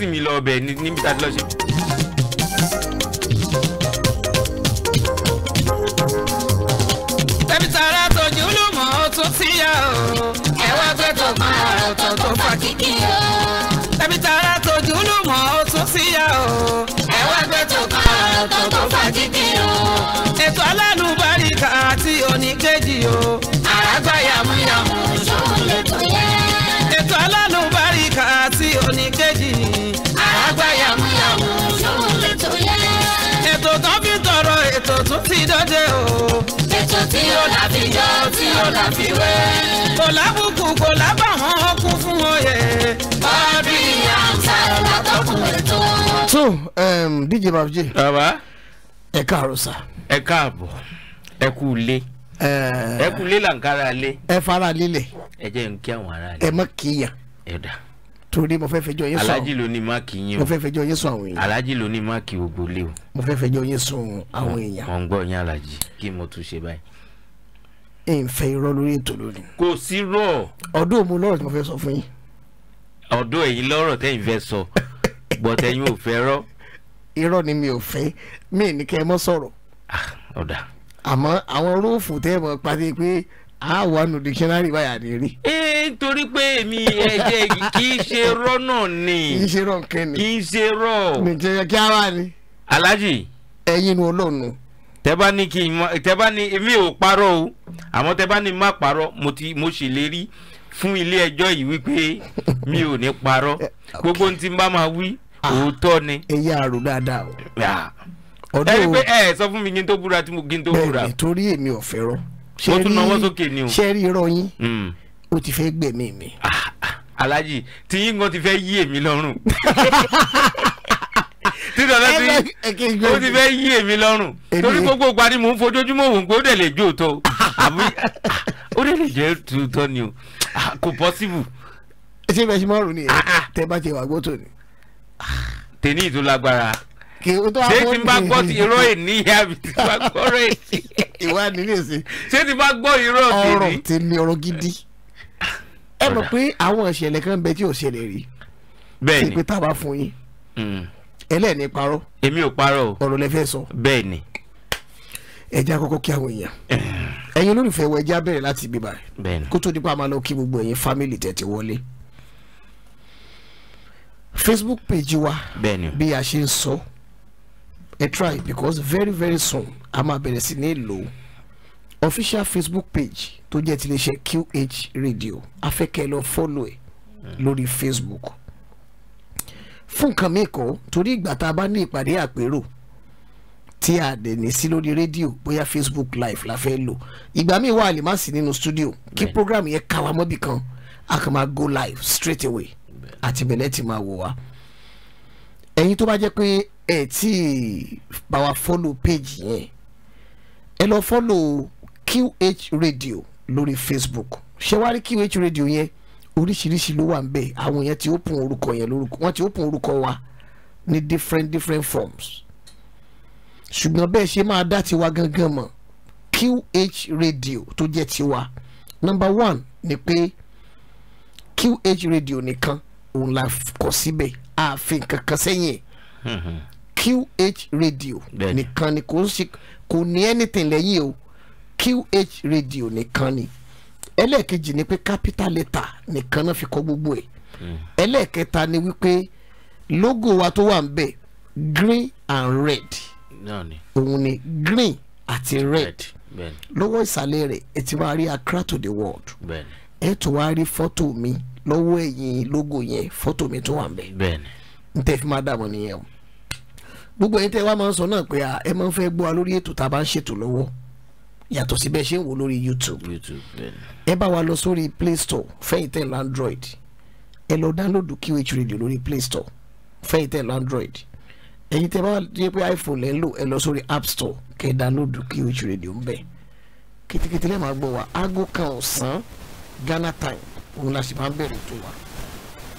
sì mi lọ ọbẹ̀ níbi tá a ti lọ ṣe. ẹbí tààrà tọjú lùmọ̀ ó tún sí yá o ẹwà gbẹ́tọ̀ kan ọ̀tọ̀ tó fà kíkì o. ẹbí tààrà tọjú lùmọ̀ ó tún sí yá o ẹwà gbẹ́tọ̀ kan ọ̀tọ̀ tó fà kíkì o. ètò alánú báríkà àti oníkejì o àràgbá yàmúyàmú ṣòwò lè tó yẹ. ètò alánú báríkà àti oníkejì. tuntun ti o. ètò tí ó tí ó láfiwé. kò lábùkù kò fún oyè. bọ́ọ̀dù ìyá ń ètò. so um, dj babuji. bàbá. ẹ káàárọ̀ sà. ẹ káàbọ̀ ẹ kú ilé eh. ẹ kú ilé ilé. ẹ fara lílẹ̀. ẹ jẹ́ n kí àwọn ará ilé. torí mo fẹ́ fẹjọ́ yín sùn alájì ló ní máàkì yín o mo fẹ́ fẹjọ́ yín sùn àwọn èèyàn alájì ló ní máàkì gbogbo o mo fẹ́ fẹjọ́ yín sùn àwọn èèyàn. mo ń gbọ́ yín alájì kí mo tún ṣe báyìí. ẹ ń fẹ́ irọ́ lórí ètò lónìí. kò sí rọ. ọdún òmu lọ́rọ̀ tí mo fẹ́ sọ fún yín. ọdún èyí lọ́rọ̀ tẹ́yìn fẹ́ sọ bọ̀tẹ́yìn ò fẹ́ rọ́. irọ́ ni mi ò fẹ́ mí ní kẹ́ ẹ mọ́ sọ̀rọ̀. Ah, àmọ́ àwọn róòfù tẹ́ ẹ mọ̀ pàdé pé a wà nù dictionary báyà ni rí. ee torí pé èmi ẹ̀jẹ̀ kì í ṣe rọ́ náà ni. kì í ṣe rọ́ nkẹ́ ni. kì í ṣe rọ́. nìjẹ́ kí a wà ní. alhaji. ẹyin nu olóònù. tẹ́bá ní kí n tẹ́bá ní èmi ò parọ́ o àmọ́ tẹ́bá ní má parọ́ mo ti mo ṣèlérí fún ilé ẹjọ́ yìí wípé mi ò ní parọ́ gbogbo ohun tí bá máa wí òótọ́ ni. ẹ àrò dáadáa o. ẹ ẹ sọ fún mi kí n tó búra kí n tó búra. bẹ́ẹ̀ni torí èmi ò fẹ́ràn wọ́n tún náwó sókè ni o. ṣe rí irọ́ yín mm. o ti fẹ́ gbẹ̀mí mi. Ah, ah, aláàjì tí yín kan ti fẹ́ yí èmi lọ́rùn títọ́ lọ́sí o ti fẹ́ yí èmi lọ́rùn torí gbogbo ìgbà ni mò ń fojoojúmọ́ òun pé ó dẹ̀ lè jó òótọ́ àbí ah, ó dẹ̀ lè jẹ́ tuntun ni o kò possible. ṣé bẹ́ẹ̀ ṣe máa rò bá ti wà gbọ́tò ni. tèmi ìtò lágbára ṣé tí bá gbọ́ ti irọ́ èní ìyá mi tí bá gbọ́ ọ̀rọ̀ èní. ìwà ni ní ṣé tí bá gbọ́ irọ́ tèmi. ọ̀rọ̀ tèmi ọ̀rọ̀ gidi. ẹ mọ̀ pé àwọn ìṣẹ̀lẹ̀ kan bẹ tí ò ṣẹlẹ̀ rí. bẹ́ẹ̀ni ṣe pé tá a bá fún yín. Hmm. ẹlẹ́ni parọ́. èmi ò parọ́ o. ọ̀rọ̀ lẹ fẹ́ sọ. bẹ́ẹ̀ni. ẹ jẹ́ kí àwọn èèyàn. ẹ̀yin olólùfẹ́ wọ ẹ bẹ̀rẹ̀ láti ibi facebook page wa bí a ṣe ń sọ ẹ try because very very soon a máa bẹ̀rẹ̀ sí ní lò official facebook page tó jẹ́ tiléeṣẹ́ QH radio afẹ́kẹ́ lọ follow ẹ̀ lórí facebook fún nǹkan mi kọ́ torí ìgbà tá a bá ní ìpàdé àpérò tí a dẹ̀ ní sí lórí rédíò bóyá facebook live la fẹ́ lò ìgbà míì wà lè má sí nínú studio kí program yẹn ká wa mọ́bì kan a kàn máa go live straight away àti bẹ̀lẹ́ ti máa wò wá ẹ̀yin tó bá jẹ́ pé ẹ tí bá wa fọ́lò péjì yẹn ẹ lọ fọ́lò QH radio lórí Facebook ṣé wàá rí QH radio yẹn oríṣiríṣi ló wà ń bẹ àwọn yẹn ti open orúkọ yẹn lórúkọ wọn ti open orúkọ wa ní different different forms ṣùgbọ́n bẹ́ẹ̀ ṣe máa dá tiwa gangan mọ̀ QH radio tó jẹ́ tiwa number one ni pé QH radio nìkan òun la kọ síbẹ̀ ààfin kankan sẹ́yìn hmm, hmm qh radio nìkan ni kò ń ní anything lẹ́yìn o qh radio nìkan ni ẹlẹ́ẹ̀kejì ni pé capital letter nìkan náà fi kọ gbogbo ẹ̀ hmm. ẹlẹ́ẹ̀kẹta ni wípé logo wa tó wà ń bẹ̀ green and red òun ni green àti red lọ́wọ́ ìsàlẹ̀ rẹ̀ ẹ ti máa rí accra to the world ẹ tún wá rí fọ́tò mi lọ́wọ́ ẹ̀yìn logo yẹn fọ́tò mi tó wà ń bẹ̀ n tẹ́ fi máa dààmú nìyẹn o gbogbo ẹ̀yin tẹ́ wá máa ń sọ náà pé ẹ máa ń fẹ́ gbọ́ wa lórí ètò tá a bá ń ṣètò lọ́wọ́ yàtọ̀ sí bẹ́ẹ̀ ṣe ń wò lórí YouTube ẹ bá wa lọ sórí Play Store fẹ́yìn tẹ̀ Android ẹ lọ dáńlódù QH radio lórí Play Store fẹ́yìn tẹ̀ Android ẹ̀yin tẹ́ bá yẹ pé iPhone lẹ́ ń lò ẹ lọ sórí App Store kẹ́ ẹ dáńlódù QH radio ń bẹ̀ kìtìkìtì lẹ́ẹ̀ máa gbọ́ wa aago kan ọ̀sán Ghana time òun la sì máa ń bẹ̀rẹ̀ tó wa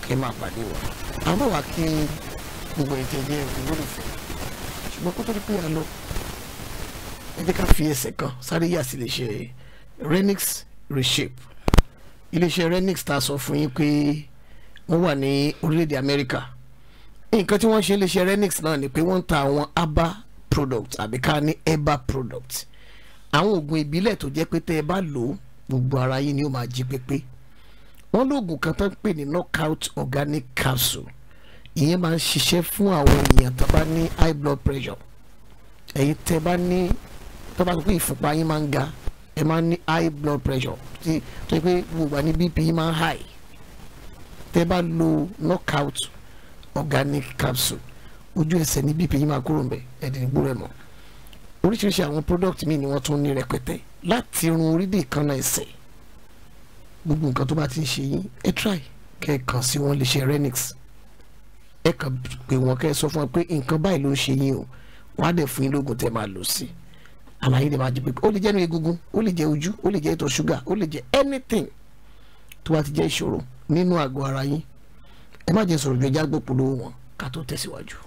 kẹ́ máa pàdé wa àbọ̀ wa kí gbogbo ètò ìdí ẹ̀ gbọ́dọ̀ ṣùgbọ́n kó tó di pé a lọ ẹ ká fi ẹsẹ̀ kan sáré yà sí iléeṣẹ́ Renix Reshape iléeṣẹ́ Renix ta sọ fún yín pé wọ́n wà ní orílẹ̀-èdè Amẹ́ríkà nǹkan tí wọ́n ṣe iléeṣẹ́ Renix náà ni pé wọ́n ń ta àwọn aba product àbí ká ní eba product àwọn oògùn ìbílẹ̀ tó jẹ́ pé tẹ́ ẹ bá lò ó gbogbo ara yín ni ó máa jí pépé wọ́n lóògùn kan tó ń pè ní knockout organic capsule ìyẹn máa ń ṣiṣẹ́ fún àwọn èèyàn tó bá ní high blood pressure ẹ̀yin tẹ́ bá ní tó bá sọ pé ìfúnpá yín máa ń ga ẹ máa ń ní high blood pressure tí tó yẹ pé gbogbo àní bp yín máa ń high tẹ́ bá lo knockout organic capsule ojú ẹsẹ̀ ní bp yín máa kúrò ńbẹ̀ ẹ̀dín gbúrò ẹ̀ mọ́ oríṣiríṣi àwọn product míì ni wọ́n tún ní rẹpẹtẹ láti irun orí dé ìkànnà ẹsẹ̀ gbogbo nǹkan tó bá ti ń ṣe yín ẹ try kẹ́ ẹ kàn sí wọn lè ṣe renix ẹ kàn pé wọn kẹ́ sọ fún wọn pé nǹkan báyìí ló ń ṣe yín o wọn á dẹ̀ fún yín lóògùn tẹ́ máa lò sí àlàyé dẹ̀ máa jẹ́ pé ó lè jẹ́ nu egungun ó lè jẹ́ ojú ó lè jẹ́ ìtọ̀ ṣúgà ó lè jẹ́ anything tó bá ti jẹ́ ìṣòro nínú àgọ́ ara yín ẹ má jẹ́ sọ̀rọ̀ ju ẹja gbòpolówó wọn ká tó tẹ̀síwájú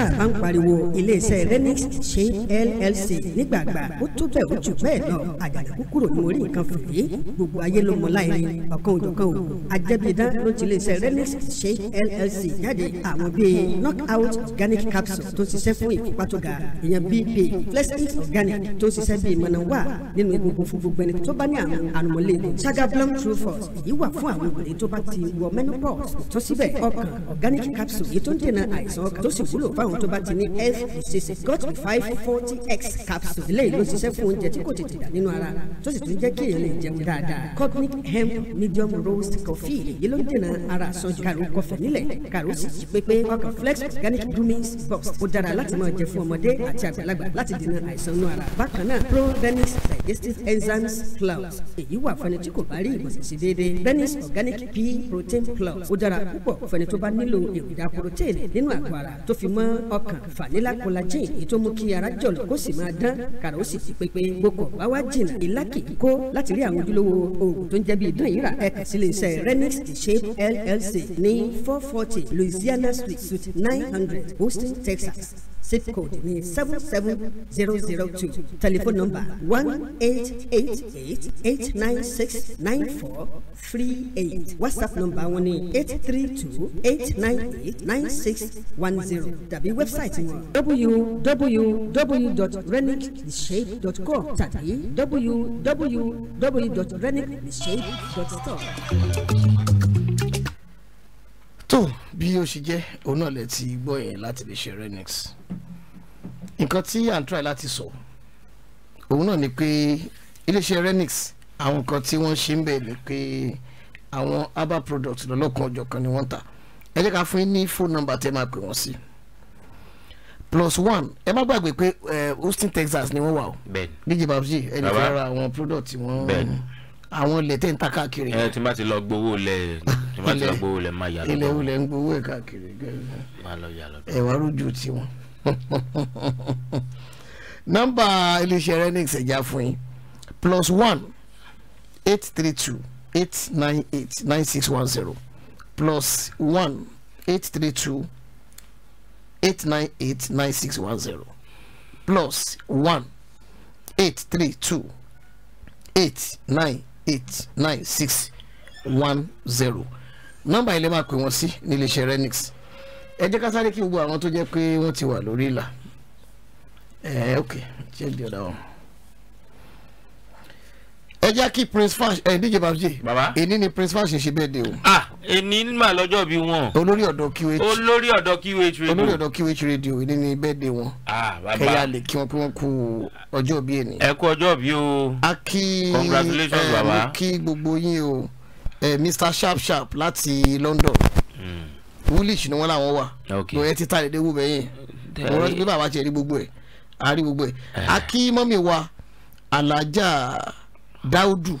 tá a bá ń pariwo iléeṣẹ́ Renix Shein LLC nígbàgbà ó tó bẹ́ẹ̀ ó jù bẹ́ẹ̀ lọ àjàdàkú kúrò ní orí nǹkan fìdí gbogbo ayé ló mọ láìní ọ̀kan òjọ̀kan o àjẹbìdán ló ti iléeṣẹ́ Renix Shein LLC jáde àwọn bíi knockout organic capsule tó ṣiṣẹ́ fún ìfúnpá tó ga ìyẹn bp flexit organic tó ṣiṣẹ́ bíi mọ̀nàwá nínú egungun fún gbogbo ẹni tó bá ní àwọn àrùnmọ́lé chaga blum true force èyí wà fún àwọn obìnrin tó bá ti wọ menopause tó síbẹ̀ ọkàn organic capsule yìí tó ń dènà àìsàn ọkàn tó sì wúlò fáwọn márùn tó bá ti ní f six got five forty x capsule eléyìí ló ṣiṣẹ́ fún oúnjẹ tí kò tètè dà nínú ara tó sì tún jẹ́ kí èèyàn lè jẹun dáadáa cognic hemp medium roast coffee èyí ló ń dènà ara àsanjù kàrò kọfẹ nílẹ̀ kàrò sì jí pépé ọkàn flex organic dumins box ó dára láti máa jẹ fún ọmọdé àti àgbàlagbà láti dènà àìsàn inú ara bákan náà pro benis digestive enzymes plus èyí wà fẹni tí kò bá rí ìgbọ̀nsẹ̀ sí déédéé Venice. organic pea protein plus ó dára púpọ̀ fẹni tó bá nílò èròjà protein nínú àgọ́ ara tó fi mọ́ ọkàn fanilakunlajin ètò mú kí ara jọ̀lọ̀ kó sì máa dán kàrà ó sì ti pépé gbogbo bá wá jìnnà ìlà kó láti rí àwọn ojúlówó oògùn tó ń jẹ́ bí ìdán yìí ẹ̀ka sílé iṣẹ́ renix the shape llc ní four forty louisiana street suite nine hundred houston texas zip code ni seven seven zero zero two telephone number one eight eight eight eight nine six nine four three eight whatsapp number wọn ni eight three two eight nine eight nine six one zero tàbí wẹ́bsáìtì wọn www.renictheshape.com tàbí www.renictheshape.store tó bí ó ṣe jẹ́ òun náà lè ti gbọ́ yẹn láti lè ṣe renix nǹkan tí à ń try láti sọ òun náà ni pé iléeṣẹ́ renix àwọn nǹkan tí wọ́n ṣe ń bẹ̀ ni pé àwọn herbal products lọ́lọ́kan ọjọ́ kan ni wọ́n ta ẹ jẹ́ ká fún yín ní phone number tẹ́ máa pè wọ́n sí plus one ẹ má gbàgbé pé eh, Houston Texas ni wọ́n wà o DJ Babji ẹni fẹ́ ra àwọn products wọn àwọn ilẹ̀ tẹ́ ń ta káàkiri. ẹ tí n ti lọ gbowó lẹ ilẹ̀ ilẹ̀ wulẹ̀ ń gbowó ẹ̀ káàkiri ẹ̀wà rújú tiwọn. nọ́mbà iléeṣẹ́ Renix ẹ̀já fún yín plus one eight three two eight nine eight nine six one zero plus one eight three two eight nine eight nine six one zero plus one eight three two eight nine eight nine six one zero nọ́mbà ilé máa pè wọ́n sí nílé iṣẹ́ Renix ẹ jẹ́ ká sáré kí gbogbo àwọn tó jẹ́ pé wọ́n ti wà lórí ìlà ẹ ok check the other one ẹ jẹ́ kí prince fash ẹ díje babuji baba èní ni prince fash ṣe bẹ́ẹ̀ de o. ah èní mà lọ́jọ́ bí wọn. olórí ọ̀dọ̀ qh olórí ọ̀dọ̀ qh radio olórí ọ̀dọ̀ qh radio èní ni bẹ́ẹ̀ de wọn. ah baba kẹ́yà lè kí wọn pé wọn kú ọjọ́ bí èní. ẹ kú ọjọ́ bí o. a kí congratulations baba. ẹ mo kí gbogbo yín o eh, Mr Sharp Sharp láti London hmm. Woolwich ni wọ́n làwọn wà lọ ẹ ti ta dédé wù mẹ́yìn wọ́n rántí pé bàbá tiẹ̀ rí gbogbo ẹ̀ a rí gbogbo ẹ̀ eh. akí mọ́mì wa alaja Daudu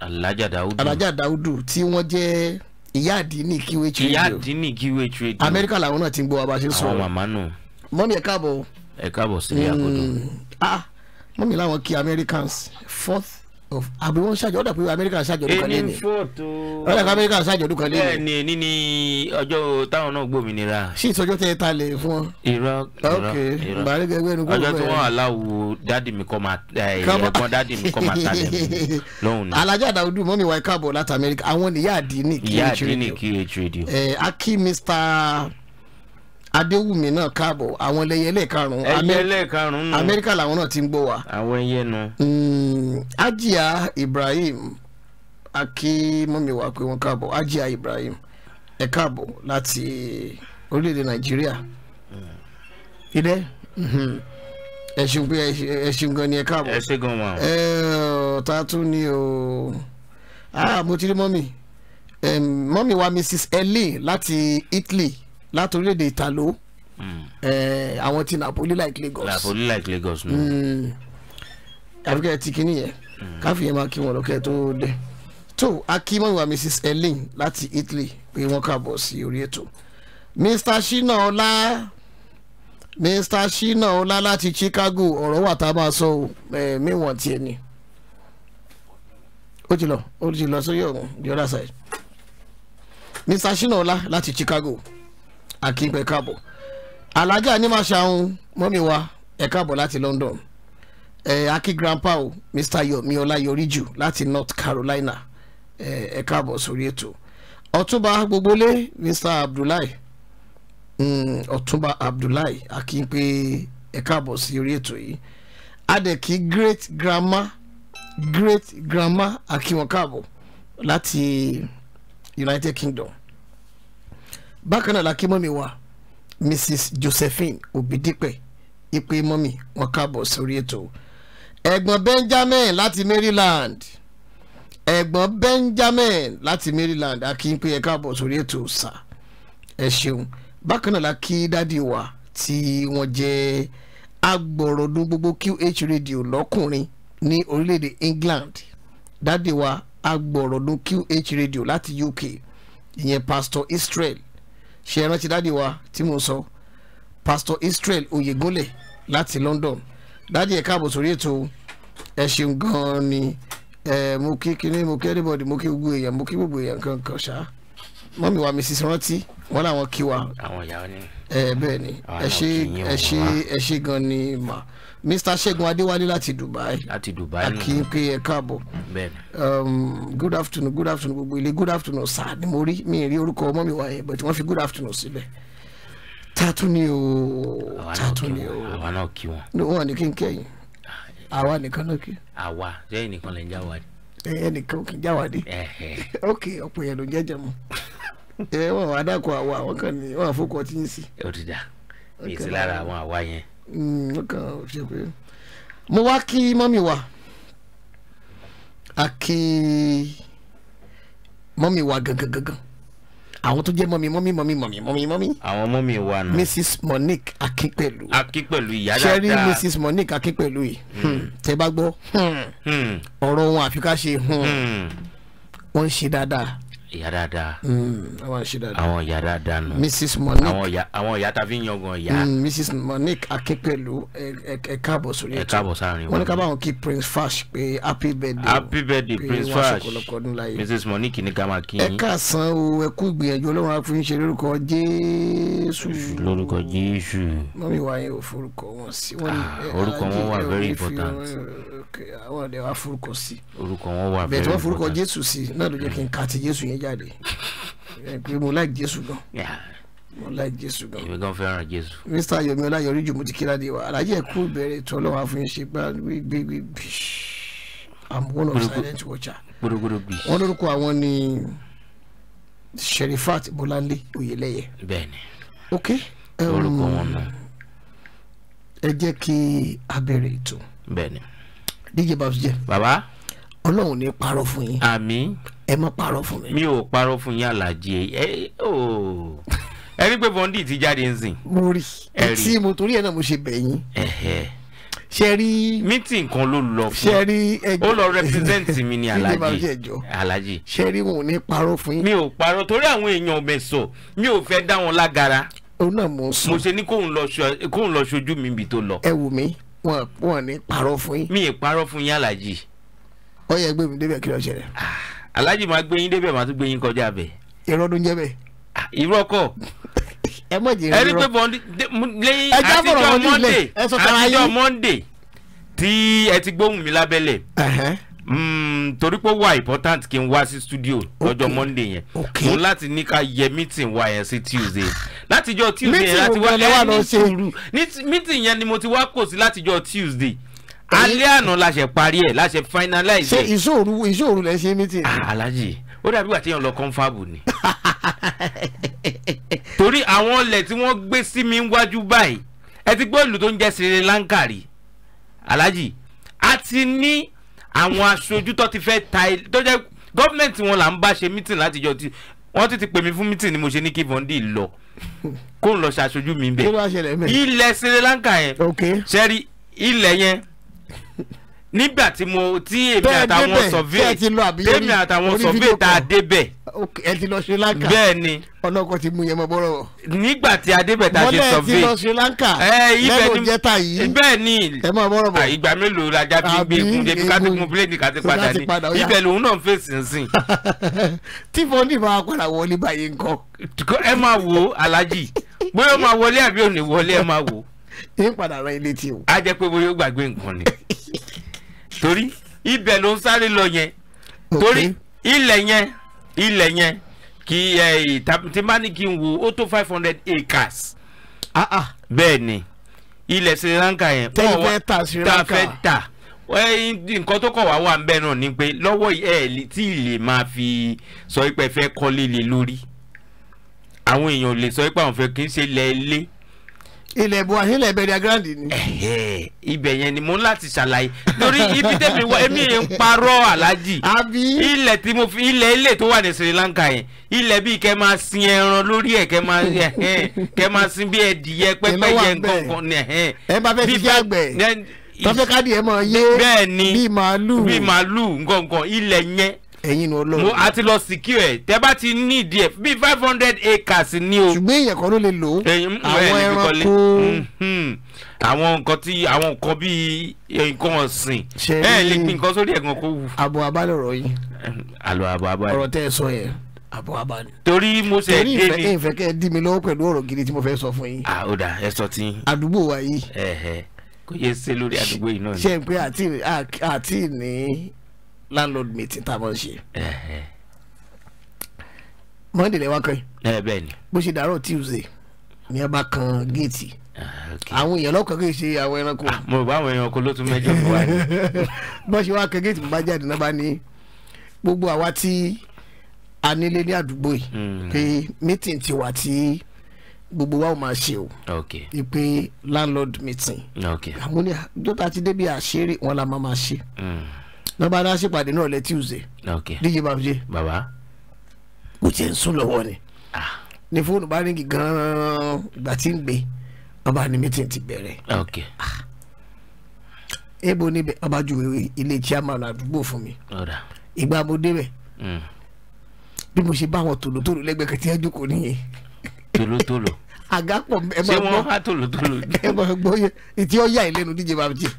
Alaja Daudu Alaja Daudu tí wọ́n jẹ́ ìyá àdínì QH radio ìyá àdínì QH radio Amẹ́ríkà làwọn náà ti ń gbọ́ wa bá ṣe ń àwọn màmá nù mọ́mì ẹ̀ káàbọ̀ ẹ̀ káàbọ̀ sílẹ̀ àkọ́dọ̀ hmm. ah mọ́mì làwọn kí Americans fourth àbí wọ́n ṣàjọ ọdọ pé amẹ́ríkà ṣàjọ ọdún kan lé ní ọdọ pé amẹ́ríkà ṣàjọ ọdún kan lé ní. bẹ́ẹ̀ni ní ní ọjọ́ táwọn náà gbòmìnira. sí ìtọjọ tẹ ẹ ta lè fún ọ. irọ́ irọ́ irọ́ ọjọ́ tí wọ́n aláwo dáàdì mi kọ máa ẹ̀gbọ́n dáàdì mi kọ máa ta lẹ mí lóhùn náà. alájà dàwùdù wa káàbọ̀ láti amẹ́ríkà àwọn ìyá àdínì kí ẹ tún rédíò. ìyá àdínì kí ẹ tún rédíò. akí mr adéwùmí náà káàbọ̀ àwọn ẹlẹ́yẹ ẹlẹ́ẹ̀karùn-ún ẹlẹ́yẹ ẹlẹ́ẹ̀karùn-ún amẹ́ríkà làwọn náà ti ń gbọ́ wa. àwọn ẹyẹ nu. Hmm, ajia ibrahim akímọ́miwá pé wọ́n káàbọ̀ ajia ibrahim ẹ káàbọ̀ láti orílẹ̀-èdè nàìjíríà. ilé mhm. ẹ ṣeun pé ẹ ṣeun gan ni ẹ káàbọ̀. ẹ ṣe gan wa. ẹ ọ̀tá tún ni o ah mo ti rí mọ́mì mọ́mì wa mrs ellie láti italy láti orílẹ̀-èdè Italo hmm. eh, àwọn ti Napoli like Lagos. Napoli like Lagos. Hmm. àbíkẹ́ ti kíní yẹn hmm. káfíyẹn máa kí wọn lọ́kẹ́ tó dẹ̀ tó akínmọ́wá Mrs Elin. láti Italy pé wọ́n kàbọ̀ sí orí ètò Mr Shina Ọlá Mr Shina Ọlá láti Chicago ọ̀rọ̀ wà tá a máa sọ eh, mẹ́wọ̀n tiẹ̀ ni ó ti lọ ó ti lọ sórí ọ̀run the other side Mr Shina Ọlá láti Chicago akínpẹ káàbọ̀ alájà ní máa ṣàwọn mọ́mí wa ẹ káàbọ̀ láti London ẹ eh, akí grandpa o Mr. Yomi Ọláyọríjù láti North Carolina ẹ káàbọ̀ sórí ètò ọ̀túnba gbogbólé Mr. Abdullahi hmm, ọ̀túnba mm, Abdullahi akínpẹ ẹ káàbọ̀ sí orí ètò yìí adẹ̀kí great grandma great grandma akínwọ̀n káàbọ̀ láti United Kingdom bákan náà la kí wa mrs josephine obidipe ipe mọ́mì wọn káàbọ̀ sórí ètò ẹ̀gbọ́n benjamin láti maryland ẹ̀gbọ́n benjamin láti maryland akínpé ẹ káàbọ̀ sórí ètò sà ẹ ṣeun bákan náà la dádì wa tí wọ́n jẹ́ agbọ̀rọ̀dún gbogbo qh radio lọ́kùnrin ní orílẹ̀-èdè england dádì wa agbọ̀rọ̀dún qh radio láti uk ìyẹn pastor israel ṣe é rántí dáàdi wa tí mo sọ Pastor Israel Oyegole láti London dáàdi ẹ̀ káàbọ̀ sórí ètò ẹ̀ ṣeun gan-an ni mo kí kíní mo kí everybody mo kí gbogbo èèyàn mo kí gbogbo èèyàn kankan ṣá mọ́mí wa Mrs. rántí wọ́n làwọn kí wa. àwọn ìyá ọ ni. Eh, ah, ẹ bẹ́ẹ̀ ni ẹ ṣe ẹ ṣe ẹ ṣe gan ni mà mr segun adewale láti dubai láti dubai akin mm. pe ẹ káàbọ̀ um, good afternoon good afternoon gbogbo ilé good afternoon sáà ni mo rí mi rí orúkọ ọmọ mi wáyé but wọ́n fi good afternoon síbẹ̀ tatu ni o tatu ni o àwa náà kí wọn. ní wọn ni kí n kẹ́yìn ah, àwa nìkan náà kí. àwa sẹ́yìn nìkan lè jáwádìí. ẹ̀yẹ́ nìkan kì í jáwádìí. ok ọ̀pọ̀ yẹn ló ń jẹ́jẹ́ mu. ẹ eh, wọn wà dákọ àwa àwọn kan ní wọn àfọkọ tí ń sì. ó ti dà mí sí lára àwọn àwa yẹn. Hmm, ó kàn ṣe pé mo wá kí mọ́mì wa a kí wa gangan gangan àwọn tó jẹ́ mọ́mì mọ́mì mọ́mì mọ́mì mọ́mì mọ́mì. àwọn mọ́mì wa nù. mrs monique akínpẹ̀lú. akínpẹ̀lú ìyá dáadáa. Sherry mrs monique akínpẹ̀lú yìí hmm. Hmm. tẹ́ bá gbọ́ ọ̀rọ̀ wọn àfi ká wọ́n ń ṣe dáadáa ìyá dáadáa. Mm, àwọn ìṣe dáadáa. àwọn ìyá dáadáa nù. mrs monique àwọn ìyá àwọn ìyá tàbí yangan ìyá. mrs mm, monique akínpẹ̀lú ẹ káàbọ̀ sórí ètò ẹ káàbọ̀ sáárín wọn. wọn ní ká bá kí prince fash pé happy birthday. happy birthday prince fash mrs monique ní ká máa kí yín. ẹ káàsán o ẹ kú gbìyànjú ọlọ́run àfi ń ṣe lórúkọ jésù. lórúkọ jésù. mọ́mí wa yẹn ò forúkọ wọn sí. Ah, orúkọ wọn wà very important. àwọn ọ̀dẹ̀ wa forúkọ sí. orúkọ wọn wà very important. bẹ̀ẹ̀ tí wọ́n forúkọ jésù sí náà ló jẹ́ kí n kà jáde pé mo láì Jésù gan mo láì Jésù gan. èmi gan fẹ́ràn Jésù. Mr. Yomi Ọláyọrí jù mo ti kíra dé wa alájẹ ẹkú bẹ̀rẹ̀ tó lọ́wọ́ àfihàn ṣe gbá gbégbé I'm one of silent watcher. wọ́n lórúkọ àwọn ni Sherifat Bolanle Oyeleye. bẹ́ẹ̀ni. ok. orúkọ um, wọn náà ẹ jẹ́ kí a bẹ̀rẹ̀ ètò. bẹ́ẹ̀ni. DJ Babs jẹ́. baba ọlọ́run ní parọ́ fún yín. àmín. ẹ má parọ́ fún mi. mi ò parọ́ fún yín alájí ẹ ooo ẹ rí pé bọ́ndì ti jáde ń sìn. mo rí tí mo torí ẹ náà mo ṣe bẹ̀ yín. ṣe rí. mítìn kan ló lọ fún ṣe rí ẹjọ ó lọ rẹpísẹ́ǹtì mi ní alájí alájí. ṣe rí wọn ò ní parọ́ fún yín. mi ò parọ́ torí àwọn èèyàn ọbẹ̀ sọ mi ò fẹ́ dá wọn lágara. òun náà mo sọ. mo ṣe ní kóun lọ ṣojú mi ibi tó lọ. ẹ wù mí wọn ò ní parọ́ fún yín. mi ì parọ́ fún yín alájí ó yẹ gbé mi débẹ̀ kí ló ṣẹlẹ̀. Ah, alájì máa gbé yín débẹ̀ máa tún gbé yín kọjá bẹ̀. irọ́ ló ń jẹ́ bẹ́ẹ̀. Ah, irọ́ kọ́ ẹ mọ̀ jẹ́ irọ́ ẹni pé bọ́ndé lẹ́yìn àtijọ́ monday àtijọ́ monday tí ẹ ti gbóhùn mi lábẹ́lẹ̀ mm, torí pé ó wà important kí n wá sí studio lọ́jọ́ monday yẹn mo láti ní ká yẹ meeting wa yẹn sí tuesday látijọ́ tuesday yẹn láti wá ẹni sùúrù meeting yẹn ni mo ti wá kò sí látijọ́ tuesday alẹ́ àná la ṣe parí ẹ̀ la ṣe finalize ẹ̀. ṣe ìṣòro ìṣòro lẹ ṣe meeting. Ah, alhaji ó dàbí wàtí yẹn lọ kọ́ńfàbù ni. torí àwọn ọlẹ̀ tí wọ́n gbé sí mi wájú báyìí ẹ ti gbọ́ ìlú tó ń jẹ́ Sri Lanka rí alhaji a ti ní àwọn aṣojú tó ti fẹ́ ta tó jẹ́ gọ́ọ̀mẹ̀ntì wọn là ń bá ṣe meeting látijọ́ tí wọ́n ti ti pè mí fún meeting ni mo ṣe ní kí Bondi lọ kó n lọ ṣàṣojú mi bẹ́ẹ̀ ilẹ̀ Sri Lanka yẹn ṣẹ́rí ilẹ̀ yẹn nígbà tí mo tí èmi àtàwọn survey tèmi àtàwọn survey tá a débẹ̀. ẹ ti lọ Sri Lanka bẹ́ẹ̀ ni ọlọ́kọ̀ ti mú yẹn mọ́ bọ́rọ̀. nígbà tí a débẹ̀ tá a ṣe survey mọ́lẹ̀ ti lọ Sri Lanka lẹ́nu jẹ́ta yìí bẹ́ẹ̀ ni ẹ mọ̀ bọ́rọ̀ bọ̀. ìgbà mélòó la já fi gbé egun débi kátìkún plẹ́ẹ̀nì kátì padà ni ibẹ̀ lòun náà fèsì nsìn. tí fọ́nì máa padà wọlé báyìí nǹkan. ẹ máa wo alájì bóyá ó máa wọlé àbí ò ní wọlé ẹ máa wo. ń padà rán ilé tí o. a jẹ́ pé bóyá ó gbàgbé nǹkan ni. torí ibẹ̀ ló ń sáré lọ yẹn torí ilẹ̀ yẹn ilẹ̀ yẹn kì í tí má ní kí n wo ó tó five hundred acres ah, ah. bẹ́ẹ̀ ni ilẹ̀ Sri Lanka yẹn tẹ́yìn fẹ́ ta Sri tá a fẹ́ ta nǹkan tó kọ̀ wá wà ń bẹ̀ náà ni pé lọ́wọ́ ẹ̀ tí lè máa fi sọ pé fẹ́ kọ́lé lé lórí àwọn èèyàn lè sọ pé àwọn fẹ́ kí n ṣe lẹ́ ilẹ̀ buwa ṣe ilẹ̀ bẹ̀rẹ̀ grand ni. ibẹ̀ yẹn ni mo ń láti ṣàlàyé torí ibi tẹ́mi wá èmi yẹn ń parọ́ aláàjì ilẹ̀ tí mo fi ilẹ̀ ilé tó wà ní Sri Lanka yẹn ilẹ̀ bíi kẹ́ máa sin ẹran lórí ẹ̀ kẹ́ máa kẹ́ máa sin bí ẹdìyẹ pẹ́pẹ́yẹ nǹkan ni. ẹ bá fẹ́ ti jẹ́ àgbẹ̀ tọ́fẹ́ káàdì ẹ̀ mọ̀ yé bíi màálù bíi màálù nǹkan ilẹ̀ yẹn ẹ̀yin ni ọlọ́run. mo àti lọ secure. ẹ̀ tẹ́ bá ti ní ìdí ẹ̀ bíi five hundred acres ni o. ṣùgbọ́n èèyàn kan ló lè lò ó. àwọn ẹranko mhm. àwọn nǹkan tí àwọn nǹkan bíi eh, nǹkan ọ̀sìn ẹ̀ lè pín nǹkan sórí ẹ̀gàn kó wù. àbọ̀ abálọ̀rọ̀ yìí. àlọ́ àbọ̀ abálọ̀rọ̀. ọ̀rọ̀ tẹ́ ẹ sọ yẹn àbọ̀ abá ni. torí mo ṣe dé ni torí ìfẹ́ ìfẹ́ kẹ́ ẹ dí mi lọ́wọ́ pẹ̀lú ọ̀rọ̀ gidi tí mo fẹ́ sọ fún yín. ah ó dà ẹ sọ tí. àdúgbò wa yìí. ẹ ẹ kò yẹ ṣe lórí àdúgbò yìí náà. ṣé n pé àti àti ní landlord meeting tá a máa ṣe. monday lè wá kan yìí bó ṣe dàárọ̀ tuesday ní a bá kan géètì ah, àwọn èèyàn lọ́kàn kì í ṣe àwọn ẹranko. Ah, mo bá àwọn ẹranko ló tún mẹ́jọ fún wa ni. bó ṣe wá kan géètì mo bá jáde náà bá ní gbogbo àwa tí a nílé ní àdúgbò yìí hmm. pé meeting ti wà tí. Ti gbogbo wa ò máa ṣe o. ìpè landlord meeting. ok àwọn oníyàjọ́ tá a ti débi àṣírí wọn la máa máa ṣe. Mm lọ́ba náà ṣèpàdé náà lẹ́ Tuesday DJ Babjé bàbá kò tiẹ̀ ń sùn lọ́wọ́ ni ah. ní fóònù bá ní gan-an ìgbà tí ń gbé ọba ní mítìn ti bẹ̀rẹ̀ ah. ebo níbẹ̀ ọba ju ilé chairman àdúgbò fún mi ìgbà mo débẹ̀ hmm. bí mo ṣe bá àwọn tòlótòló lẹ́gbẹ̀ẹ́ kẹtí ẹjọ́ kò níye. tòlótòló. àgàpọ̀ ẹ máa gbọ́ ṣé wọ́n há tòlótòló. ẹ máa gbọ́ yẹ ìtí ọ yà ìlẹ́nu díje bàbá jẹ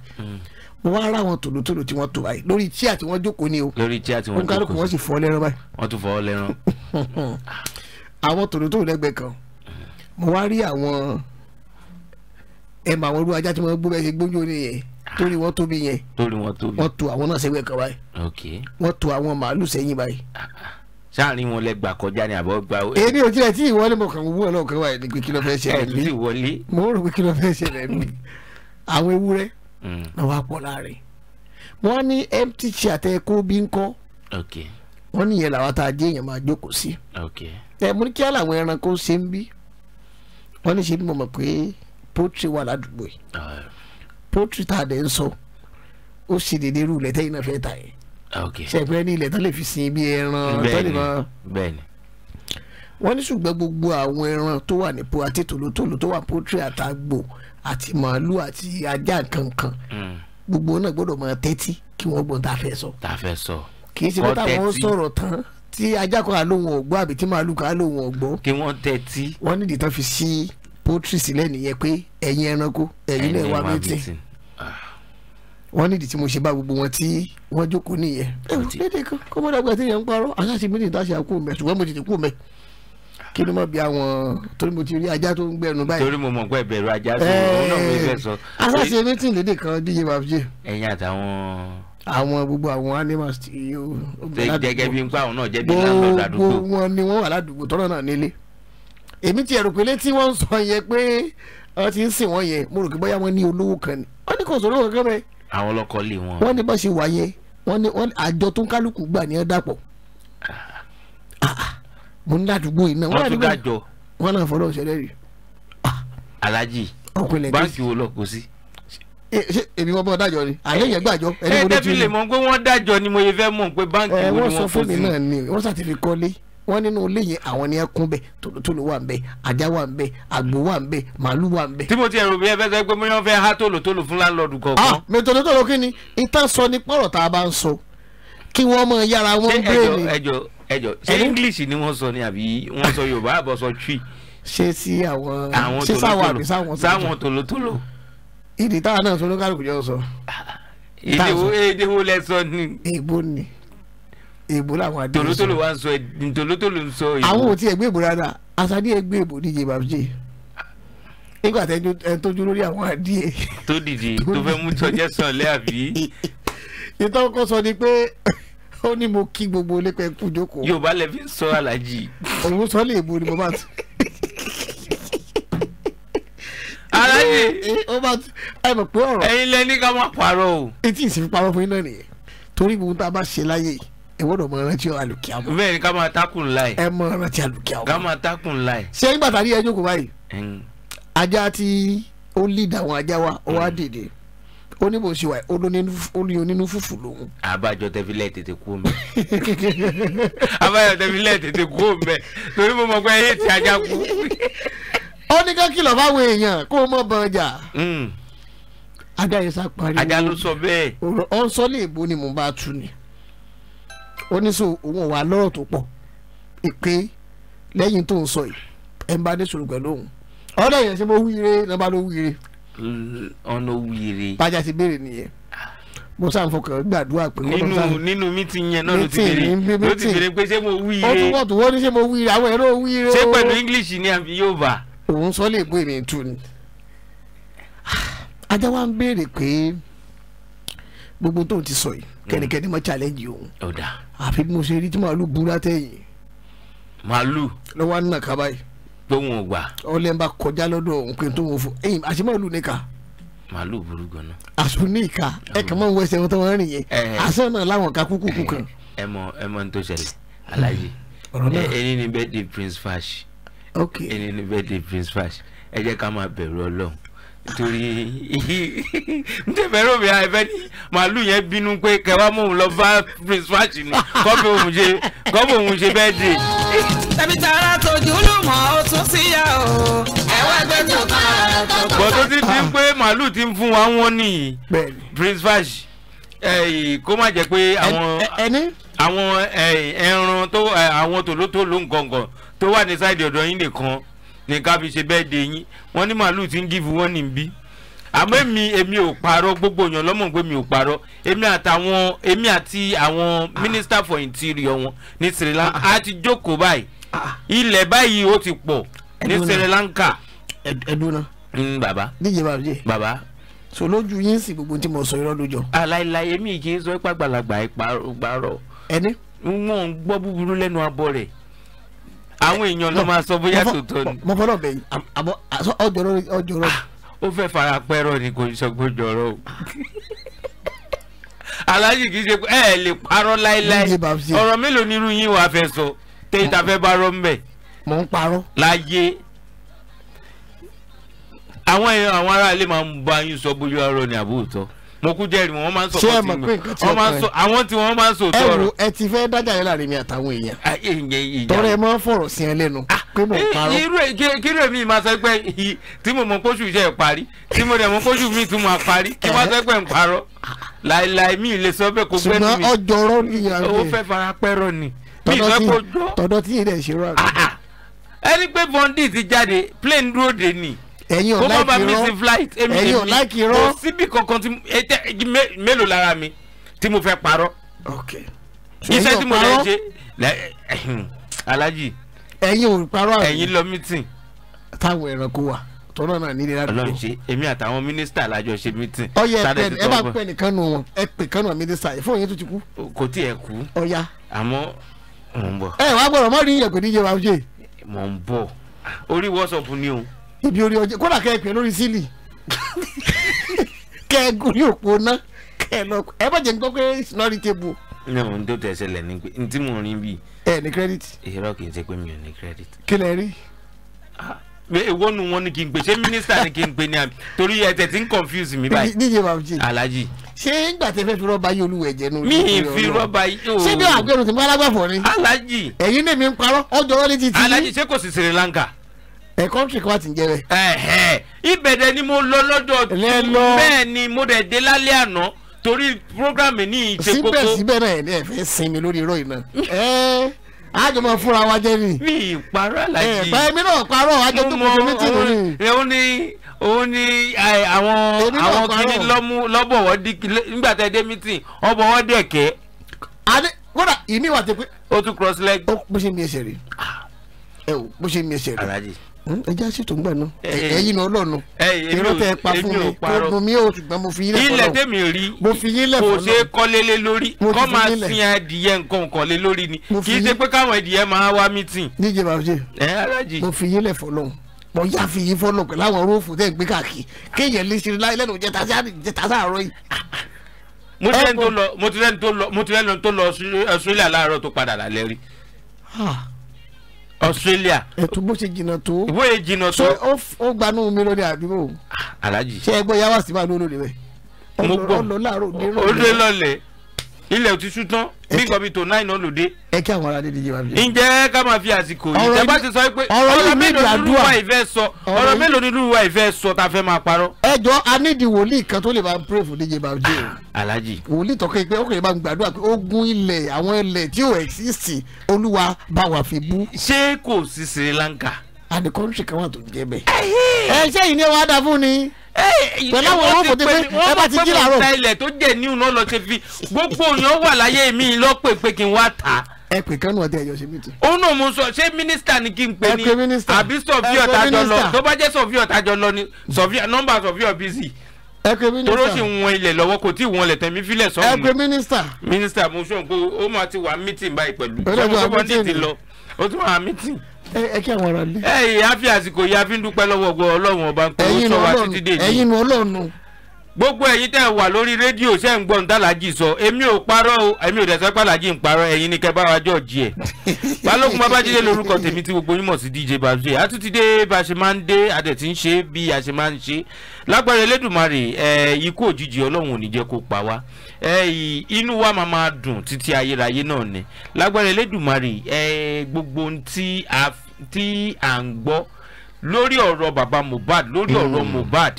mo wá ra àwọn tòlótòló tí wọ́n tò báyìí lórí tíà tí wọ́n jókòó ni o lórí tíà tí wọ́n jókòó sí nkálukú wọ́n sì fọ́ lẹ́ran báyìí. wọ́n tún fọ́ lẹ́ran. àwọn tòlótòló lẹ́gbẹ̀ẹ́ kan mo wá rí àwọn ẹ mọ àwọn olú ajá tí wọ́n gbó bẹ́ẹ̀ ṣe gbójú ni yẹn torí wọ́n tóbi yẹn torí wọ́n tóbi wọ́n tò àwọn náà sẹ́gbẹ̀ẹ́ kan báyìí wọ́n tò àwọn màálù sẹ́yìn báyìí sáàrin wọn lẹ gbà kọjá ni àbọ̀ gba. èmi ò tilẹ̀ tí ìwọlé mo kàn wúwo náà kàn wá ní pé kí ló fẹ́ ṣẹlẹ̀ mí mo rò pé kí ló fẹ́ ṣẹlẹ̀ mí àwọn ewúrẹ́ Na mm. wàá pọ̀ láàrin wọ́n ní empty chair tẹ kó bí ń kọ́ wọ́n nìyẹn làwọn tá a jẹ́ èèyàn máa jókòó sí ẹ mú kí àwọn ẹranko ṣe ń bí wọ́n ní ṣe bí mo pé poultry wà ládùúgbò yìí ah. poultry tá a dẹ̀ ń sọ ó sì dédé irú ilẹ̀ tẹ́yìn náà fẹ́ ta yẹn ṣẹ̀pẹ́ ní ilẹ̀ tó lè fi sin bí ẹran tó lè máa wọ́n ní ṣùgbọ́n gbogbo àwọn ẹran tó wà ní po àti tòlótòló tó wà poultry àtàgbò àti màálù àti ajá kankan hmm. gbogbo náà gbọ́dọ̀ máa tẹ́tí kí wọ́n gbọ́n tá a fẹ́ sọ. tá a fẹ́ sọ. kì í ṣe pé táwọn sọ̀rọ̀ tán tí ajá kan àlóhùn ọ̀gbọ́ àbí tí màálù kan àlóhùn ọ̀gbọ́. kí wọ́n tẹ́tí. wọ́n nídìí tán fi sí poultry sílẹ̀ nìyẹn pé ẹ̀yin ẹranko ẹ̀yin náà wá mẹ́tì ah. wọ́n nídìí tí mo ṣe bá gbogbo wọn tí wọ́n jókòó nìyẹn. ẹ wọ́n dédé kọ́ mọ́dàgbà tí yẹn ń parọ́ àṣà ti mí kí ló mọ̀ bí àwọn torí mo ti rí ajá tó ń gbẹnu báyìí. torí mo mọ̀ pé ẹ̀bẹ̀rù ajá sí òun náà mi fẹ́ sọ. Eh, asáṣe mítìn lédè kan dj babjé. ẹ̀yin àtàwọn. àwọn gbogbo àwọn animals ti o. gẹ́gẹ́ bí n pa àwọn náà jẹ́ bí landlord àdúgbò. gbogbo wọn ni wọ́n wà ládùúgbò tọ́nà náà nílé. èmi ti ẹ̀rù pé létí wọ́n ń sọ yẹn pé wọ́n ti ń sìn wọ́n yẹn mo rò pé bóyá wọ́n ní olówó kan ni wọ́n ní kò sọ olówó kankan bẹ́ẹ̀. àwọn ọlọ́kọ mo ní ládùúgbò yìí náà wọ́n tún dájọ́ wọ́n náà fọlọ́ ṣẹlẹ̀ rí. Ah. alájì báńkì wo lọ kò sí. ṣé èmi wọn bọ dájọ́ ni àlẹ yẹn gbàjọ. ẹ tẹ́bi lè mọ̀ pé wọ́n dájọ́ ni mo yẹ fẹ́ mọ̀ pé báńkì eh, wo ni wọ́n kò sí. wọ́n sọ fún mi náà ni wọ́n sàtìfi kọ́lé wọ́n nínú ilé yẹn àwọn ni ẹ kún bẹ tòlótòló wà ń ajá wà ń àgbò wà ń màálù wà ń tí mo ti ẹrù bí ẹ fẹ́ sọ pé mo yàn fẹ́ há tòlótòló fún láńlọ́ọ̀dù kọ̀ọ̀kan. ah mi tòlótòló kí ni ìtàn sọ ni pọ̀rọ̀ tá a bá ń sọ kí wọ́n mọ yára wọn bẹ́ẹ̀ ni. ẹjọ ẹjọ ẹ jọ ṣé english ni wọ́n sọ ni àbí wọ́n sọ yorùbá àbọ̀ sọ tree. ṣé sí àwọn ṣé sáwọn àbí sáwọn tòlótòló sáwọn tòlótòló. ìdí táwọn náà sọ ló kálukú jọ sọ. èdè wo lẹ sọ ni. èèbó ni èèbó làwọn adé. tòlótòló wa ń sọ tòlótòló ń sọ èèbó. àwọn ò tiẹ̀ gbé èèbó rárá asadi ẹ gbé èèbó díje babjé nígbà tẹ tójú lórí àwọn adìẹ. tó dìde tó fẹ́ mú tọ́jẹ́ sàn lẹ́ àbí. ìtọ́kọ sọ ni pé ó ní mo kí gbogbo ilé pé kú jókòó. yorùbá lè fi sọ alájí. òun sọ lè bo ni mo bá ti. alájí. ó bá ti ẹ mọ̀ pé ọ̀rọ̀. ẹ̀yin lẹ ká má parọ́ o. etí ìsìn parọ́ fún yín náà nìyẹn torí gbogbo tá a bá ṣe láyé yìí ẹ gbọ́dọ̀ mọ ọ̀rántí alùkìá mọ́. bẹ́ẹ̀ ni ká máa takùn láì. ẹ mọ ọ̀rántí alùkìá mọ́. ká máa takùn láì. ṣé nígbà tá a rí ẹjọ́ kò báyìí. ajá tí ó lead àwọn ajá wa ó wá hmm. dìde. Mm ó ní bó ṣe wà ó ní onínú fùfù lòun. abájọ tẹfilẹ tètè kú mi abájọ tẹfilẹ tètè kú mi torí mo mọ pé ẹyẹ ti ajá kú. ó ní ká kìlọ̀ fáwọn èèyàn kó o mọ̀ bọ̀ ọjà. Hmm. ajá yẹn sá parí. ajá ló sọ bẹ́ẹ̀. ó ń sọ ní ìbò ni mo bá tu ni ó ní sọ òun wà lọ́rọ̀ tó pọ̀ ìpè lẹ́yìn tó ń sọ yìí ẹ̀ ń bá dé sọ̀rọ̀ pẹ̀lú òun ọ̀dọ̀ yẹn ṣe mo wíire lọ́ba ló wíire ọ̀nà wuyere. bájà ti béèrè nìyẹn mo sáà fọkàn gbàdúrà pé. nínú nínú mítìn yẹn náà ló ti béèrè ló ti béèrè pé ṣé mo wuyire. ó tún wọ́n tún ní ṣé mo wuyire àwọn ẹ̀rọ wuyire o. ṣé pẹ̀lú english ni àbí yóò bá. òun sọ lè pè mí tu ni. ajá wa ń béèrè pé gbogbo tóun ti sọ yìí mm. kẹ́nikẹ́ni mọ́ challenge òun. ọ̀dà. àfi bí mo ṣe rí tí màálù búra tẹ̀yìn. màálù. lọ́wọ́ á kábàáyì tóun ò gbà. ọlẹ́ ń bá kọjá lọ́dọ̀ òun pé tóun ò fún ẹ̀yìn àṣemọ́lù nìkan màálù burú ganan. àṣù ní ìka ẹ kàn máa ń wẹsẹ̀ wọn tó máa ń rìn yẹn eh, eh. àṣọ náà láwọn ká kúkú kan. Eh, ẹ mọ ẹ mọ ní tó ṣẹlẹ̀ aláàjì ẹni ní birthday Prince Fash ẹni ní birthday Prince Fash ẹ jẹ́ ká máa bẹ̀rù Ọlọ́run nítorí n tẹ fẹ́ràn mi àìfẹ́ ní màálù yẹn bínú pé kẹwàá mò ń lọ bá prince watch ni kọ́bí òun ṣe kọ́bí òun ṣe bẹ́ẹ̀ dé. tẹ̀bí tààrà tójú ló mọ̀ ó tún síyà o. ẹ̀wá gbé tó bá ara tó tó. ti fi pé màálù ti ń fún wa wọ́n nìyí prince watch kó má jẹ́ pé àwọn àwọn ẹran tó àwọn tòlótòló nǹkan kan tó wà ní sáìdì ọ̀dọ̀ yín nìkan nìkan fi ṣe bẹ́ẹ̀ dé yín wọ́n ní màálù ti ń gífù wọ́n ní bí àmọ́ èmi èmi ò parọ́ gbogbo èèyàn lọ́mọ̀ pé mi ò parọ́ èmi àtàwọn èmi àti àwọn minister for interior wọn ní Sri Lanka a ti jókòó báyìí ilẹ̀ báyìí ó ti pọ̀ ní Sri Lanka. ẹdùnà bàbá díje bàbá díje bàbá. so lójú yín sì gbogbo tí mo sọ irọ́ lójọ. aláìláyé mi kì í sọ ipá gbàlagbà ìparọ́. ẹni. wọn ń gbọ́ búburú lẹ́nu abọ́ rẹ̀ àwọn èèyàn ló máa sọ bóyá tòótọ́ ni. mo fọlọ bẹyìn àbọ ọjọrọ ọjọrọ. Ah, ó fẹ́ fara pẹ́rọ ni kò sọ pé jọrọ o. aláàjì kì í ṣe ẹ ẹ lè parọ́ láéláé ọ̀rọ̀ mélòó nírú yín wàá fẹ́ sọ tẹ́yìn tá a fẹ́ bá rọ́ mbẹ̀. mò ń parọ́. láyé àwọn èèyàn àwọn aráàlú máa ń bá yín sọ bóyá ọ̀rọ̀ ni àbóòtọ́ mo kú jẹ́rìí wọn máa ń sọ ọtí mi wọn máa ń sọ àwọn tí wọn máa ń sọ tọrọ. ẹ wo ẹ ti fẹ́ dájà yẹn láàrin mi àtàwọn èèyàn ah, tọrọ ẹ máa ń fọ̀rọ̀ sí ẹ lẹ́nu ah, pé mo eh, mi máa sọ pé tí mo mọ kóṣù iṣẹ́ parí tí mo dẹ̀ mọ kóṣù mi tún máa parí kí wọ́n sọ pé ń parọ́ láìláì mi lè sọ bẹ́ẹ̀ kó gbẹ́ mi. ṣùgbọ́n ọjọ́ ọ̀rọ̀ ni ìyá rẹ̀ ó fẹ́ fara pẹ́rọ ni. tọ́dọ̀ tí yìí ni ẹ̀yin ò like irọ́ ẹ̀yin ò like irọ́ O síbi kankan tí mélòó lára mi tí mo fẹ́ parọ́ iṣẹ́ tí mo lè ṣe alájì ẹ̀yin ò parọ́ àbí ẹ̀yin lọ mítìn táwọn ẹranko wà tọ́nà náà nílé láti lọ. Ọlọ́run ṣe èmi àtàwọn mínísítà lájọ ṣe mítìn. ọyẹ pẹ ẹ bá pẹ nìkan nù wọn ẹ pè kánú mínísítà yìí fún yín tó ti kú. kò tí ẹ kú. ọya. àmọ́ mò ń bọ̀. ẹ wàá gbọ́dọ̀ mọ́ rí iyẹ̀pẹ̀ níjẹ́ wa ṣe. mò ń bọ̀ orí wọ́sọ̀pù ni o ibi orí ọjọ́ kódà kẹ́ ẹ pè lórí sílì kẹ́ ẹ gùn ní òpó ná kẹ́ ẹ lọ ẹ bá jẹ́ ń gbọ́ pé it's not reachable. ní àwọn tó tẹ̀ ṣẹlẹ̀ ni pé n tí mò ń rí bíi. ẹ ní credit. irọ́ kì í ṣe pé mi ò ní credit. kí lẹ rí. Ah, èwo nu wọn ni kí n pè ṣé mínísítà ni kí n pè ní àmì torí ẹ tẹ̀ tí ń confuse mi báyìí. díje babuji alhaji. ṣé ńgbà tẹ fẹ́ fi rọ́bà yìí olúwẹ̀ jẹ́ nù. mi ì fi rọ́bà yìí o. ṣé bí àgbẹ̀rù ti Sri Lanka. ẹ kọ́ńtì kan ti ń jẹ bẹ́ẹ̀. ni mo lọ lọ́jọ́ bẹ́ẹ̀ ni mo dẹ̀ dé lálẹ́ àná torí programme ní ìṣe kókó. síbẹ̀síbẹ̀ náà ẹ̀ fẹ́ sinmi lórí irọ́ a jọ fúnra wa mi báyìí mi náà parọ́ tó lórí. òun ni òun ni àwọn àwọn kìíní lọ́bọ̀wọ́ nígbà dé dẹ̀ kẹ́. adé kódà ìmí ti pé. leg. bó o ah. bó Hm? ẹjẹ àṣìtò ńgbà náà eh, eh. ẹ̀yin eh, náà Ọlọ́run irọ́ tẹ ẹ pa fún mi kó mo mi ò ṣùgbọ́n mo fi yín lẹ̀ fọlọ́ ilẹ̀ tẹ̀mí rí mo fi yín lẹ̀ fọlọ́ kò ṣe é kọ́lélé lórí kọ́ máa sin adìyẹ nǹkan nǹkan lé lórí ni kì í ṣe pé káwọn adìyẹ máa wá mítìn. díje bàbá ṣe ẹ alájì mo fi yín lẹ̀ fọlọ́ mo yá fi yín fọlọ́ pẹ̀lú àwọn róòfù tẹ́ ń gbé káàkiri kéèyàn lè ṣe lẹ́nu jẹta sáàrọ̀ yìí mo ti rẹ́ni tó lọ sílẹ̀ aláàárọ̀ tó padà lálẹ́ rí. Ah. Australia. ètò bó ṣe jìnnà tó. bó ṣe jìnnà tó. ṣé ó gbanú mi lórí àdúgbò. Ah, Alhaji. ṣé ẹgbẹ́ yàrá sí máa lónìí rẹ̀. mo gbọ́ ó lọ láàárọ̀ òde rọ̀ lẹ́ ilẹ̀ ti ṣú tán bí nǹkan bíi tò náà iná lòdì. ẹ kí àwọn ará dédé wa bí. ǹjẹ́ ká máa fi àsìkò yìí ìjọba ti sọ pé ọ̀rọ̀ mélòó ni lùwà ìfẹ́ sọ ọ̀rọ̀ mélòó ni lùwà ìfẹ́ sọ ta fẹ́ máa parọ́. ẹ jọ a ní di wòlíì kan tó lè máa prove díje bá dé o. Ah, alhaji. wòlíì tọkẹ pé ọkùnrin máa gbàdúrà pé ogun ilẹ̀ àwọn ilẹ̀ tí ò exist olúwa bá wà fi bú. ṣé kò sí Sri Lanka. àdìkọ́ńtì kan wà tó jẹ bẹ́ẹ̀. ẹ ṣé ìní wa dà fún ni pẹ̀lú àwọn ọmọ kò tẹ pé ẹ bá ti jí làárọ̀. wọ́n mọ̀ pé mo ta ilẹ̀ tó jẹ́ níhùn náà lọ ṣe fi gbogbo èèyàn wà láyé mi lọ́pẹ̀ pé kí n wá ta. ẹ pè kánú ọdẹ ẹyọ ṣe mí tu. òun náà mo sọ ṣé mínísítà ni kí n pè ní àbí sọfíọ tajọ lọ tó bá jẹ́ sọfíọ tajọ lọ ni nọ́mbà sọfíọ bísí ẹ pé mínísítà toro sì wọn ilẹ̀ lọ́wọ́ kò tí ì wọn ilẹ̀ tẹ̀ mí filẹ̀ sọ́ọ̀mù. ẹ pé mínísítà. mínísítà mo sọ pé ó máa ti wà mítìn báyìí pẹ̀lú. ó lọ́jọ́ àmítìn ni ó tún wà mítìn ẹ kí àwọn ará lé. ẹ yìí á fi àsìkò yìí á fi ń dúpẹ́ lọ́wọ́ gbọ́ ọlọ́run ọba ń pẹ́ ó sọ wa títí dé yìí. ẹ̀yin nu ọlọ́run. gbogbo ẹ̀yin tẹ́ wà lórí rédíò ṣe ń gbọ́ ń dálàjì sọ èmi ò parọ́ o èmi ò dẹ̀sẹ̀ pàlàjì ń parọ́ ẹ̀yin ni kẹ́ bá wa jọ jí ẹ̀. balógun babájídé lórúkọ tèmi tí gbogbo onímọ̀ sí dj babjé a tún ti dé bá a ṣe máa ń dé a dẹ̀ ti ń ṣe bí a ṣe máa ń ṣe lágbára elédùnmarè ikú òjijì ọlọ́run ò ní jẹ́ kó pa wá ẹyìn inú wa máa máa dùn títí ayérayé náà ni lágbára elédùnmarè ẹ gbogbo tí à ń gbọ́ lórí ọ̀rọ̀ baba mohbad lórí ọ̀rọ̀ mm. mohbad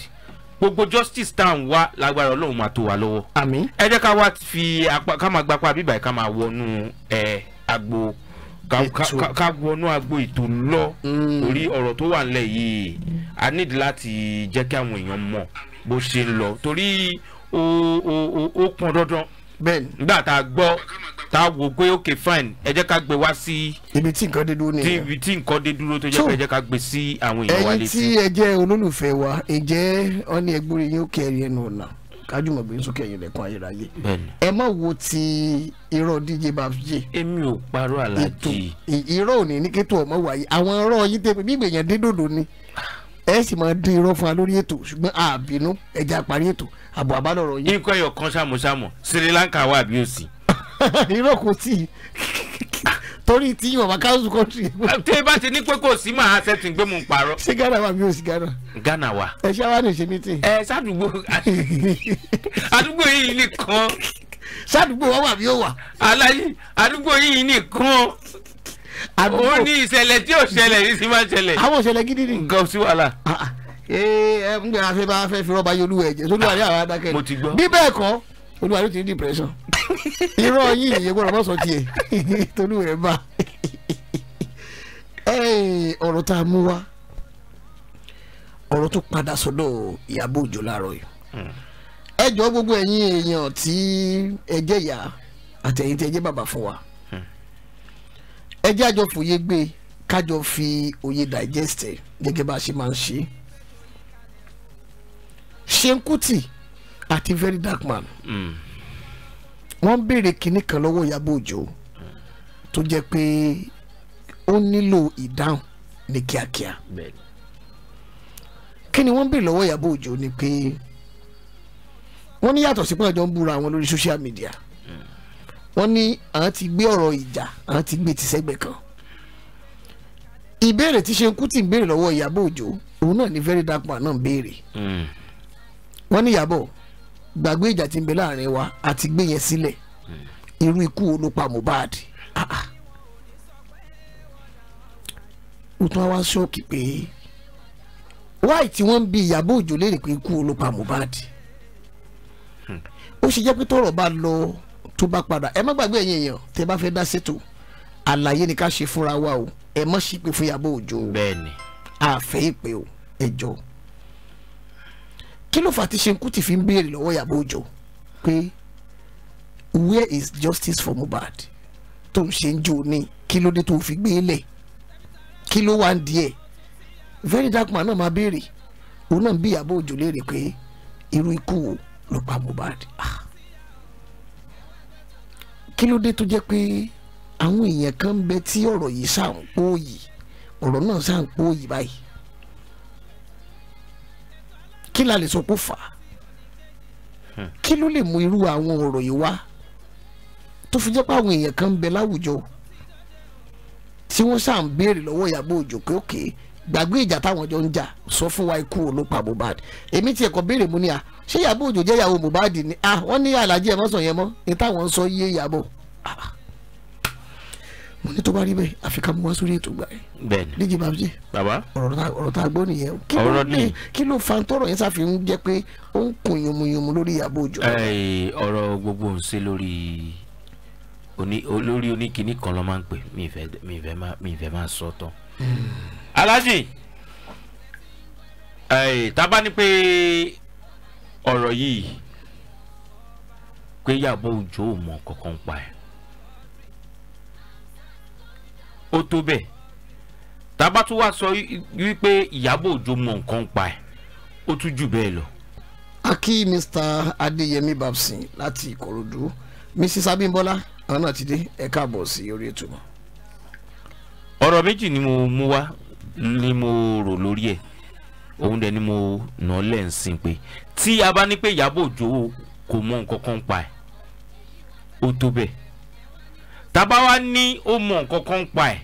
gbogbo justice tá à ń wá lágbára ọlọ́run máa tó wa lọ́wọ́. àmín. ẹ jẹ́ ká wá fi ká máa gbapá bíbáyìí ká máa wọnú agbo ká wọnú agbo ètò lọ mm. torí ọ̀rọ̀ tó wà nílẹ̀ yìí a nídìí láti jẹ́ kí àwọn èèyàn mọ̀ bó ṣe ń lọ torí ó pọn dandan. bẹ́ẹ̀ni. nígbà tá a gbọ́ tá a wò pé ok fine ẹ jẹ́ ká gbé wá sí. ibi tí nǹkan dé dúró nìyẹn. ibi tí nǹkan dé dúró tó jẹ́ pé ẹ jẹ́ ká gbé sí àwọn èèyàn wa létí. ẹyin tí ẹ jẹ́ olólùfẹ́ wa ǹjẹ́ ọ ní ẹgbẹ́rẹ́ yín ó kẹ́rin ẹnu ọ̀nà kájùmọ̀ gbé sókè ẹ̀yìn lẹ́kùn ayérayé. ẹ má wo ti irọ́ dj babjé. èmi ò parọ́ aláàjì. ètò irọ́ òní ní kí tó ọmọ wáyé àwọn irọ́ yín tẹ́ bí gbèyàn dé ni ẹ sì máa dín irọ́ fún wa lórí ètò ṣùgbọ́n àbínú ẹja parí ètò àbọ̀ àbálọ̀rọ̀ yìí. ikọ̀ ẹ̀yọ̀ kan ṣàmùṣàmù Sri Lanka wà bí ó sì. irọ́ kò sí torí tí yorùbá council country. Ah, tẹ́ bá ti ní pé kò sí màá ṣe tí ń gbé mu parọ́. ṣé Ghana wà bí o sí Ghana. Ghana wà. ẹ ṣe wá ní ṣe meeting. ẹ sádùúgbò àdúgbò yìí nìkan. sádùúgbò wa wà bí ó wà. aláyé àdúgbò yìí nìkan àdúgbò ó ní ìṣẹ̀lẹ̀ tí ò ṣẹlẹ̀ yìí sì máa ṣẹlẹ̀. àwọn ìṣẹ̀lẹ̀ gidi ni. nǹkan sí wàhálà. Ah, ah. ẹ ń gbé afẹ́ bá fẹ́ fi rọ́bà yín olúwa ẹ̀jẹ̀ tó lúwa ní àwọn adákẹ́ rẹ̀ bí bẹ́ẹ̀ kọ́ olúwa ló ti ní depression irọ́ yìí ìyẹn gbọ́dọ̀ mọ́sán tiẹ̀ tolú rẹ̀ bá ọ̀rọ̀ tá a mú wá ọ̀rọ̀ tó padà sọ́dọ̀ Ìyábọ̀ Òjó láàárọ̀ yìí hmm. ẹ jọ gbogbo ẹ̀yin èèyàn tí ẹ jẹ́ ìyá àtẹ̀yìn tí ẹ jẹ́ bàbá fún wa ẹ jẹ́ àjọ fòye gbé kájọ fi òye digest gẹ́gẹ́ bá a ṣe máa ń ṣe. Seun àti very dark man mm. wọ́n béèrè kinní kan lọ́wọ́ Ìyábọ̀ Òjó tó jẹ́ pé ó nílò ìdáhùn ní kíákíá kí ni wọ́n béèrè lọ́wọ́ Ìyábọ̀ Òjó ni pé wọ́n ní yàtọ̀ sí pé ọjọ́ ń búra wọn lórí social media wọ́n ní àwọn ti gbé ọ̀rọ̀ ìjà àwọn ti gbé tìṣẹ́gbẹ̀ kan ìbéèrè tí ṣe ń kú tí ń béèrè lọ́wọ́ Ìyábọ̀ Òjó òun náà ní very dark man náà béèrè hmm. wọ́n ní Ìyábọ̀ gbàgbé ìjà tí ń bẹ láàrin wa àti gbé yẹn sílẹ̀ hmm. irú ikú wo ló pa Mohbad ah, ah. ó tún wá ṣọ́ọ̀kì pé wáì tí wọ́n ń bi Ìyábọ̀ Òjó léèrè pé ikú wo ló pa Mohbad hmm. ó ṣe jẹ́ pé tọ́rọ̀ bá lọ tó bá padà ẹ má gbàgbé ẹ̀yin èèyàn tẹ́ bá fẹ́ dá ṣètò àlàyé ni ká ṣe fúnra wa o ẹ mọ̀ sí pé fún Ìyábọ̀ Òjó o bẹ́ẹ̀ni àfẹ́ ìpè o ẹ jọ kí ló fà tí Ṣeun Kútì fi ń béèrè lọ́wọ́ Ìyábọ̀ Òjó pé where is justice for Mohbad tó ń ṣe ń jò ní kí ló dé tó fi gbé e lẹ̀ kí ló wà ń di ẹ̀ very dark man náà máa béèrè òun náà ń bí Ìyábọ̀ Òjó léèrè pé irú ikú wo ló pa Mohbad ah kí ló dé tó jẹ́ pé àwọn èèyàn kan ń bẹ tí ọ̀rọ̀ yìí ṣàǹpó yìí ọ̀rọ̀ náà ṣàǹpó yìí báyìí kí la lè sọ pé fà á kí ló lè mú irú àwọn ọ̀rọ̀ yìí wá tó fi jẹ́ pé àwọn èèyàn kan bẹ láwùjọ tí wọ́n ṣáà ń béèrè lọ́wọ́ Ìyábọ̀ Òjó pé òkè. Okay, gbàgbé ìjà táwọn jọ ń jà sọ fún wa ikú olópa Mohbad èmi tiẹ̀ kọ́ béèrè mu ni à ṣé Ìyábọ̀ Òjó jẹ́ ìyàwó Mohbad ni à wọ́n ní alájí ẹ̀ mọ́sàn yẹn mọ́ ní táwọn ń sọ yé Ìyábọ̀ ah, mo ní tó bá rí bẹ́ẹ̀ àfi ká mú wá sórí ètò gbà yẹn. bẹ́ẹ̀ni díjí bàbá jẹ bàbá ọ̀rọ̀ tá a gbọ́ nìyẹn kí ló kí ló fa tọrọ yẹn sáfi ń jẹ pé ó ń kun yunmuyunmu lórí Ìyábọ̀ Òjó. ọ̀rọ̀ gbogbo ń ṣe lórí oní olórí oníkíní kan ló máa ń pè mí ìfẹ́ máa sọ tán. Hmm alájì tábà ní pé ọ̀rọ̀ yìí pé Ìyábọ̀ Òjó ò mọ kankan pa ẹ̀ ó tó bẹ́ẹ̀ tábà tún wá sọ wípé Ìyábọ̀ Òjó mọ nǹkan pa ẹ̀ ó tún jù bẹ́ẹ̀ lọ. a kí Mr Adéyẹmí Babson láti Ìkòròdú Mrs Abímbọ́lá àwọn náà ti dé ẹ káàbọ̀ sí orí ètò. ọ̀rọ̀ méjì ni mo mú wá ni mo rò lórí ẹ̀ òun dẹ̀ ni mo nà ọ́ lẹ́ǹsìn pé tí a bá ní pé Ìyábọ̀ Òjó kò mọ nǹkan kan pa ẹ̀ ó tó bẹ́ẹ̀ tábà wá ní ó mọ nǹkan kan pa ẹ̀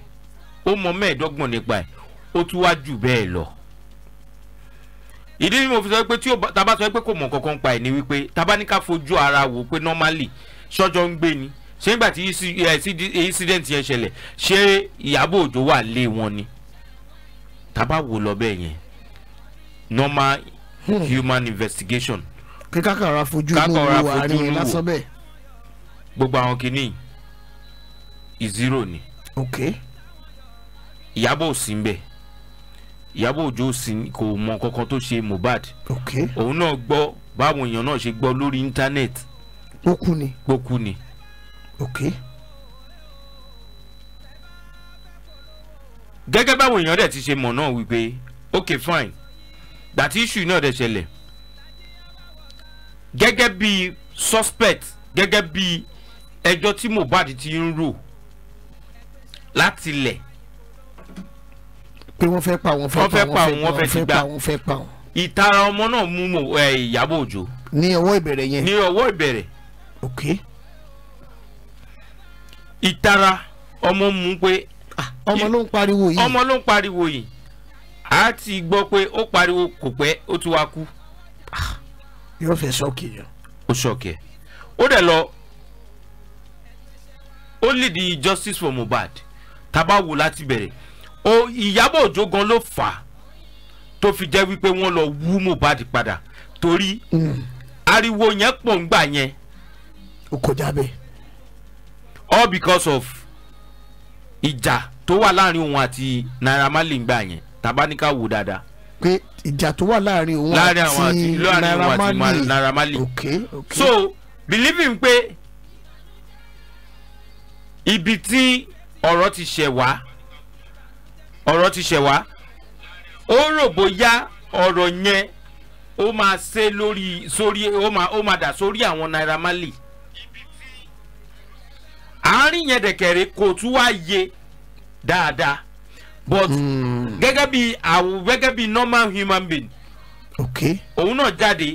ó mọ mẹ́ẹ̀ẹ́dọ́gbọ̀n nípa ẹ̀ ó tún wá jù bẹ́ẹ̀ lọ ìdí ni mo fi sọ pé tí tábà sọ pé kò mọ nǹkan kan pa ẹ̀ ni wípé tábà ní ká fojú ara wò pé normally ṣọ́jọ́ ń gbé ni ṣé nígbà tí eh, incident yẹn ṣẹlẹ̀ ṣé Ìyábọ̀ Òjó wà lé wọn ni tábà wò lọ bẹ́ẹ̀ yẹn normal hmm. human investigation. kí kákàrà fojú inú wo àárín lásán bẹ́ẹ̀. gbogbo àwọn kìíní ìzírò ni. ok. ìyábọ̀ ò sí ń bẹ̀ ìyábọ̀ òjó kò mọ kankan tó ṣe mohbad. ok. òun náà gbọ́ báwọn èèyàn náà ṣe gbọ́ lórí íńtánẹ́ẹ̀tì. ó kú ok. okay gẹ́gẹ́ báwọn èèyàn dẹ̀ ti ṣe mọ̀ náà wípé ok fine That issue náà dẹ̀ ṣẹlẹ̀ gẹ́gẹ́ bí suspect gẹ́gẹ́ bí ẹjọ́ tí Mohbad ti ń rò láti lẹ̀. pé wọ́n fẹ́ pa wọ́n fẹ́ pa wọ́n fẹ́ ti gbà wọ́n fẹ́ pa wọ́n. ìtara ọmọ náà mú Ìyábọ̀ Òjó. ní ọwọ́ ìbẹ̀rẹ̀ yẹn. ní ọwọ́ ìbẹ̀rẹ̀. ok. ìtara ọmọ mú pé Ah, ọmọ ló ń pariwo yìí ọmọ ló ń pariwo yìí a ti gbọ́ pé ó pariwo kò pẹ́ ó tún wá kú. Ah, yóò fẹ́ ṣọ́ọ̀kì yọ. ó ṣọ́ọ̀kì ẹ̀ ó dẹ̀ lọ ó lè di justice for Mohbad Taba wò láti bẹ̀rẹ̀ o Ìyábọ̀ Òjó gan ló fà á tó fi jẹ́ wípé wọ́n lọ wú Mohbad padà torí hmm. ariwo yẹn pọ̀ ń gbà yẹn. ó kọjá bẹ́ẹ̀. all because of ìjà tó wà láàrin òun àti Naira Marley gbà yẹn tabaníkà wò dáadáa. pé ìjà tó wà láàrin òun àti Naira Marley okay okay so believing pé ibi tí ọ̀rọ̀ ti ṣẹ̀ wá ọ̀rọ̀ ti ṣẹ̀ wá ó rò bóyá ọ̀rọ̀ yẹn ó máa ṣe lórí sórí ó máa dà sórí àwọn Naira Marley àárín yẹn dẹ̀kẹ̀rẹ̀ kò tún wá yé dáadáa but hmm. gẹ́gẹ́ bí àwọn gẹ́gẹ́ bí normal human being òun náà jáde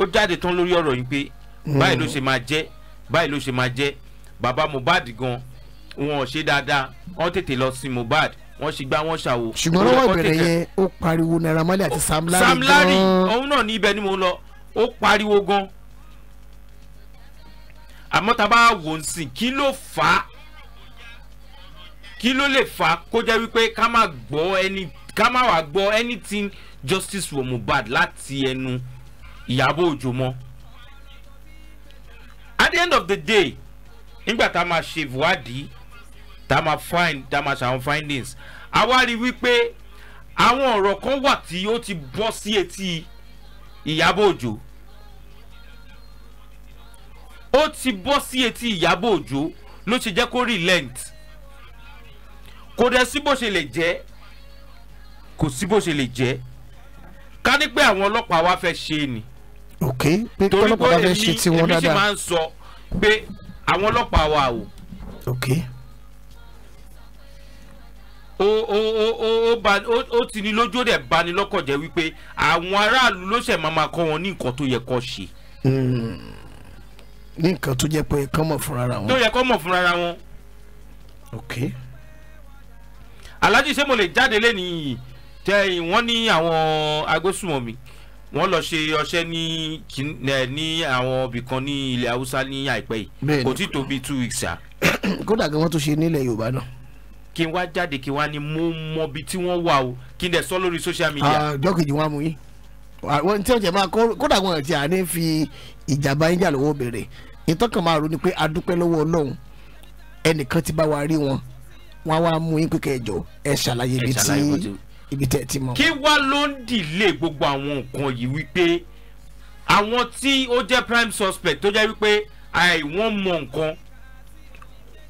ó jáde tán lórí ọ̀rọ̀ yìí pé hmm. báyìí ló ṣe máa jẹ́ báyìí ló ṣe máa jẹ́ bàbá Mohbad gan wọn ò ṣe dáadáa wọn tètè lọ sí Mohbad wọn ṣì gbá wọn ṣàwò. ṣùgbọ́n lọ́wọ́ ìbẹ̀rẹ̀ yẹn ó pariwo Naira Marley àti Sam Larry gan. Sam Larry òun náà ní ibẹ̀ ni mo lọ ó pariwo gan àmọ́ tá bá wò ó sìn kí ló fà á kí ló lè fà á kó jẹ́ wípé ká má gbọ́ ẹni ká má wàá gbọ́ anything justice for Mohbad láti ẹnu Ìyábọ̀ Òjó mọ́ at the end of the day nígbà tá a máa ṣe ìwádìí tá a máa find tá a máa ṣàwọn findings a wá rí wípé àwọn ọ̀rọ̀ kan wà tí ó ti bọ́ sí etí Ìyábọ̀ Òjó ó ti bọ́ sí etí ìyábọ̀ òjò ló ṣe jẹ́ kó relent kò dẹ̀ sí bó ṣe lè jẹ́ kò sí bó ṣe lè jẹ́ ká ní pé àwọn ọlọ́pàá wa fẹ́ ṣe é ni. ok pé ọlọ́pàá wa fẹ́ ṣe tí wọ́n dáadáa torí pé èmi ṣe máa ń sọ pé àwọn ọlọ́pàá wa o. ok. ó ó ó ó ó ba ó ó ti ní lójú ó dẹ̀ bani lọ́kàn jẹ́ wípé àwọn aráàlú ló ṣẹ̀ máa máa kọ́ wọn ní nǹkan tó yẹ kó ṣe. Mm ní nǹkan tó jẹ́ pé kán mọ̀ fúnra wọn. tó yẹ kán mọ̀ fúnra wọn. ok. alhaji ṣé mo lè jáde lẹ́nìí tẹ wọ́n ní àwọn agbésùmọ̀mí wọ́n lọ ṣe ọṣẹ́ ní ní àwọn ibìkan ní ilẹ̀ haúsá ní àìpẹ́ yìí kò tí tó two weeks ya. kódà kí wọ́n tún ṣe nílẹ̀ yorùbá náà. kí n jáde kí n wá ní mo mọ ibi tí wọ́n wà o kí n dẹ̀ sọ lórí social media. Ah, jọ́kejì wọn á mú yín ah, wọ́n ti ọ̀jẹ̀ máa kódà wọn ti à ní fi ìjàmbá yín jà lọ́wọ́ bẹ̀rẹ̀ ìtọ́kàn máa rò ní pé adúpẹ́ lọ́wọ́ ọlọ́run ẹnìkan ti bá wa rí wọn wọn wá mú yín pípẹ́ ẹjọ́ ẹ ṣàlàyé ibi tí ibi tẹ́ ti mọ̀. kí wá ló ń dìlé gbogbo àwọn nǹkan yìí wípé àwọn tí ó jẹ́ prime suspect tó jẹ́ wípé àìwọ́n mọ nǹkan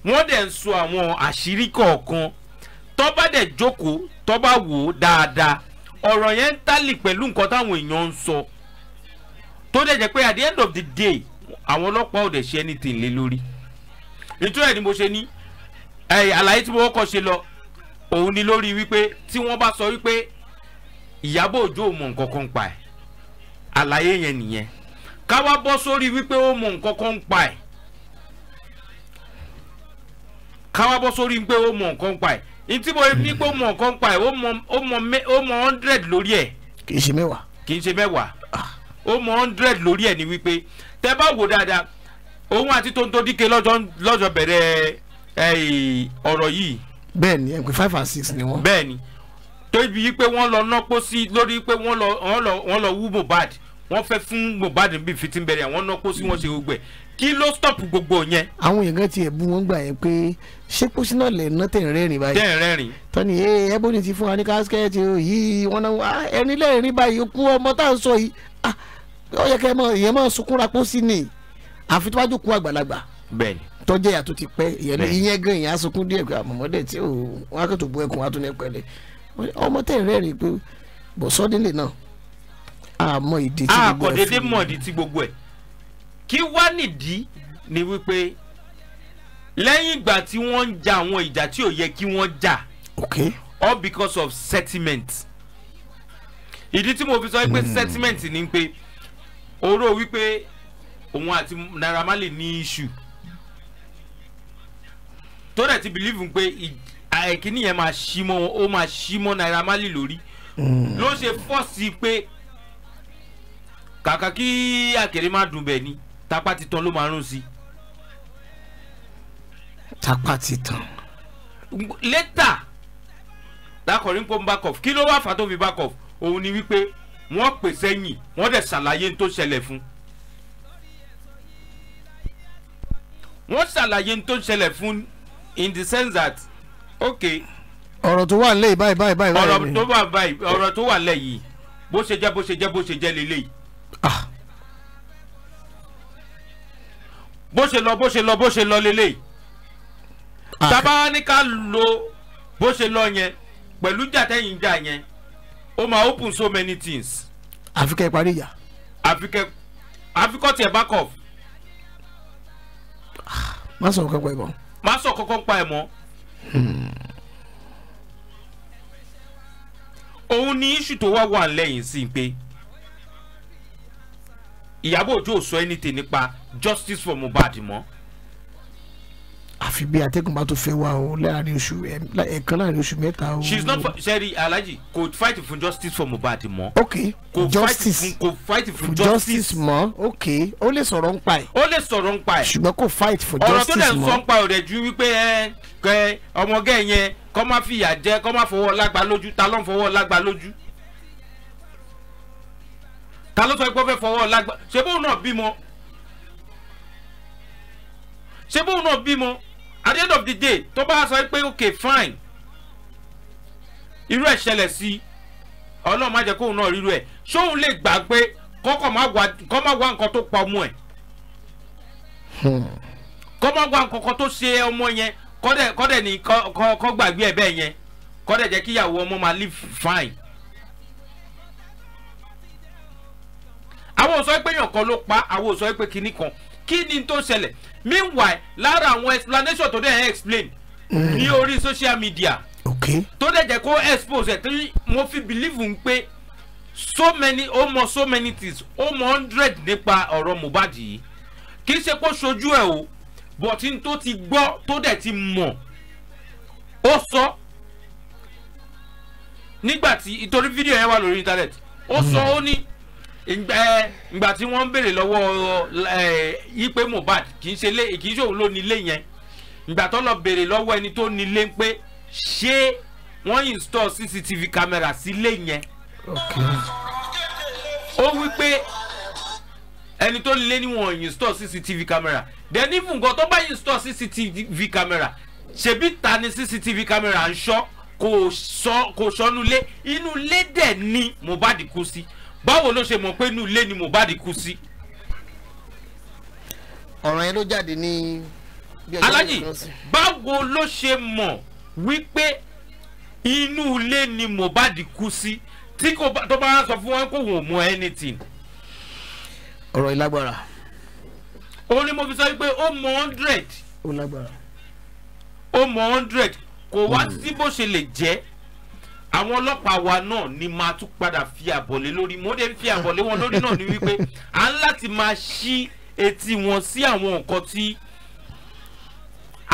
wọ́n dẹ̀ ń sọ àwọn àṣírí kọ̀ọ̀kan tó bá dẹ̀ jókòó tó bá wò ó dáadáa ọ̀rọ̀ yẹn ń tálì pẹ̀lú nǹkan táwọn èèyàn ń sọ tó dẹ̀ jẹ́ pé at the end of the day àwọn ọlọ́pàá ò dẹ̀ ṣe anything lé lórí nítorí ẹ̀ ni mo ṣe ní àlàyé tí mo kọ́ ṣe lọ òun ni lórí wípé tí wọ́n bá sọ wípé Ìyábọ̀ Òjó ò mọ nǹkan kan pa ẹ̀ àlàyé yẹn nìyẹn ká wá bọ́ sórí wípé ó mọ nǹkan kan pa ẹ̀ ká wá bọ́ sórí pé ó mọ nǹkan pa ẹ̀ ntí mo ní pé ó mọ nǹkan pa ẹ̀ ó mọ ó mọ hundred lórí ẹ̀. kì í ṣe mẹ́wàá. kì í ṣe mẹ́wàá ah. ó mọ hundred lórí ẹ̀ ni wípé tẹ bá wò dáadáa òun àti tonto dike lọ́jọ́ bẹ̀rẹ̀ ọ̀rọ̀ yìí. bẹ́ẹ̀ni ẹgbẹ five and six ni wọn. bẹ́ẹ̀ni tóbi yìí pé wọ́n lọ nọpọ sí lórí pé wọ́n lọ wọ́n lọ wọ́n lọ wú mohbad wọ́n fẹ́ fún mohbad bíi fitin bẹ̀rẹ̀ wọ́n nọpọ sí wọ́n ṣe gbogbo ẹ̀ kí ló stop gbogbo yẹn. àwọn èèyàn ti ẹ̀bùn wọn gbà yẹn pé ṣé pósínà lè ná tẹ̀ rẹ́rìn báyìí. tẹ̀ rẹ́rìn. tọ́ni ee ẹ̀bùn ti fún wa ní kásikẹ́ẹ̀tì yìí wọn náà ẹni lẹ́rìn báyìí kú ọmọ tá à sọ yìí ah, ó yẹ kẹ́ ẹ mọ ìyẹn mọ sunkúnra pọ́n sí ni àfi tó bá jókòó àgbàlagbà tọ́jẹ́ yàtọ̀ ti pẹ́ ìyẹn gan ìyẹn asunkún díẹ̀ pé àmọ̀mọ́dé tí ò wọn akẹ́tọ̀ bu ẹkùn wa tún ní pẹ́lẹ́ ọmọ tẹ̀ rẹ́rìn pé bọ̀ sọ́dínlẹ̀ náà àmọ́ ìdí tí gbogbo ẹ̀ fi àkọ́dédé mọ̀ ìdí tí gbogbo ẹ̀ kí wá nìdí ni wípé lẹ́yìn ìgbà tí wọ́n ń ja àwọn ìjà tí ò yẹ kí wọ́n jà all because of sentiment ìdí tí mo fi sọ pé hmm. sentiment ni pé oró wípé òun àti Naira Marley ní iṣu tó dẹ̀ ti bìlíìfù pé àìkíní yẹn máa ṣí mọ́ ó máa ṣí mọ́ Naira Marley lórí hmm. ló ṣe fọ́ọ̀sì pé kàkà kí àkèrè má dùn bẹ́ẹ̀ ni tapá ti ló máa rún sí tapá ti later lákọ̀rí ń back off kí ló wà fà tó fi back off òun ni wípé wọ́n pè sẹ́yìn wọ́n dẹ̀ ṣàlàyé tó ṣẹlẹ̀ fún. wọ́n ṣàlàyé tó ṣẹlẹ̀ fún in the sense that okay. ọ̀rọ̀ tó wà lẹ́yìn báyìí báyìí báyìí. ọ̀rọ̀ tó wà báyìí ọ̀rọ̀ tó wà lẹ́yìn bó ṣe jẹ́ bó ṣe jẹ́ bó ṣe jẹ́ lélẹ́yìí. Ah. bó ṣe lọ bó ṣe lọ bó ṣe lọ lélẹ́yìí. Ah. tábà ní ká lo bó ṣe lọ yẹn pẹ̀lú jàtẹ́yìn jà yẹn ó máa open so many things. àfikẹ́ parí ìjà. àfikẹ́ àfikọ́ tiẹ̀ back off. má sọ kọ́kọ́ pa ẹ̀ mọ́. má sọ kọ́kọ́ pa ẹ̀ mọ́. òun ni iṣu tó wá wà lẹ́yìn sí pé Ìyábọ̀ Òjó ò sọ anything nípa justice for Mohbad mọ́ àfi bí atẹ́gùn bá tó fẹ́ wá o láàrin oṣù ẹ̀ẹ̀kan láàrin oṣù mẹ́ta o. she is not sẹ́rí alhaji kò fight for justice for Mohbad mọ́. ok kò justice kò fight for justice mọ́ ok ó lè sọ̀rọ̀ ń pa ẹ̀. ó lè sọ̀rọ̀ ń pa ẹ̀. ṣùgbọ́n kò fight for justice mọ́. ọ̀rọ̀ tó dẹ̀ ń sọ ń pa ọ̀rẹ́ ju wípé ẹ kẹ ọmọge yẹn kọ́ má fìyà jẹ kọ́ má fọwọ́ lágbá lójú ta ló ń fọwọ́ lágbá lójú ta ló sọ pé ó fẹ́ fọwọ́ lágbá ṣé bóun náà bímọ at the end of the day tó bá sọ pé ok fine irú ẹ̀ ṣẹlẹ̀ sí ọlọ́run má jẹ́ kóun náà rírú ẹ̀ ṣóun lè gbà pé kọ́kọ́ má wá nǹkan tó pa ọmọ ẹ̀ hmm. kọ́ má wá nǹkan kan tó ṣe ọmọ yẹn kọ́dẹ̀ ní kọ́ gbàgbé ẹ̀ bẹ́ẹ̀ yẹn kọ́dẹ̀ jẹ́ kíyàwó ọmọ máa live fine. àwọn ò sọ pé èèyàn kan ló pa àwọn ò sọ pé kinní kan kí ni tó ṣẹlẹ̀ meanwhile lára àwọn explanation tó dẹ̀ explain mm. ní orí social media okay. tó dẹ̀ jẹ́ kó expose ẹ̀ tí mo fi believe n pé so many ó mọ so many things ó mọ hundred nípa ọ̀rọ̀ Mohbad yìí kì í ṣe kó ṣojú ẹ̀ o but n tó ti gbọ́ tó dẹ̀ ti mọ̀ ó sọ nígbà tí ìtorí fídíò yẹn wà lórí íńtánẹ́ẹ̀tì ó sọ mm. ó ní ìgbà tí wọ́n ń béèrè lọ́wọ́ yípe Mohbad kì í ṣe lé kì í ṣe òun ló ní ilé yẹn ìgbà tó lọ béèrè lọ́wọ́ ẹni tó ní pé ṣé wọ́n install CCTV camera sí ilé yẹn ó wí pé ẹni tó lé níwọ̀n install CCTV camera then even nǹkan tó bá install CCTV camera ṣebí ta ni CCTV camera ń ṣọ́ kò sọ kò sọnù inú lé dẹ̀ ni Mohbad kú sí. Si báwo ló ṣe mọ̀ pé inú ilé ni Mohbad kú sí. ọ̀ràn yẹn ló jáde ní. alájì báwo ló ṣe mọ̀ wípé inú ilé ni Mohbad kú sí tí kò tó bá sọ fún wọn kò wọ́n mọ anything. ọ̀rọ̀ ìlágbára. òun ni mo fi sọ pé ó mọ hundred. ó lágbára. ó mọ hundred kò wá hmm. sí bó ṣe lè jẹ́ àwọn ọlọ́pàá wa náà ni máa tún padà fi àbọ̀lé lórí mo dé fi àbọ̀lé wọn lórí náà ni wípé à ń láti máa ṣí etí wọn sí àwọn nǹkan tí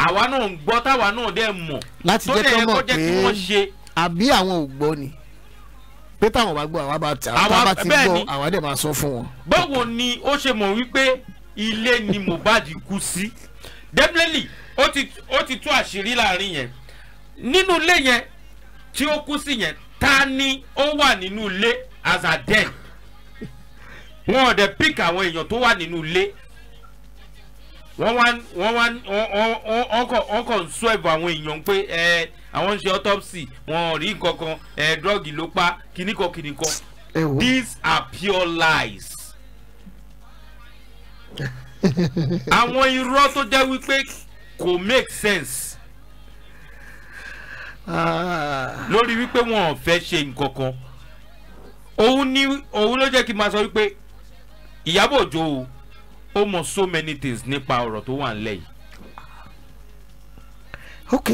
àwa náà ń gbọ́ táwa náà dẹ̀ mọ̀ láti jẹ́ kí wọ́n jẹ́ kí àbí àwọn ò gbọ́ ni pé táwọn bá gbọ́ àwa bá ti gbọ́ àwa dẹ̀ máa sọ fún wọn. báwo ni ó ṣe mọ̀ wípé ilé ni Mohbad kú sí definitely ó ti tú àṣírí láàrin yẹn nínú ilé yẹn tí ó kú sí yẹn ta ni ó wà nínú ilé as a den wọn ò dẹ pick àwọn èèyàn tó wà nínú ilé wọ́n wá wọ́n wá ọkọ̀ ọkọ̀ ń sọ ẹ̀bùn àwọn èèyàn pé ẹ àwọn ń ṣe autopsy wọn ò rí nǹkan kan ẹ drug ló pa kìnnìkan kìnnìkan these are pure lies. àwọn irọ́ tó jẹ́ wípé kò make sense Ah. lórí wípé wọn ò fẹ́ ṣe nǹkan kan òun ni òun ló jẹ́ kí n máa sọ wípé Ìyábọ̀ Òjó o ó mọ so many things nípa ọ̀rọ̀ tó wà nílẹ̀ yìí. ok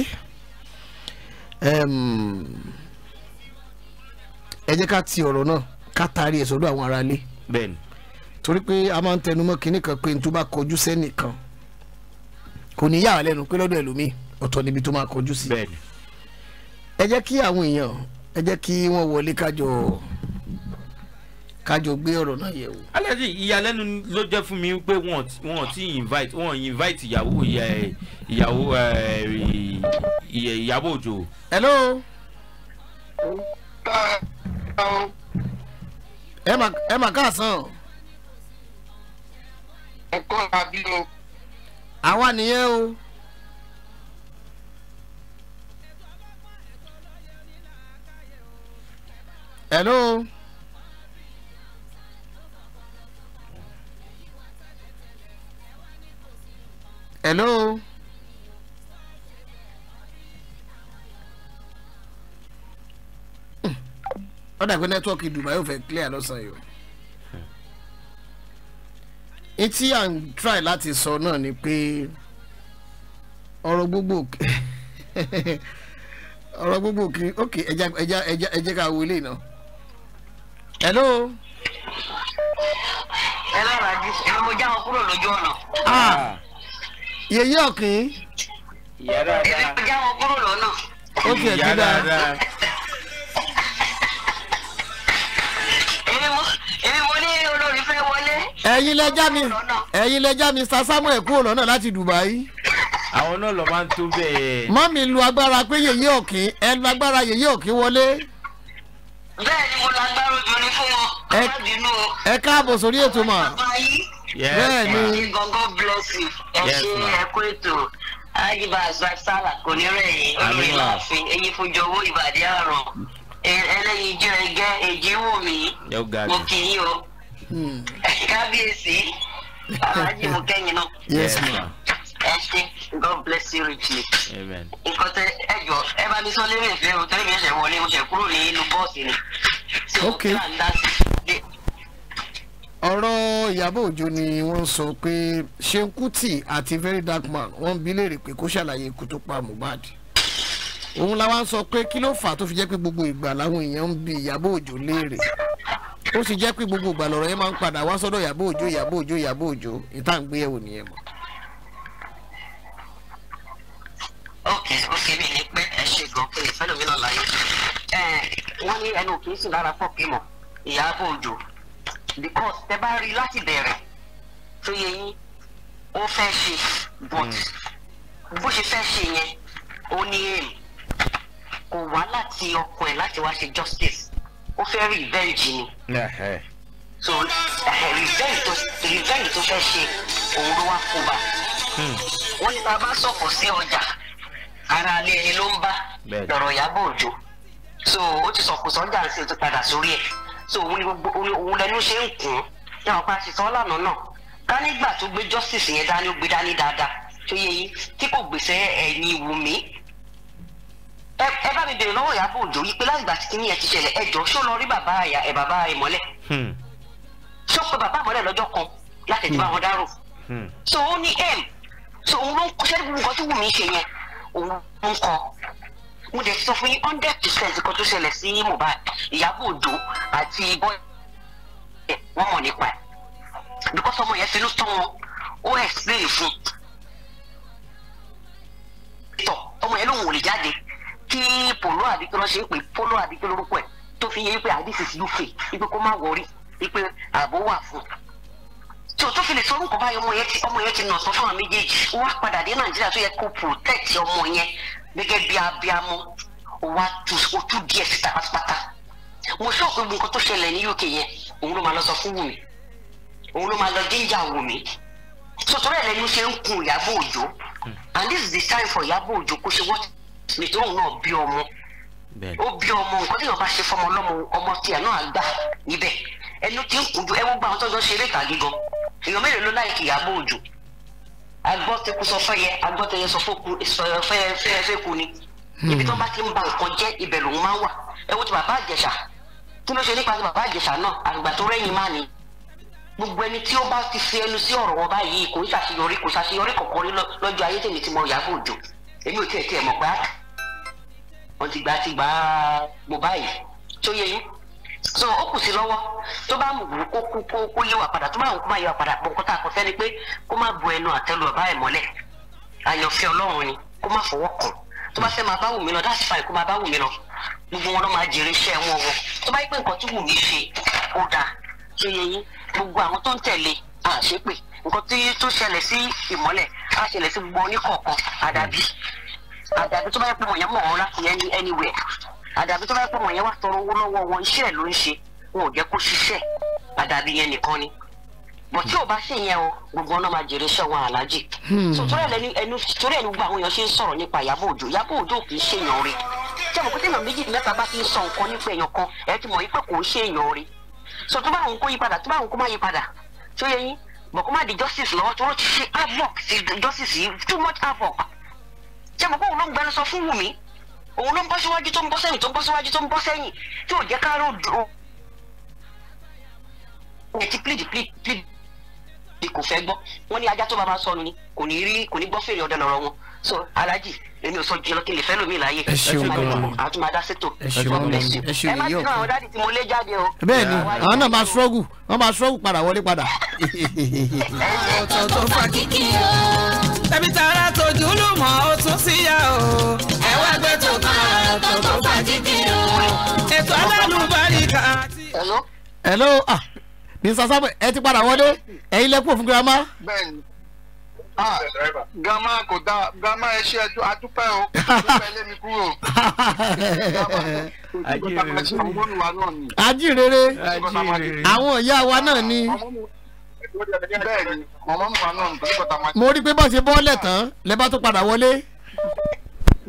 ẹ jẹ́ ká ti ọ̀rọ̀ náà ká taari ẹ̀ sọ́dọ̀ àwọn aráalé. bẹ́ẹ̀ni. torí pé a máa ń tẹnumọ́ kinní kan pé n tó bá kọjú sẹ́nìkan kò ní yà lẹ́nu pé lọ́dọ̀ ẹlòmíì ọ̀tọ̀ níbi tó máa kọjú sí. bẹ́ẹ̀ni ẹ jẹ́ kí àwọn èèyàn ẹ jẹ́ kí wọ́n wọlé kájọ kájọ gbé ọ̀rọ̀ náà yẹ̀ wò. alẹ́jì ìyàlẹ́nu ló jẹ́ fún mi pé wọ́n ti invite wọ́n invite ìyàwó ìyàwó ìyàwó òjò. hello. ẹ mà káàsán. ẹ kọ́ ra bí o. àwa nìyẹn o. hello. hello. ó dàgbé nẹ́tíwọ́ọ̀kì Dubai ò fẹ́ clear lọ́sàn-án yìí o. etí à ń try láti sọ náà ni pé ọ̀rọ̀ gbogbo ọ̀rọ̀ gbogbo òkè ẹja ẹja ẹja ẹja ká wọlé náà hello. hello alhaji èmi mo já wọn kúrò lójú ọ̀nà. Ah. yèyé ọ̀kìn. èmi mo já wọn kúrò lọ́nà. ó fi ẹ̀jú dáadáa. èmi mo ní olórí fẹ́ wọlé. ẹ̀yin lẹ́jà mi ẹ̀yin lẹ́jà mi sa samuel kúrò lọ́nà láti dubai àwọn náà lọ máa ń tó bẹ́ẹ̀. mọ́mí lu agbára pé yèyé ọ̀kín ẹ lu agbára yèyé ọ̀kín wọlé bẹ́ẹ̀ ni mo lágbára mo ní fún wọn alábìínú o. ẹ káàbọ̀ sórí ètò mà. bẹ́ẹ̀ ni. gọ́gọ́ blessing ẹ ṣe ẹ̀kú ètò ajiba asala kò ní rẹ̀ yìí olórí láàfin eyín fojú owó ìbàdí àrùn ẹlẹ́yin jẹ́ ẹgẹ́ èjì wò mí mo kì í o hmm. kábíyèsí alájì kẹ́yìn náà. yes ẹnṣin god bless you richly. nǹkan tẹ ẹ jọ ẹ bá mi sọ lérè ìfẹ́ o tẹ́lẹ̀ mi ṣe wọlé mo ṣe kúrò ní inú bọ́ọ̀sì ni. ok ọ̀rọ̀ ìyàbọ̀ òjò ni wọ́n sọ pé Seun àti very dark man wọ́n bi léèrè pé kó ṣàlàyé ikú tó pa Mohbad òun la wá sọ pé kí ló fà á tó fi jẹ́ pé gbogbo ìgbà làwọn èèyàn ń bi ìyàbọ̀ òjò léèrè ó sì jẹ́ pé gbogbo ìgbà lọ̀rọ̀ yẹn máa ń padà wá sọ́dọ̀ ìyàbọ̀ òjò ìyàbọ̀ òjò ìyàbọ̀ òjò ìtàǹgbéyẹ̀wò nìyẹn mọ́. ok ok mi ní pẹ́ ẹ ṣe gan pé ìfẹ́lẹ̀ mi lọ́la yìí wọ́n ní ẹnu kì í sùn lára fọ́ pímọ̀ Ìyábọ̀ Òjó because tẹ bá rí láti bẹ̀rẹ̀ tó yẹ yín ó fẹ́ ṣe but hmm. bó ṣe fẹ́ ṣe yẹn ó ní aim kò wá láti ọkọ ẹ̀ láti wá ṣe justice ó fẹ́ revenge ni so revenge tó revenge tó fẹ́ ṣe òun ló wá kó bá hmm. wọ́n ní bá a bá sọ̀kọ̀ sí ọjà ara ilé ẹni ló ń bá lọ́rọ̀ Ìyábọ̀ Òjó so ó ti sọ̀kù sọ́jà ń sìn tó padà sórí ẹ̀ so òun ni gbogbo òun lẹnu ṣe ń kún yàrá pa àṣìṣe ọ̀lànà náà ká nígbà tó gbé justice yẹn dání ó gbé dání dáadáa tó yẹ yín tí kò gbèsè ẹ̀yìn Wùmí ẹ bá mi bèrè lọ́wọ́ Ìyábọ̀ Òjó yìí pé láti gbà tí kíní yẹn ti ṣẹlẹ̀ ẹ jọ ṣó lọ rí bàbá ẹ̀ bàbá ẹ̀ mọ́lẹ̀ hmm. ṣó pe bàbá mọ́lẹ̀ lọ́jọ́ kan láti ti bá wọn dárò hmm. so ó ní m so òun ló ń kọ́ṣẹ́ gbogbo nǹkan tó wù mí ṣe yẹn òun kan mo dẹ̀ sọ fún yín hundred percent kan tó ṣẹlẹ̀ sí Mohbad Ìyábọ̀ Òjó àti bọ́ọ̀ ẹ̀ wọ́n mọ̀ nípa ẹ̀ because ọmọ yẹn finú tán wọn ó explain fún tọ ọmọ yẹn lòun ò lè jáde kí polo àdìgbò ṣe ń pè polo àdìgbò lórúkọ ẹ̀ tó fi yẹ pé àdìsí sí ufe ipe kó má wọrí ipe ààbò wà fún un tó tó fi lè sọ orúkọ báyìí ọmọ yẹn ti ọmọ yẹn ti nà sọ fún àwọn méjèèjì wá padà dé nàìjíríà tó yẹ kó protect ọmọ yẹn gẹ́gẹ́ bí abiamọ wá tu ojú díẹ̀ síta pátápátá mo sọ pé gbogbo nǹkan tó ṣẹlẹ̀ ní uk yẹn òun ló máa lọ sọ fún wùmí òun ló máa lọ díjà wùmí sọtọrọ ẹ lẹnu ṣe ń kun ìyàbọ̀ òjò hmm. and this is the time for ìyàbọ̀ òjò kó ṣe wọ́n nítorí òun náà bí ọmọ ó bí ọmọ nǹkan tí yorùbá ṣe fọmọ ọlọ́mọ ọmọ tiẹ̀ náà gbà níbẹ̀ ẹnu tí ń kun ju ẹwọ́ gbà wọn tọ́jọ́ ṣeré ìtàgé gan èèyàn mélòó ló láìkì Ìyábọ̀ Òjó agbọ́tẹ̀kù sọ fẹ́yẹ agbọ́tẹ̀yẹ sọ fẹ́yẹ fẹ́yẹ fẹ́ kú ni hmm. ibi tó bá ti ń ba nǹkan jẹ́ ibẹ̀ lòun máa wà ẹ wo ti bàbá àjẹsà kí ló ṣe nípa ti bàbá àjẹsà náà àgbà tó rẹ́yìn máa ní gbogbo ẹni tí ó bá ti fi ẹnu sí ọ̀rọ̀ wọn báyìí kò ṣàṣeyọrí kò ṣàṣeyọrí kọ̀ọ̀kan rí lọ́jọ́ ayé tèmi ti mọ Ìyábọ̀ Òjó èmi ò tiẹ̀ tiẹ̀ mọ̀ pé ah, wọ́n ti gbà ti gbà mo báyìí tó yẹ yín so ó kù sí lọ́wọ́ tó bá mú kó kú kó kó yíwà padà tó bá ko kó má padà pé kó má bu ẹnu atelu ọba ẹ̀ mọ́lẹ̀ àyànfẹ́ ọlọ́run ni kó má fọwọ́ kàn tó bá fẹ́ máa bá dasi lọ that's fine kó máa gbogbo wọn ló máa jèrè iṣẹ́ wọn wọn tó bá yí pé nǹkan ṣe gbogbo àwọn tó ń tẹ̀lé àṣepè nǹkan tó ṣẹlẹ̀ sí ìmọ́lẹ̀ á ṣẹlẹ̀ sí gbogbo oníkọ̀ọ̀kan àdàbí àdàbí tó bá yẹ pé anywhere àdàbí tó bá pọ̀ wọ̀nyẹn wá tọrọ owó lọ́wọ́ wọn iṣẹ́ ló ń ṣe wọn ò jẹ́ kó ṣiṣẹ́ àdàbí yẹn nìkan ni bọ̀ tí ò bá ṣe yẹn o gbogbo ọ̀nà máa jèrè iṣẹ́ aláàjì hmm. torí ẹni ẹnu torí ẹni gbogbo àwọn èèyàn ṣe ń sọ̀rọ̀ nípa Ìyábọ̀ Òjó Ìyábọ̀ Òjó kì í ṣe èèyàn rí tí àwọn èèyàn méjì mẹ́ta bá ti ń sọ nǹkan nípa èèyàn kan ẹ ti mọ̀ yí pé kò ń ṣe èèyàn rí so àwọn kó yí padà tó àwọn kó má yí padà òun ló ń bọ́ síwájú tó ń bọ́ sẹ́yìn tó ń bọ́ síwájú tó ń bọ́ sẹ́yìn tí ò jẹ́ ká ló dùn ẹ̀ ti plead plead plead kò fẹ́ gbọ́ wọ́n ní ajá tó bá máa sọnù ni kò ní rí kò ní gbọ́ fèrè ọ̀dọ̀ lọ́rọ̀ wọn so Alhaji èmi ò sọ jùlọ kí lè fẹ́ lómi láàyè ẹ ṣeun gan an àti máa dá sétò ẹ ṣeun gan an ẹ ṣeun yìí ọkọ ẹ má ti náà àwọn dáàdì tí mo lé jáde o. bẹ́ẹ̀ni àwọn náà máa ṣọgù wọn máa ṣọgù padà wọlé padà. ọ̀tọ̀ tó fa kíkì o tẹ̀mítàrà tójú lùmọ̀ ó tún síyà o jíjí o. ètò alálùbáríkà àti. hello. hello ah mr samuel ẹ ti padà wọlé ẹ̀yin lẹ́kùn fún girama. bẹ́ẹ̀ni ah girama kò dáa girama ẹ ṣe àdúpẹ́ o àdúpẹ́ lémi kúrò. ajírere àwọn ìyá wa náà ni mo rí pé bá ṣe bọ́ọ̀lẹ̀ tán lẹ́ bá tó padà wọlé.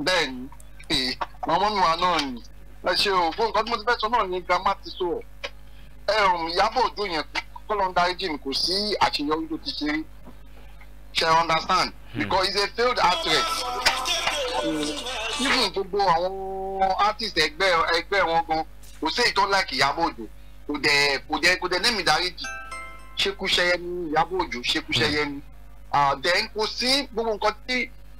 bẹ́ẹ̀ni pè ọmọ mi wà ni ẹ ṣe o gbọ́n nǹkan tí mo ti fẹ́ sọ náà ni grandma ti sọ ẹ um, Ìyábọ̀ Òjó yẹn kọ́lọ́n dáríjì kò sí àṣeyọrí tó ti ṣe rí ṣe understand hmm. because he's a failed actress even gbogbo àwọn artist ẹgbẹ́ ẹgbẹ́ wọn gan kò sí ìtọ́ láìkì Ìyábọ̀ Òjó kò dẹ̀ kò dẹ̀ kò dẹ̀ lẹ́mì dáríjì ṣekúṣẹyẹ ní Ìyábọ̀ Òjó ṣekúṣẹyẹ hmm. ní ah, then kò sí gbogbo nǹkan tí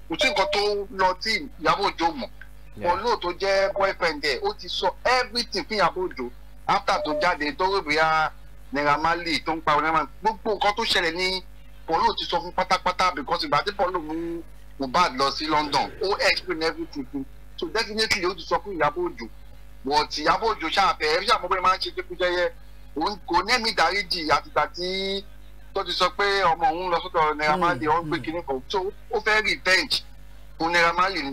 kò sí nǹkan tó lọ tí Ìyábọ̀ Òjó mọ̀ wọn náà tó jẹ́ boyfriend ẹ̀ ó ti sọ everything fún Ìyábọ̀ Òjó after tó jáde tó rò bóyá Naira Marley tó ń pa ọ̀nà gbogbo nǹkan tó ṣẹlẹ̀ ní paul náà ti sọ fún pátápátá because ìgbà tí paul náà mú Mohbad lọ sí London ó explain everything fún so definitely ó ti sọ fún Ìyábọ̀ Òjó wọ́n ti Ìyábọ̀ Òjó ṣàfẹ́ ẹ̀rí ṣàmọ́bẹ̀ máa ń ṣe jẹ́kújẹ́yẹ òun kò nẹ́ẹ̀mí ìdáríjì àtìgbà tí tó ti sọ pé ọmọ òun lọ sọ́dọ̀ Naira hmm. Marley ọ̀hún gbé hmm. kínní kan tó ó fẹ́ revenge fún Naira Marley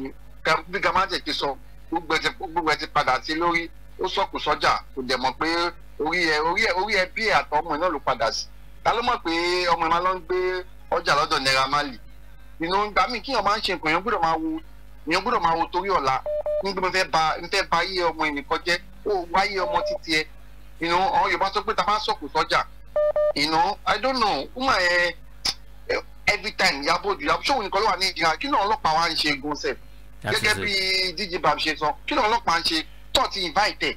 bí gamajẹ ti sọ gbogbo ẹ ti padà sí lórí ó sọkù sọjà kò dẹ̀ mọ̀ pé orí ẹ orí ẹ orí ẹ bí àtọmọ náà ló padà sí ta ló mọ̀ pé ọmọ ẹ̀ máa ń gbé ọjà lọ́dọ̀ Naira inú máa ń ṣe wo yẹn máa wo torí ọ̀la fẹ́ ba mo fẹ́ ba ayé ọmọ ẹnìkan jẹ́ ó wá ayé ọmọ títí ẹ inú Yorùbá sọ I don't know ọmọ ẹ every time Ìyábọ̀ Òjó ṣòwò nìkan ló wà ní ìdíra wa ń ṣe gẹ́gẹ́ bí díje bàm ṣe sọ kí ló ọlọ́pàá ń ṣe tó ti invite ẹ̀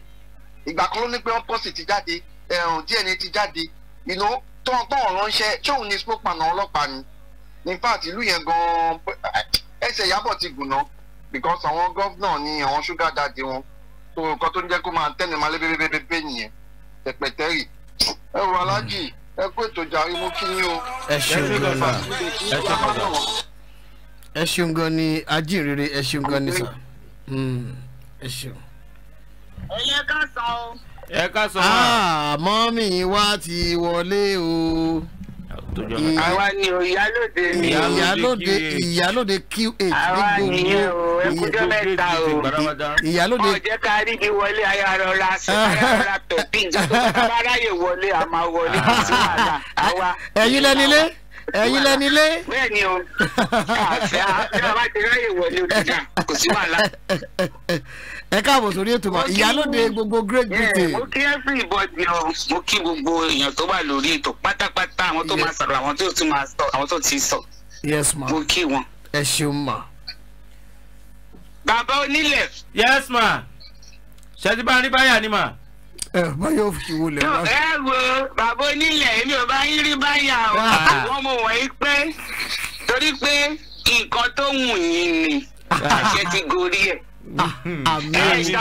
ìgbà kan ló ní pé wọ́n pọ́sì ti jáde ẹ̀hún díẹ̀ ní ti jáde ìnú tọ́ tọ́ ránṣẹ́ ṣóun ní spokesman ọlọ́pàá ni in fact ìlú yẹn gan-an ẹsẹ̀ Ìyábọ̀ ti gùn náà because àwọn gọ́vnà ni àwọn ṣúgà dáàdi wọn tó nǹkan tó ń jẹ́ kó máa tẹ́nu máa lé bébébébé nìyẹn pẹ̀pẹ̀tẹ́rì ẹ wọ alájì ẹ kó ètò ìjà rí mú kí ni o ẹ ṣe ògbẹ́fà ẹ ṣe ògbẹ́fà ẹ ṣeun gan ni ajínrere ẹ ṣeun gan ni sà hmm, ẹ ṣeun. ẹyẹ ká sọ o. ẹ ká sọ wọn. Ah, mọ́mí wa ti wọlé o. ìyálòde mi. ìyálòde qh ní gbogbo. àwa nìyẹn o ẹ o. ìyálòde. ọ̀jẹ̀ ká rí ni wọlé ayé rọra sí ayé rọra tòbí. tó bá ráyè wọlé a máa wọlé sí wàhálà àwa. ẹ̀yin lẹ́ni lé ẹ̀yin lẹni lé. bẹ́ẹ̀ni o àfẹ àbá ti ráyè wọlé òjijì kò sí wàhálà. ẹ káàbọ̀ sórí ètò wa ìyálóde gbogbo Great Britain. mo kí everybody o mo kí gbogbo èèyàn tó wà lórí ètò pátápátá àwọn tó máa sọ̀rọ̀ àwọn tó ti máa sọ àwọn tó ti sọ. yes ma mo kí wọn. ẹ ṣeun ma. bàbá onílẹ̀. yes ma ṣẹ́tí bá ń rí báyà ni ma ẹ bá yóò fi wulẹ̀ wá. ẹ wo bàbá onílẹ̀ èmi ò bá yín rí báyà o ah. àwọn ọmọ wọ̀nyí pé torí pé nǹkan tó wù yín ni àṣẹ ti gorí ẹ̀. Àmì àmì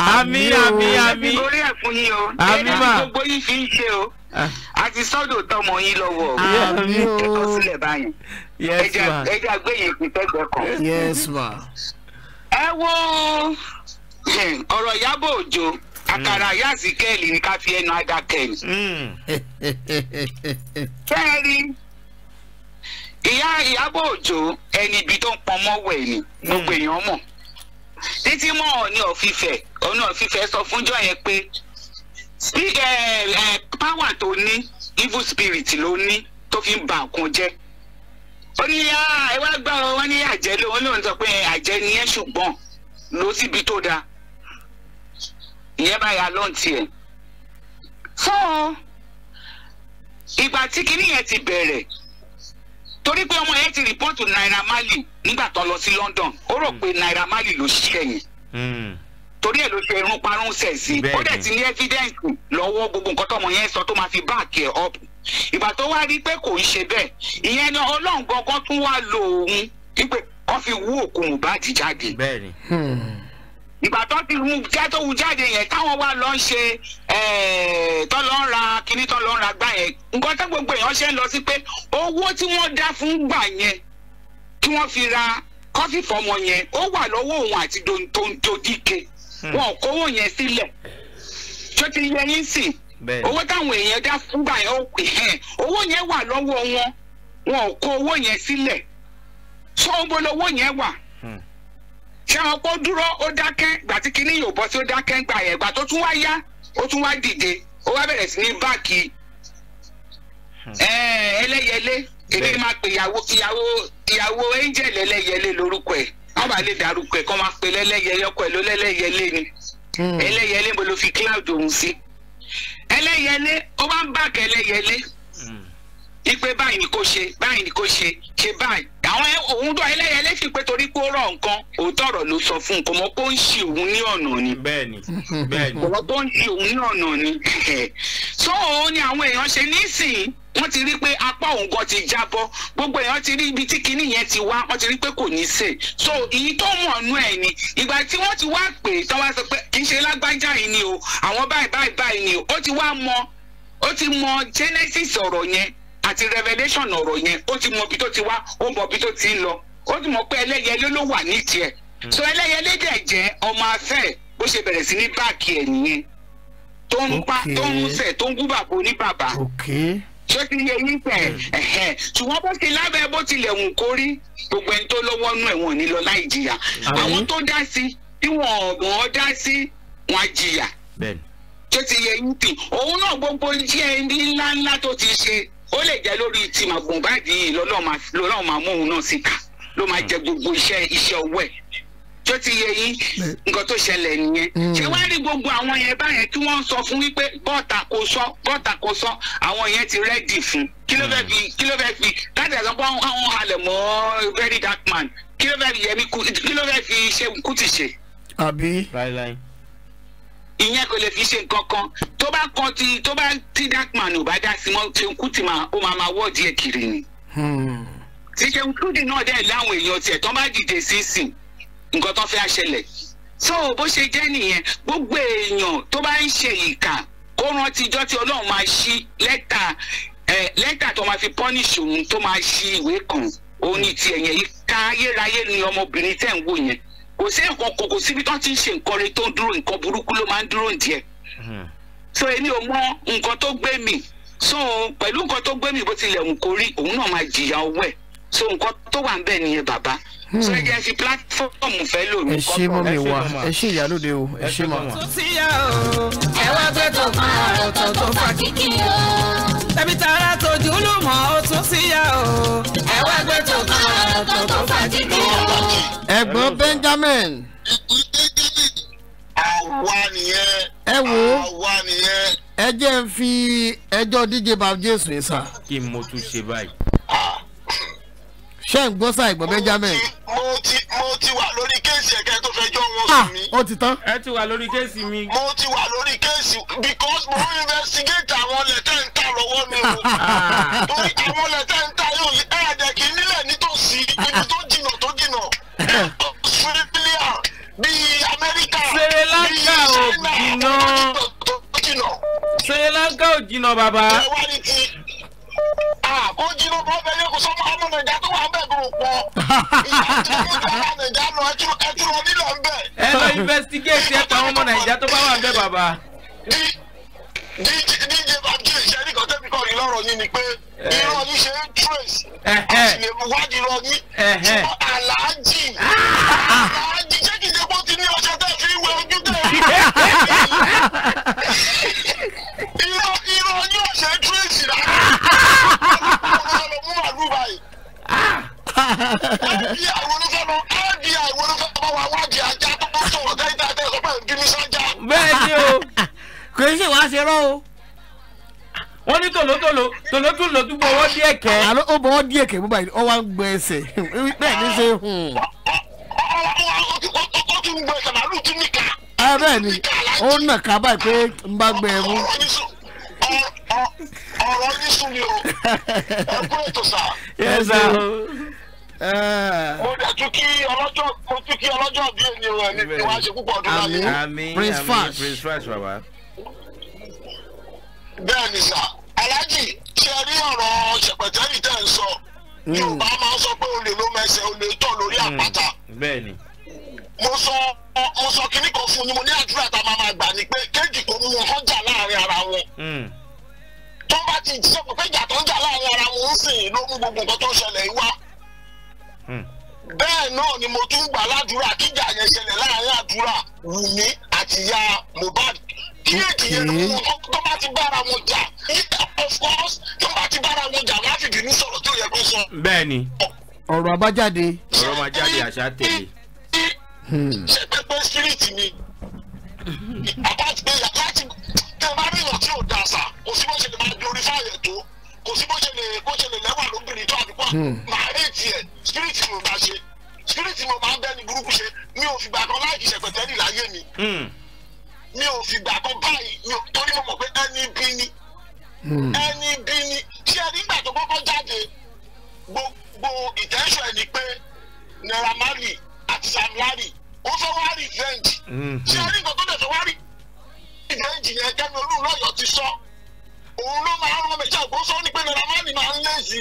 àmì àmì àmì orí ẹ̀ fún yín o. Àmì mà. Ẹni gbogbo yín fi ń ṣe o. Ah. A ti sọ́dọ̀ tọmọ yín lọ́wọ́ o. Àmì o. Ẹ̀kọ́ sílẹ̀ báyìí. Yes ma. Ẹja gbé yẹn kú tẹ́gbẹ́ kan. Yes ma. Ẹ wo ọ̀rọ̀ Ìyábọ̀ Òjó àkàrà yáàsì mm. kẹ́ẹ̀lì ni ká fi ẹnu ada kẹ́ẹ̀lì. Mm. kẹ́ẹ̀rì ìyá ìyábọ̀ òjò ẹni ibi tó ń pọnmọ́ wẹ̀ ni gbogbo mm. èèyàn mọ̀ títí mọ́ ọ̀ní ọ̀fífẹ́ ọ̀ní ọ̀fífẹ́ sọ fúnjọ́ yẹn pé eh, eh, power tó ní evil spirit ló ní tó fi ń ba nǹkan jẹ́ ó ní ah, ẹ wá gbọ́ wọn ní àjẹ́ ló lóun sọ pé àjẹ́ ni ẹ ṣùgbọ́n lọ síbi tó dáa ìyẹn báyìí alóhùn tiẹ̀. fún ìgbà tí kinní yẹn ti bẹ̀rẹ̀ torí pé ọmọ yẹn ti rìpọ́ọ̀tù Naira Marley nígbà tó lọ sí London ó rò hmm. pé Naira Marley ló ṣiṣẹ́ yẹn hmm. torí ẹ ló ṣe irun parun sẹ̀ sí ó dẹ̀ ti ní evidence lọ́wọ́ gbogbo nǹkan tọmọ yẹn sọ tó máa fi back ẹ̀ up ìgbà tó wá rí pé kò ń ṣe bẹ́ẹ̀ ìyẹn ni ọlọ́run gangan tún wá lo òun wípé wọ́n fi wú òkú Mohbad jáde ìgbà tó ti mú jẹ́ tó wù jáde yẹn táwọn wá lọ ń ṣe eh, tó lọ ń ra kinní tó lọ ń ra gbà yẹn nǹkan tó gbogbo èèyàn ṣe ń lọ sí pé owó tí wọ́n dá fún gbà yẹn tí wọ́n fi ra kọ́fì fọmọ yẹn ó wà lọ́wọ́ òun àti Tonto Dike hmm. wọn ò kówó yẹn sílẹ̀ tó ti yẹ yín sìn owó táwọn èèyàn dá fún gbà yẹn owó yẹn wà lọ́wọ́ wọn wọn ò kó owó yẹn sílẹ̀ tó ń bolówó yẹn wà ṣé wọn kó dúró ó dákẹ́ gbà tí kinní yóò bọ́ sí ó dákẹ́ gbà yẹn gbà tó tún wá yá ó tún wá dìde ó wá bẹ̀rẹ̀ sí ní báàkì hmm. ẹlẹ́yẹlé èmi máa pè ìyàwó ìyàwó ìyàwó angel ẹlẹ́yẹlé lórúkọ ẹ̀ wọ́n bá lè dárúkọ ẹ̀ kọ́ máa pè lẹ́lẹ́yẹlé ọkọ ẹ̀ ló lẹ́lẹ́yẹlé ni hmm. ẹlẹ́yẹlé mo ló fi cloud òun sí ẹlẹ́yẹlé ó máa ń báàkì ẹlẹ́yẹlé wípé báyìí ni kò ṣe báyìí ni kò ṣe ṣe báyìí àwọn òun dọ ẹlẹyẹlẹ sì pé torí pé ó rọ nǹkan òótọ́ ọ̀rọ̀ ló sọ fún un kò mọ̀ pé ń ṣe òun ní ọ̀nà ni bẹ́ẹ̀ni bẹ́ẹ̀ni kò mọ̀ pé ń ṣe òun ní ọ̀nà ni so òun ni àwọn èèyàn ṣe nísìnyí wọ́n ti rí pé apá òun gan ti jábọ́ gbogbo èèyàn ti rí ibi tí kinní yẹn ti wá wọ́n ti rí pé kò ní sè so èyí tó mọ̀ ọ̀nù ẹ̀ ni ìgbà tí wọ́n ti wá pè tó wá sọ pé kì í ṣe lágbájá yìí ni o àwọn báyìí báyìí báyìí ni o ó ti wá mọ̀ ó ti mọ̀ genesis ọ̀rọ̀ yẹn àti revelation ọ̀rọ̀ yẹn ó ti mọ ibi tó ti wá ó mọ ibi tó ti ń lọ ó ti mọ pé ẹlẹ́yẹlé ló wà ní tiẹ̀ hmm. so ẹlẹ́yẹlé dẹ̀ jẹ́ ọmọ afẹ́ bó ṣe bẹ̀rẹ̀ sí ní báàkì ẹ̀ nìyẹn tó ń pa tó ń sẹ̀ tó ń gún bàbá oní bàbá ṣé ti yẹ yín pẹ̀ hmm. ẹ̀hẹ̀ ṣùgbọ́n bó ti lábẹ́ bó tilẹ̀ wù kórí gbogbo ẹni tó lọ́wọ́ nú ẹ̀wọ̀n ní lọ láì jìyà àwọn tó dá sí tí wọn ọ̀gbọ̀n dá sí wọn jìyà ṣé ti yẹ yín pè òun náà gbogbo iṣẹ́ ẹni ńláńlá tó ti ṣe ó lè jẹ́ lórí ti Mohbad yìí lọ́nà máa mú òun náà síta ló máa jẹ gbogbo iṣẹ́ iṣẹ́ ọwọ́ ẹ̀ tó ti yẹ yín nǹkan tó ṣẹlẹ̀ nìyẹn hmm. ṣé wàá rí gbogbo àwọn yẹn báyẹn tí wọ́n ń sọ fún wípé bọ́ọ̀tà kò sọ bọ́ọ̀tà kò sọ àwọn yẹn ti rẹ́dì fún kí ló fẹ́ hmm. fi kí ló fẹ́ fi láti ẹ̀sán pé àwọn halẹ̀ mọ́ very dark man kí ló fẹ́ fi yẹmi kí ló fẹ́ fi ṣe kùtì ṣe. àbí ìyẹn kò lè fi ṣe nǹkan kan tó bá kan ti tó bá ti darkman ò bá dá sí mọ́ ṣeun Kuti máa ó máa máa wọ́ọ̀dì ẹ̀ kiri ni. ti ṣeun Kuti náà dẹ̀ láwọn èèyàn tiẹ̀ tán bá dìde sínsìn nǹkan tán fẹ́ àṣẹlẹ̀ so bó ṣe jẹ́ nìyẹn gbogbo èèyàn tó bá ń ṣe ìkà kó rántí tí Ọlọ́run máa ṣí lẹ́tà lẹ́tà tó máa fi pọ́nìṣì òun tó máa ṣí ìwé kan òun ní tiẹ̀ yẹn ká ayérayé ni ọmọbìnrin tẹ̀ ń wò yẹn kò sí nǹkan kò kò síbi tó ti ń ṣe nǹkan rẹ tó ń dúró nǹkan burúkú ló máa ń dúró díẹ̀ hmm. so èmi ò mọ nǹkan tó gbé mi so pẹ̀lú nǹkan tó gbé mi bó tilẹ̀ wù kó rí òun náà máa jìyà owó ẹ̀ so nǹkan tó wà ń nìyẹn bàbá hmm. so ẹ jẹ́ fi platform fẹ́ lò ní ẹ ṣe mọ mi wá ẹ ṣe ìyálòde o ẹ ṣe mọ. ẹ wá gbé tó fún ọ̀tọ̀ tó fà kíkì o. tẹ̀bí tara tójú ló mọ̀ ó tún sí ya o. ẹ wá gbé tó fún ọ̀tọ̀ tó fà kíkì o. ẹ̀gbọ́n Benjamin. àwa nìyẹn. ẹ wo àwa nìyẹn. ẹ jẹ́ ń fi ẹjọ́ díje bàbá jésù yìí sá. kí n mo tún ṣe báyìí ṣé ń gbọ́ sáà ìgbọ́ benjamin. mo ti mo ti wà lórí kéèsì ẹ̀kẹ́ tó fẹ́ jọ wọn sùn mí. ó ti tán. ẹ ti wà lórí kéèsì mi. mo ti wà lórí kéèsì because mo ń investigate àwọn lẹ́tẹ̀ ń ta lọ́wọ́ mi o. torí àwọn lẹ́tẹ̀ ń ta yóò yí ẹ̀ẹ́dẹ̀ kì í nílẹ̀ nítòsí ibi tó jìnnà tó jìnnà. Australia bíi Amẹ́ríkà bíi China tó jìnnà. Sri Lanka ò jìnnà bàbá. ẹ wá ní ti kó jíró bọ́ bẹ́ẹ̀ yẹ kó sọ́mọ́ ọmọ nàìjà tó wà bẹ́ẹ̀ gbòòrò pọ̀ ìyá tó ń bá wà nàìjà lọ ẹtú lọ nílò ń bẹ̀. ẹ lọ investigate ẹ pa àwọn ọmọ nàìjà tó bá wà bẹ́ẹ̀ bàbá. díje bàjẹ́ ìṣẹ́ni kan tẹ́bi kan ìlọrọ̀ yìí ni pé irọ́ yìí ṣe ń trace àti lè mú wádìí irọ́ yìí aláàjì aláàjì jẹ́ kí ìjẹ́pọ̀ ti ní ọjọ́ tẹ́ fi wẹ ojú tẹ̀ ọ̀rọ̀ yóò ṣe é tírèsì rà. ọmọ àlù báyìí. fbi wolofọlọ fbi wolofọlọ wa wájú ajá tó bó sọ̀rọ̀ dá ìta ẹgbẹ́ sọ́pẹ́ ìdílé sọ́jà. bẹ́ẹ̀ ni o kò í ṣe wá ṣe rọ́ o wọ́n ní tòlótòló tòlótòló tún bọ̀wọ́ díẹ̀ kẹ́. àlọ́ ó bọ̀wọ́ díẹ̀ kẹ́ bóbá yìí ọ wá ń gbẹ ẹsẹ̀ bẹ́ẹ̀ ni ṣe. ó ti ń gbẹ ẹsẹ̀ màálù tún níkà. bẹ́ẹ̀ ni ó nà ká báyìí pé ń bá gbẹ ẹ mú ọ̀rọ̀ ní sùn ni o ẹ kú ètò sà. yes sir. Eh. mo dẹ̀ tún kí ọlọ́jọ́ mo tún kí ọlọ́jọ́ bí ènìyàn rẹ̀ ní tí wọ́n á ṣe púpọ̀ ọdún láyé. àmín prince fash prince fash bàbá. bẹ́ẹ̀ ni sà aláàjì ṣe rí ọ̀rọ̀ ṣèpẹ̀tẹ́rì tẹ̀ ń sọ hmm. yorùbá máa ń sọ pé olè ló mẹsẹ̀ olè tọ̀ lórí hmm. àpáta. bẹ́ẹ̀ ni mo sọ mo sọ kíní kan fún ni mo ní àdúrà tá a máa máa gbà ni pé kéèjì tó mú wọn kọjá láàrin ara wọn. Hmm tó bá ti sọ pé ìjà tó ń jà láàrin ara wọn ń sìn ló mú gbogbo nǹkan tó ń ṣẹlẹ̀ yìí wá hmm. bẹ́ẹ̀ náà ni mo tún gbà ládùúrà kíjà yẹn ṣẹlẹ̀ láàrin àdúrà Wùmí àti ìyá Mohbad kí èjì yẹn tó bá ti bára wọn jà of course tó bá ti bára wọn jà wọ́n á fi bínú sọ̀rọ̀ tó yẹ kó sọ. bẹ́ẹ̀ni ọ̀rọ̀ àbájáde. ọ̀rọ̀ máa jáde àṣà tèlé. ṣé pé pé spirit mi tí ò da kò sí bó ṣe lè máa glorify ẹ̀ tó kò sí bó ṣe lè bó ṣe lè lẹ́wà lóbìnrin tó àdúgbò hmm. máa rí tiẹ̀ spirit mi ò ṣe spirit mi máa ń bẹ́ni burúkú ṣe mi ò fìgbà kan láì ṣẹ̀pẹ̀tẹ́rì láyé mi hmm. mi ò fìgbà kan báyìí torí mo mọ̀ pé ẹni bí ni hmm. ẹni bí ni ṣé nígbà tó kọ́kọ́ jáde gbogbo ìtẹ́sọ̀ ẹ̀ pé Naira Marley àti Sam ó fẹ́ wá revenge ṣé ẹni nǹkan tó dẹ̀ fẹ́ wá revenge gáréjì yẹn kẹ́mi olúlọ́yọ̀ ti sọ òun ló máa ń rán méjì àgbóso ní pé Naira Marley máa ń lézì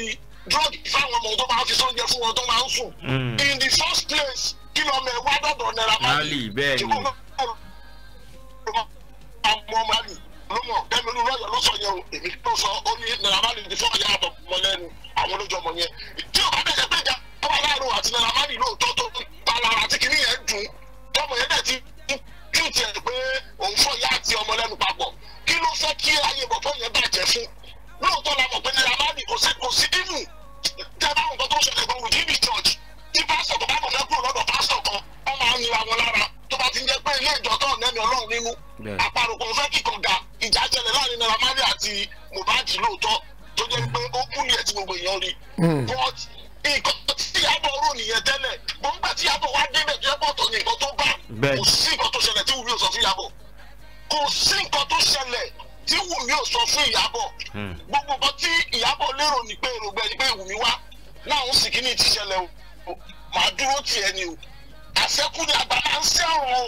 drug fáwọn ọmọ tó máa ń fi sọ́njẹ fún wọn tó máa ń sùn hmm. in the first place kí lọ mẹ wá dọ̀dọ̀ Naira Marley bẹ́ẹ̀ ni àmọ́ Marley ló mọ̀ kẹ́mi olúlọ́yọ̀ ló sọ yẹn o èmi tó sọ ó ní Naira Marley ní fún ọ̀yà àbọ̀ lẹ́nu àwọn olójú ọmọ yẹn tí ò bá dẹ̀ pé ìjà ọba tí ì tiẹ̀ pé òun fọ́ ya ti ọmọ lẹ́nu papọ̀ kí ló fẹ́ kí ayé bọ̀bọ̀ yẹn bàjẹ́ fún lóòótọ́ la mọ̀ pé ní ramani kò sí kò sí dínú tẹ́ bá nǹkan tó ṣẹlẹ̀ gan redeem church tí pásítọ̀ tó bá kọ̀ fẹ́ lọ́dọ̀ pásítọ̀ kan wọ́n máa ń nira wọn lára tó bá ti ń jẹ́ pé ilé ìjọ tó ọ̀nẹ́mi ọlọ́run nínú àparòkò fẹ́ kíkan ga ìjà láàrin naira marley àti Mohbad lóòótọ́ tó jẹ́ pé ó kúlẹ̀ tí gbogbo èèyàn rí hmm. but nǹkan tí Ìyábọ̀ rò nìyẹn tẹ́lẹ̀ mo ń gbà tí wá débẹ̀ tó yẹ tó ní tó bá kò sí nǹkan tó ṣẹlẹ̀ tí Wùmí ò sọ fún Ìyábọ̀ kò sí nǹkan tó ṣẹlẹ̀ tí Wùmí ò sọ fún Ìyábọ̀ hmm. gbogbo nǹkan tí Ìyábọ̀ lérò ní pé èrògbẹ́ ni pé Wùmí wá náà ń sì kíní ti ṣẹlẹ̀ o màá dúró tiẹ̀ ni o àṣẹkù ni àgbàlá ń ṣẹ́ ọ̀run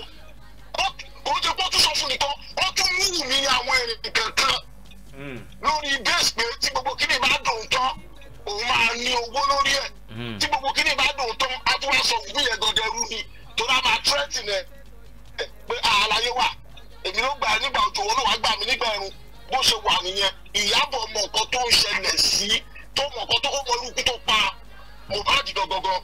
o kò jẹ́ pé tún sọ fún nìkan ó tún mú Wùmí àwọn èrè kankan hmm. lórí bẹ́ẹ̀sì pé tí gbogbo kíní bá dùn tán òun máa ní owó lórí ẹ̀ hmm. tí gbogbo kíní bá dùn tó adúláṣọ òkú yẹn dandan rú ni tó náà máa tírẹ́tì nẹ pé àlàyé wà èmi ló gbà nígbà òjò wọn ló wàá gbà mí nígbà ẹ̀rùn bó ṣe wà nìyẹn ìyàbọ̀ mọ̀ nǹkan tó ń ṣẹlẹ̀ sí tó mọ̀ nǹkan tó kó mọ irúkú tó pa Mohbad gangan kò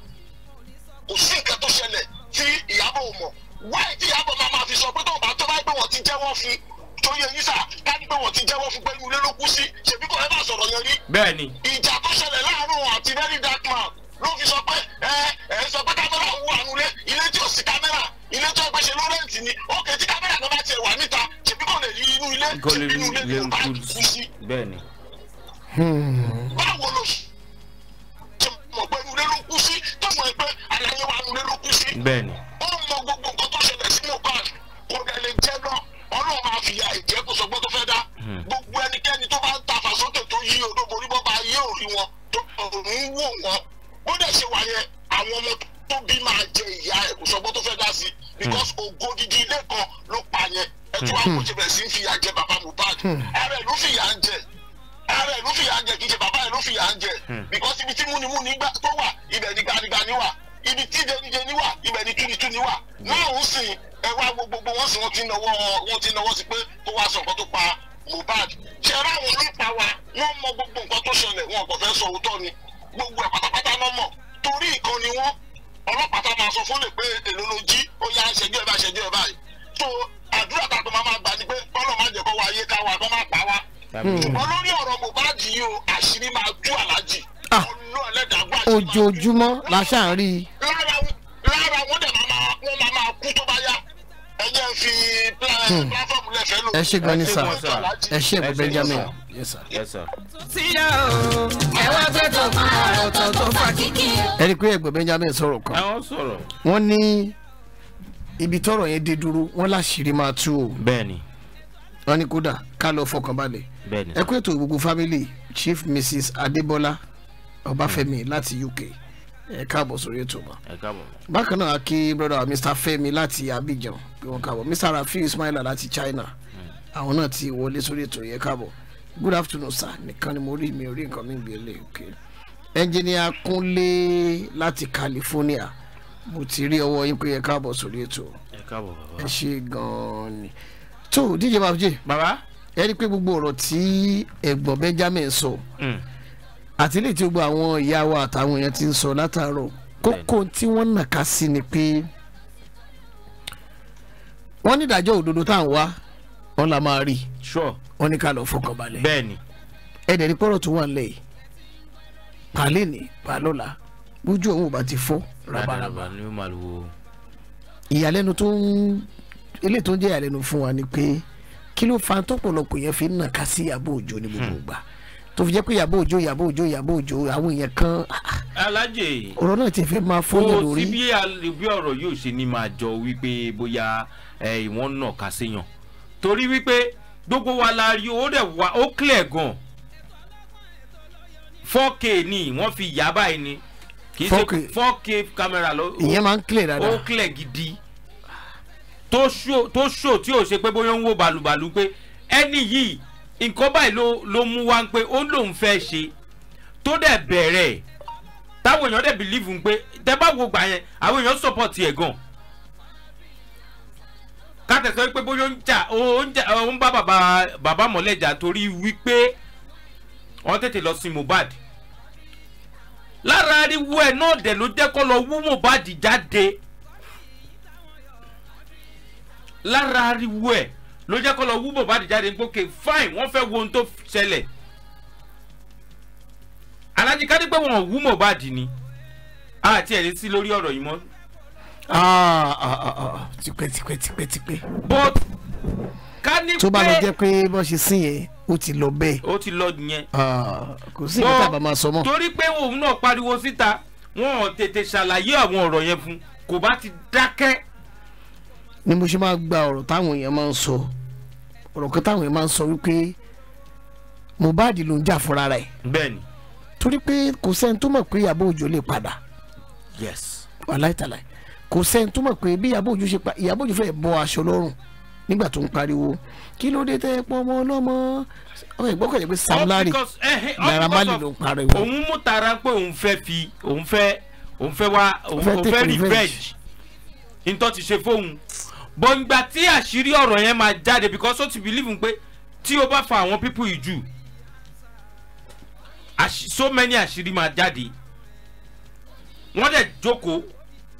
sí nǹkan tó ṣẹlẹ̀ tí ìyàbọ̀ mọ̀ wáyé tí ìyàbọ̀ máa máa fi sọ pé tóun bá tó bá gbé wọn ti jẹ́wọ́ fún torí ẹ̀yìn sà ká ní pé wọn ti jẹ́wọ́ fún pé inú ilé sí ṣèbí kò ẹ bá sọ̀rọ̀ yẹn rí. bẹ́ẹ̀ni a ṣáà ń rí i. lára wọn dẹ̀ máa máa máa kú tó bá yá ẹ fi ẹ ṣe gan ni sà ẹ ṣe gan benjamin. ẹ rí i pé ẹgbẹ́ benjamin sọ̀rọ̀ kan wọ́n ní ibi tọ́rọ̀ yẹn dé dúró wọ́n láṣìírí máa tú o. bẹ́ẹ̀ni wọ́n ní kódà ká lọ fọkànbalẹ̀ ẹ kú ètò gbogbo family chief mrs adébọlá ọbáfẹ́mi láti uk ẹ káàbọ̀ sórí ètò mọ́. ẹ káàbọ̀. bákan náà kí broda mr femi láti abidjan pé wọn káàbọ̀ mr Rafi ismaila láti china hmm. àwọn náà ti wọlé sórí ètò yẹ káàbọ̀ good afternoon sir nìkan ni mo rí mi ò rí nǹkan mi gbé lé òkè ẹnjìníà kúnlé láti california mo ti rí ọwọ́ yín pé ẹ káàbọ̀ sórí ètò. ẹ káàbọ̀ bàbá. ẹ ṣe gan-an ni tó dj babjé. bàbá. ẹ rí i pé gbogbo ọ̀rọ̀ tí ẹ̀gbọ́n benjamin sọ. So. Mm àti lè tí gbogbo àwọn ìyá wa àtàwọn èèyàn ti ń sọ látàárọ̀ kókó tí wọ́n nàka sí ni pé wọ́n ní ìdájọ́ òdodo tá à ń wá wọ́n la máa rí wọ́n ní ká lọ fọkàn balẹ̀ bẹ́ẹ̀ni ẹ̀dẹ̀ ní pọ́rọ̀ tó wà ń lẹ̀ yìí pàálẹ̀ ní pàálọ́la ojú òun ò bá ti fọ́ rabaraba ìyàlẹ́nu tó ń ilé tó ń jẹ́ ìyàlẹ́nu fún wa ni pé kí ló fa tọ́pọ̀lọpọ̀ yẹn fi ń nàka sí àbò òjò ní gbogbo hmm. ìgbà. Hmm tó fi jẹ́ pé Ìyábọ̀ Òjó Ìyábọ̀ Òjó Ìyábọ̀ Òjó àwọn èèyàn kan. alájẹ ọ̀rọ̀ náà ti fẹ́ máa fọ́yẹ̀ lórí. o sí bí ọ̀rọ̀ yóò ṣe ni máa jọ wípé bóyá ìwọ̀n náà kà séyàn torí wípé gbogbo wa la rí ó dẹ̀ wá ó clear gan 4k ni wọ́n fi yá báyìí ni kì í ṣe 4k camera ló. ìyẹn máa ń clear dáadáa ó clear gidi tó ṣó tí ò ṣe pé bóyá ń wo bàlùbàlù pé ẹni yìí nǹkan báyìí ló ló mú wá pé ó lóun fẹ́ ṣe tó dẹ̀ bẹ̀rẹ̀ táwọn èèyàn dẹ̀ bìlíìfù pé tẹ bá wo gbà yẹn àwọn èèyàn sọ̀pọ̀tì ẹ̀ gan kátẹ̀sọ́ pé bóyá ó ń jà ó ń jà ó ń bá bàbá bàbá mọ̀lẹ́jà torí wípé wọ́n tètè lọ sin Mohbad lára ariwo ẹ̀ náà dẹ̀ ló jẹ́ kó lọ wú Mohbad jáde lára ariwo ẹ̀ ló jẹ́ kó lọ wú Mohbad jáde pé ok fine wọ́n fẹ́ wo ohun tó ṣẹlẹ̀ Alhaji ká ní pé wọ́n wú Mohbad ni àti ẹ̀rí sí lórí ọ̀rọ̀ yìí mọ́. Ah, ah, ah, tipẹ́ tipẹ́ tipẹ́ tipẹ́. but ká ní pé tó bá lọ jẹ́ pé bó ṣe sìn yẹn ó ti lọ bẹ́ẹ̀. ó ti lọ nìyẹn. kò sí ìgbà tá a bá máa sọ mọ́. torí pé òun náà pariwo síta wọn ò tètè ṣàlàyé àwọn ọ̀rọ̀ yẹn fún kò bá ti dákẹ́. ni mo ṣe máa gba ọ̀rọ̀ táwọn èèyàn máa ń sọ ọ̀rọ̀ kan táwọn yẹn máa ń sọ wípé Mohbad ló ń jà fúnra rẹ̀. bẹ́ẹ̀ni. torí pé kò sẹ́ni tó mọ̀ pé Ìyábọ̀ Òjó lè padà. yes. wàláì tàláì kò sẹ́ni tó mọ̀ pé bí Ìyábọ̀ Òjó ṣe pa Ìyábọ̀ Òjó fẹ́ bọ́ aṣọ lọ́rùn nígbà tó ń pariwo kí ló dé tẹ́ pọ́ ọmọ ọlọ́mọ ọmọ ìgbọ́kànlé pé Sam Larry eh, eh, Naira Marley ló ń pariwo. òun mú tara pé òun fẹ́ fi òun fẹ́ òun fẹ́ wá òun fẹ́ revenge ntọ́ ti ṣe fóun but ìgbà tí àṣírí ọ̀rọ̀ yẹn máa jáde because ó ti believe pé tí o bá fa àwọn pípù yìí jù so many àṣírí máa jáde wọ́n dẹ̀ jókòó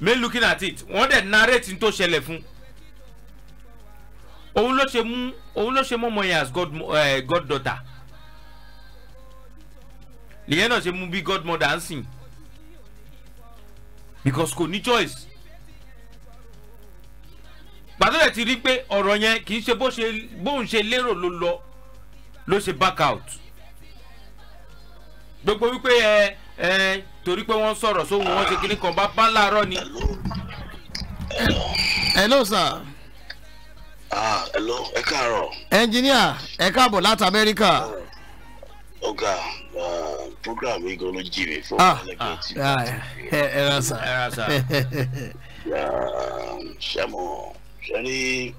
me looking at it wọ́n dẹ̀ narrate tó ṣẹlẹ̀ fún òun ló ṣe mú òun ló ṣe mọ́mọ́ yẹn as god, uh, eh, god daughter lèyẹn náà ṣe mú bí godmother ń sìn because kò ní choice gbàdúrà ti rí pé ọ̀rọ̀ yẹn kì í ṣe bóun ṣe lérò ló lọ ló ṣe back out gbogbo wípé ẹ ẹ torí pé wọ́n sọ̀rọ̀ sóhun wọn ṣe kíní kan bá bá láàárọ̀ ni. hello sir. ah hello ẹ káàárọ̀. ẹnjiníà ẹ káàbọ̀ láti amẹ́ríkà. ọ̀gá ah, program yìí gan ló jí mi fún ẹlẹgbẹ́ ah, ah, tí. ẹ ẹ ra ṣé mo ẹni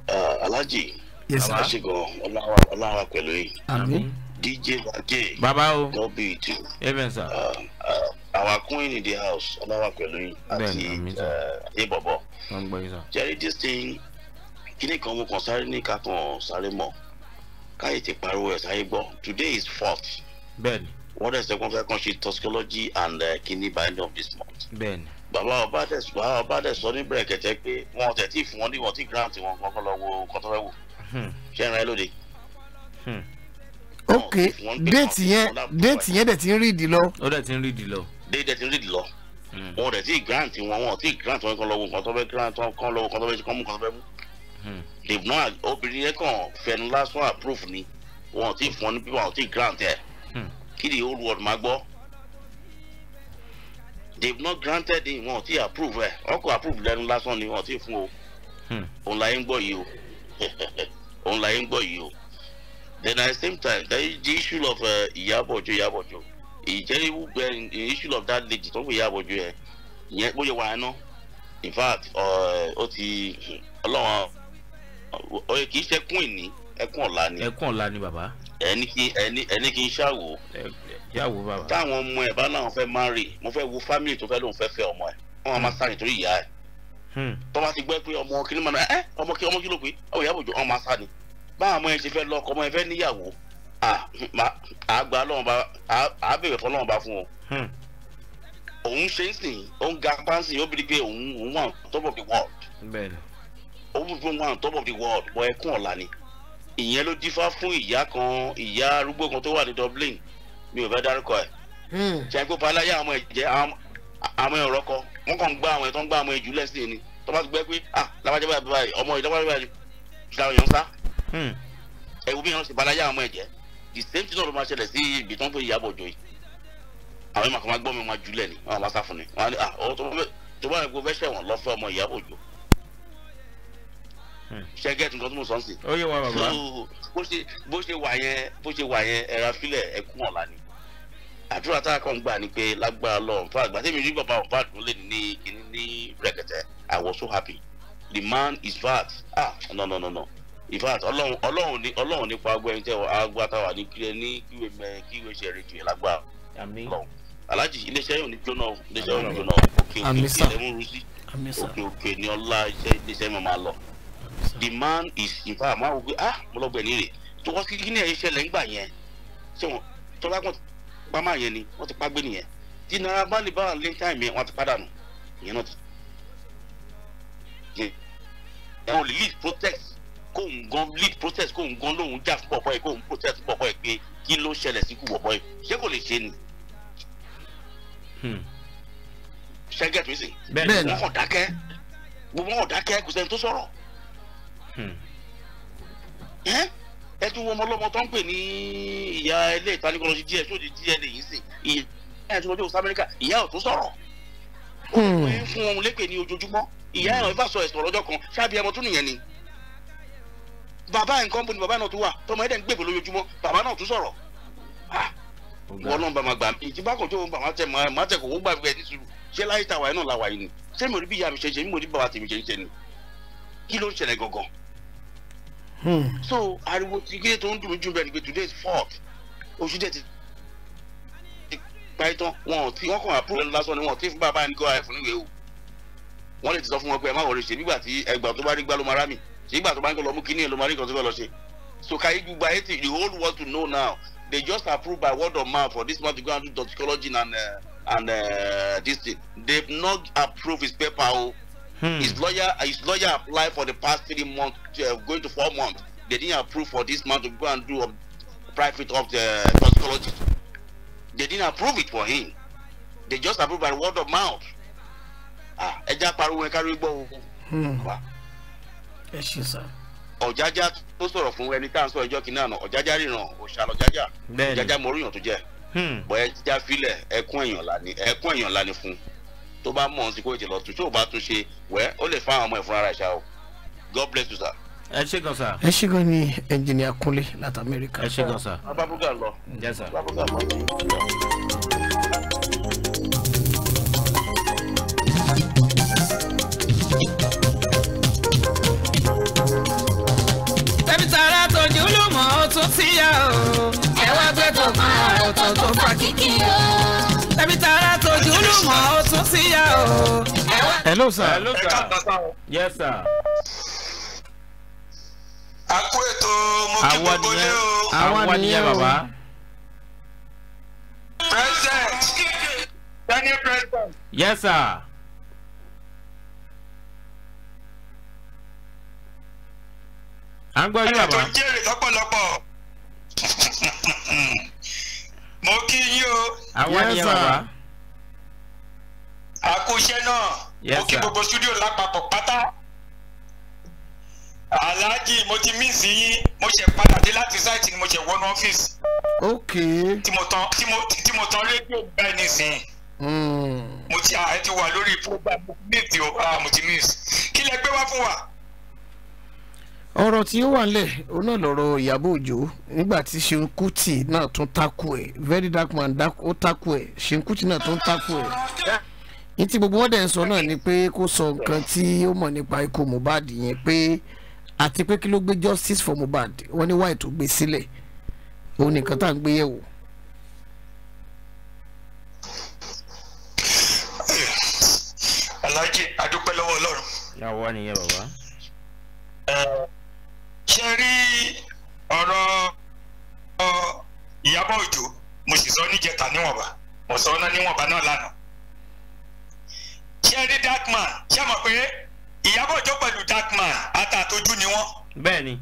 alájì aláṣẹgàn ọlára pẹ̀lú yìí dj lajẹ baba o Amen, sir. our queen in the house ọlára pẹ̀lú yìí àti ibọ̀bọ̀ eh, jerry this thing kíní kan mo kàn sáré ní kakàn sáré mọ̀ káyé ti pariwo ẹ̀ sáyé gbọ́ today is fourth. bẹ́ẹ̀ni. wọ́n dẹ̀ sẹ́kún fẹ́ kàn ṣe toxicology and uh, kidney by end of this month. bẹ́ẹ̀ni bàbá ọba dẹ̀ bàbá ọba dẹ̀ sọ ní bẹ̀rẹ̀ kẹ̀tẹ́ pé wọn tẹ̀ tí fún wọn ní wọn tí grant wọn kan lọ wo nǹkan tó fẹ́ wò hmm. ṣé ẹ lóde. Hmm. ok déètì yẹn déètì yẹn dẹ̀ ti ń rídìí lọ. ó dẹ̀ ti ń rídìí lọ. déètì ti ń rídìí lọ hmm. wọn rẹ̀ tí grant wọn wọn tí grant wọn kan lọ wo nǹkan tó fẹ́ grant wọn kan lọ wo nǹkan tó fẹ́ kán mú nǹkan tó fẹ́ mú. ìbùnà obìnrin yẹn kàn fẹnu lásán approve ni wọn tí fún ọ ní pípa wọn grant ẹ kí ni old world máa gbọ́ They've not granted him wọn ti approve ẹ wọn kò approve lẹ́nu lásán ni wọn ti fún o hmm. òun la yín gbọ́ yìí o òun la yín gbọ́ yìí o then at the same time the, the issue of uh, Ìyábọ̀jọ́ Ìyábọ̀jọ́ ìjẹ́ ìwúgbẹ́ the issue of that lady tó ń pè Ìyábọ̀jọ́ yẹn ìyẹn bóyá wà á ná in fact uh, ó ti ọlọ́wọ́n oye kì í ṣe ẹkún ìní ẹkún ọ̀la ni ẹkún ọ̀la ni bàbá ẹni kì í ṣàwò yàwó bàbá. táwọn ọmọ ẹ bá láwọn fẹ́ marry mo fẹ́ wo family tó fẹ́ lóun fẹ́ fẹ́ ọmọ ẹ wọn máa sáré torí ìyá ẹ. Hmm. tó bá ti gbẹ́ pé ọmọ kìnnìún máa ẹ ọmọ kí ọmọ kí ló pé ọmọ ìyá òjò wọn máa sáré báwọn ọmọ yẹn ṣe fẹ́ lọ́kọ ọmọ yẹn fẹ́ níyàwó àgbà lọ́wọ́n bá àbẹ̀wẹ̀ fọ́ lọ́wọ́n bá fún ọ. Hmm. òun ṣe ń sìn òun ga pánsìn ó bìrì pé òun òun wà top of the world. òun fún wà top of the world bọ ẹkún ọ̀la ni ìyẹn ló dífá fún ìyá kan ìyá arúgbó kan tó wà ní Dublin mi ò fẹ́ dárúkọ ẹ̀ hmm. ṣẹ́ńkó paláyé àwọn ẹ̀jẹ̀ àwọn ẹ̀rọ kọ wọ́n kàn ń gbá àwọn ẹ̀ tó ń gbá àwọn ẹ̀jú lẹ́sìn ni tó bá ti gbẹ́ pé ah lábàjẹ́ báyìí báyìí ọmọ ìjọba báyìí làwọn èèyàn sá hmm. ẹ̀wù bí wọ́n ṣe paláyé àwọn ẹ̀jẹ̀ the same thing náà ló máa ṣẹlẹ̀ sí ibi tó ń pè Ìyábọ̀ Òjó yìí àwọn ẹ̀ máa máa gbọ́ mi máa jùlẹ̀ ni wọ́n máa ah ọ̀rọ̀ tó bá yẹ kó fẹ́ ṣẹ̀wọ̀n lọ ṣe gẹ́tù nǹkan tó mọ̀ sọ́nsìn. ó yẹ wọn bàbá. bó ṣe wà yẹn bó ṣe wà yẹn ẹ̀rọ afílẹ̀ ẹ̀kún ọ̀la ni àdúrà tá a kàn gbà ni pé lágbára lọ nfa àgbà tẹ́mi rí bàbá ọ̀fà tó lè ní kíní ní rẹ̀kẹ̀tẹ̀ I was so happy the man is fat ah no no no no in fact ọlọ́run ọlọ́run ní ọlọ́run nípa agbó ẹni tẹ́ agbó àtàwà ní kíwé ní kíwé mẹ kíwé ṣe rètò yẹn lágbára alájì iléeṣẹ́ yóò ní jóná iléeṣẹ́ yóò ní jóná o òkè òkè ìlẹ̀mú rusí òkè òkè ní ọlá iléeṣẹ́ mi máa lọ the man is in fact máa wò pé ah mo lọ bẹ̀ ní rè tó wọ́n kí ní ẹ̀yìn ṣẹlẹ̀ ńgbà yẹn ṣé wọn tọ́lá pamá yẹn ni wọ́n ti pa gbé nìyẹn tí Naira Marley bá wà lé táìmì yẹn wọ́n ti padà nù ìyẹn náà ti. àwọn lead protest kóun gan lead protest kóun gan lóun jà fún bọ̀bọ̀ yìí kóun protest fún bọ̀bọ̀ yìí pé kí ló ṣẹlẹ̀ sí kú bọ̀bọ̀ yìí ṣé kò lè ṣe ni. ṣẹ́gẹ̀tì mi sìn. bẹ́ẹ̀ ni wọ́n kàn dákẹ́ gbogbo wọn dákẹ́ kò sẹ́ni tó sọ̀rọ̀. Hmm. ẹ tún wọ ọmọ ọlọ́mọ tó ń pè ní ìyá ilé ìtanìkọlọsí díẹ̀ tó di díẹ̀ lẹ́yìn sí ìyá ẹ̀ tí wọ́n jẹ́ òsì Amẹ́ríkà ìyá ò tún sọ̀rọ̀ ó hmm. ń fún ohun lépè ní ojoojúmọ́ ìyá ẹ̀rọ ìfàsọ ẹ̀sọ̀ lọ́jọ́ kan ṣáàbí ẹmọ tún nìyẹn ni bàbá nǹkan bó ni bàbá náà tún wà tọmọ ẹ̀dẹ̀ ń gbèbò lójoojúmọ́ bàbá náà tún sọ̀rọ̀ ah! ìwọ náà bàmà gbà mí ìjìbá kan tó ń bàmà tẹ màá tẹ kò wọ́n gbà bẹ́ẹ̀ nítorí ṣé láyé tàwa ẹ̀ náà làwà yìí ni ṣé mo rí bí ìyá mi ṣe ṣe ni mo rí bàbá tèmi ṣe ń ṣe ni kí ló ń ṣẹlẹ̀ gangan so ariwo ìgbé tó ń dùn jù bẹ́ẹ̀ ni pé today is fourth oṣù dẹ̀ ti parí tán wọn ò tí wọn kàn àpúrò lásán ni wọn ò tí fún bàbá nìkan ẹ̀ fún níwèé o wọn lè ti sọ fún wọn pé ẹ má wọlé ṣe nígbà tí ẹgbà tó bá rí gbá ló máa rá mi ṣe nígbà tó bá ń kọ́ lọ mú kíní ẹ̀ ló máa rí nǹkan tó fẹ́ lọ ṣe so kayi gbogbo ayé ti the whole world to know now they just approve by word of mouth for this month to go and do toxicology and uh, and uh, this thing they no approve his paper o. Oh. Hmm. His lawyer uh, his lawyer applied for the past three months, uh, going to four months. They didn't approve for this man to go and do a private of the toxicologist. They didn't approve it for him. They just approved by word of mouth. Ah, ẹja pariwo ẹ kárí gbọ́ o. sort ṣe sá. Ọ̀jájá tó sọ̀rọ̀ fún ẹni tá à ń sọ ẹjọ́ kìnnìkan náà Ọ̀jájá ríran òṣàlọ̀ Ọ̀jájá to mọ̀ríyàn Hmm. jẹ́. Bọ̀ ẹja filẹ̀ ẹkún la ni, ẹkún èèyàn la ni un tó bá mọ̀ ọ́n sí kó jẹ lọ tún tó bá tún ṣe wẹ́ ó lè fún àwọn ọmọ ẹ̀ fúnra rẹ̀ o god bless you sir. ẹ ṣe gan sa. ẹ ṣe gan ni ẹnjìnìà kúnlé láti amẹ́ríkà. ẹ ṣe gan sa. babuga lọ. yes sir. babuga lọ. tẹ́bí tààrà tọ́jú lùmọ̀ ó tún síyà o ẹ̀wọ́n gbẹ́tọ̀ kan àròtọ̀ tó fa kíkì o tẹ̀bí tara tójú lù mọ́ ó tún sí ya o. hello sir. hello sir. yes sir. a kú ètò mo lé o. àwọn nìyẹn bàbá. president daniel president. yes sir. à ń gbọ́ yín bàbá. ẹni tó jèrè lọ́pọ̀lọpọ̀. mo kí yín o. àwa ni wà. a kú iṣẹ́ náà. mo kí gbogbo studio lápapọ̀ pátá. alhaji mo ti mí sí yín mo ṣe padà dé láti sáìtì ni mo ṣe wọnú ọ́fíìsì. ok. tí mo tán rédíò gbá ẹ hmm. mo ti àyè wà lórí program mo ti o ah, mo ti miss kí lẹ gbé wá fún wa ọ̀rọ̀ tí ó wà nílẹ̀ òun náà lọ́rọ̀ Ìyábọ̀ Òjó nígbà tí Ṣeun náà tún takú ẹ̀ very dark man ó takú ẹ̀ Ṣeun náà tún takú ẹ̀ ní tí gbogbo wọn dẹ̀ ń sọ náà ni pé kó sọ nǹkan tí ó mọ̀ nípa ikú Mohbad yẹn pé àti pé kí ló gbé justice for Mohbad wọ́n ní wáì tó gbé sílẹ̀ òun nìkan tá à ń gbé yẹ̀wò. Alhaji adúpẹ́ lọ́wọ́ Ọlọ́run. yàwó nìyẹn bàbá ṣe rí ọ̀rọ̀ Ìyábọ̀ Òjó mo sì sọ níjẹta níwọ̀nba mo sọ ọ́nà níwọ̀nba náà lánàá ṣe rí darkman ṣe mọ̀ pé Ìyábọ̀ Òjó pẹ̀lú darkman àtàtójú ni wọ́n. bẹ́ẹ̀ni.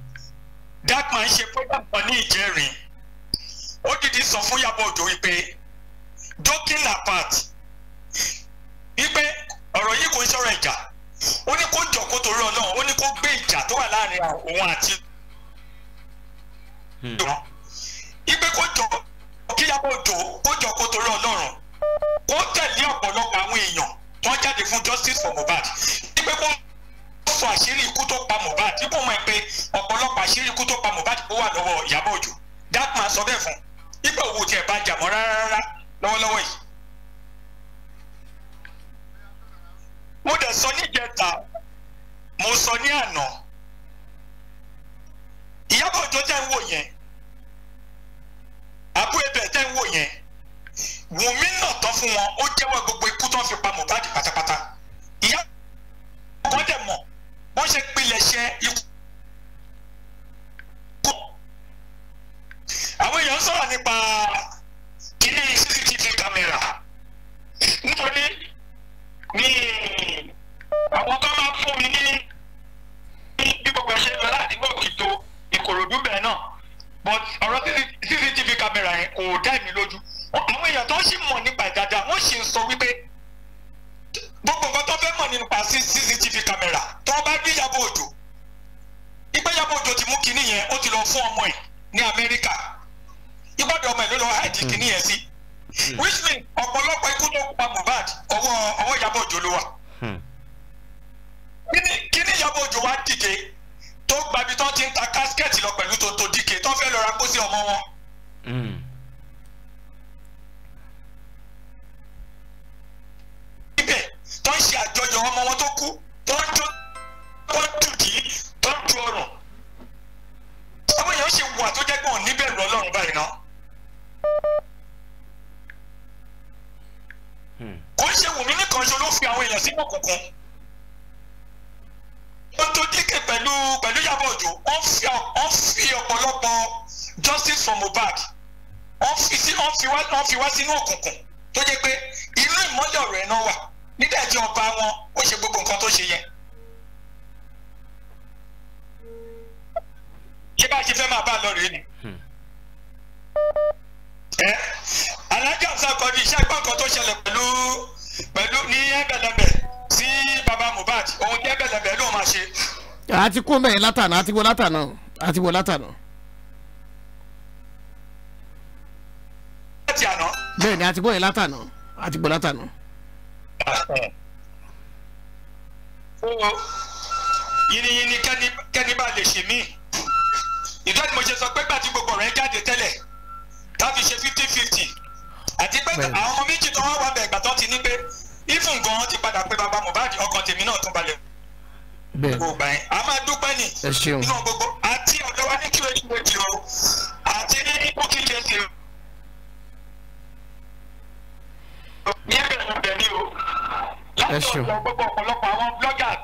darkman ṣe program kan ní Ìjẹ̀rìn ó dìde sọ fún Ìyábọ̀ Òjó wípé joking apart wípé ọ̀rọ̀ yìí kò ń sọ̀rọ̀ ìjà ó ní kó jọ kó torí Ọlọ́run ó ní kó gbé ìjà tó wà láàrin òun àti hmm. ìjọba ipe kó jọ kí Ìyábọ̀ Òjó kó jọ kó torí Ọlọ́run kó tẹ̀lé ọ̀pọ̀lọpọ̀ àwọn èèyàn tó jáde fún justice for Mohbad ipe kó sọ àṣírí ikú tó pa Mohbad ipò mọ̀ ẹ́ pé ọ̀pọ̀lọpọ̀ àṣírí ikú tó pa Mohbad ó wà lọ́wọ́ Ìyábọ̀ Òjó dákùn àsọ bẹ́ẹ̀ fún ipe òwò tiẹ̀ bá jà mọ́ rárá lọ́wọ́lọ́wọ́ yìí mo dẹ̀ sọ níjẹta mo sọ ní àná Ìyábọ̀ Òjó tẹ́ ń wò yẹn àbú ebè tẹ́ ń wò yẹn Wùmí náà tán fún wọn ó jẹ́wọ́ gbogbo ikú tán fi pa Mohbad pátápátá ìyá ọkọ dẹ̀ mọ̀ bó ṣe pilẹ̀ṣẹ̀ ikú. àwọn èèyàn sọ̀rọ̀ nípa kíní CCTV kámẹ́rà nítorí mi àwọn tó máa fún mi ní bí gbogbo ẹ ṣe lọ láti gbọ́ òkìtò ìkòròdú bẹ́ẹ̀ náà but ọ̀rọ̀ cctv camera yẹn kò dá èmi lójú àwọn èèyàn tó ń ṣì mọ̀ nípa ìdájà wọ́n sì ń sọ wípé gbogbo nǹkan tó fẹ́ mọ̀ nípa dúró bẹ́ẹ̀ látànà àti wọ látànà àti wọ látànà. bẹ́ẹ̀ ni àti bọ́ yẹn látànà àti bọ́ látànà. yìnyínní kẹ́ni bá lè ṣe mí ìtọ́jú mo ṣe sọ pé gbàtí gbogbo ọ̀rọ̀ jáde tẹ́lẹ̀ táfi ṣe fifty fifty àti pé àwọn ọmọ méjì tó wá wà bẹ̀ ìgbà ti ní pé ifun gan-an ti padà pé bàbá Mohbad ọkàn tèmi náà tún balẹ̀ gbogbo yẹn a máa dúpẹ́ ní inú gbogbo àti ọ̀dọ́ wa ní kíwèé kíwèé kí o àti ní ikú kíkẹ́ kí o. ní ẹ̀rẹ̀ mo bẹ̀ ní o láti ọ̀dọ̀ gbogbo ọ̀pọ̀lọpọ̀ àwọn bloggers.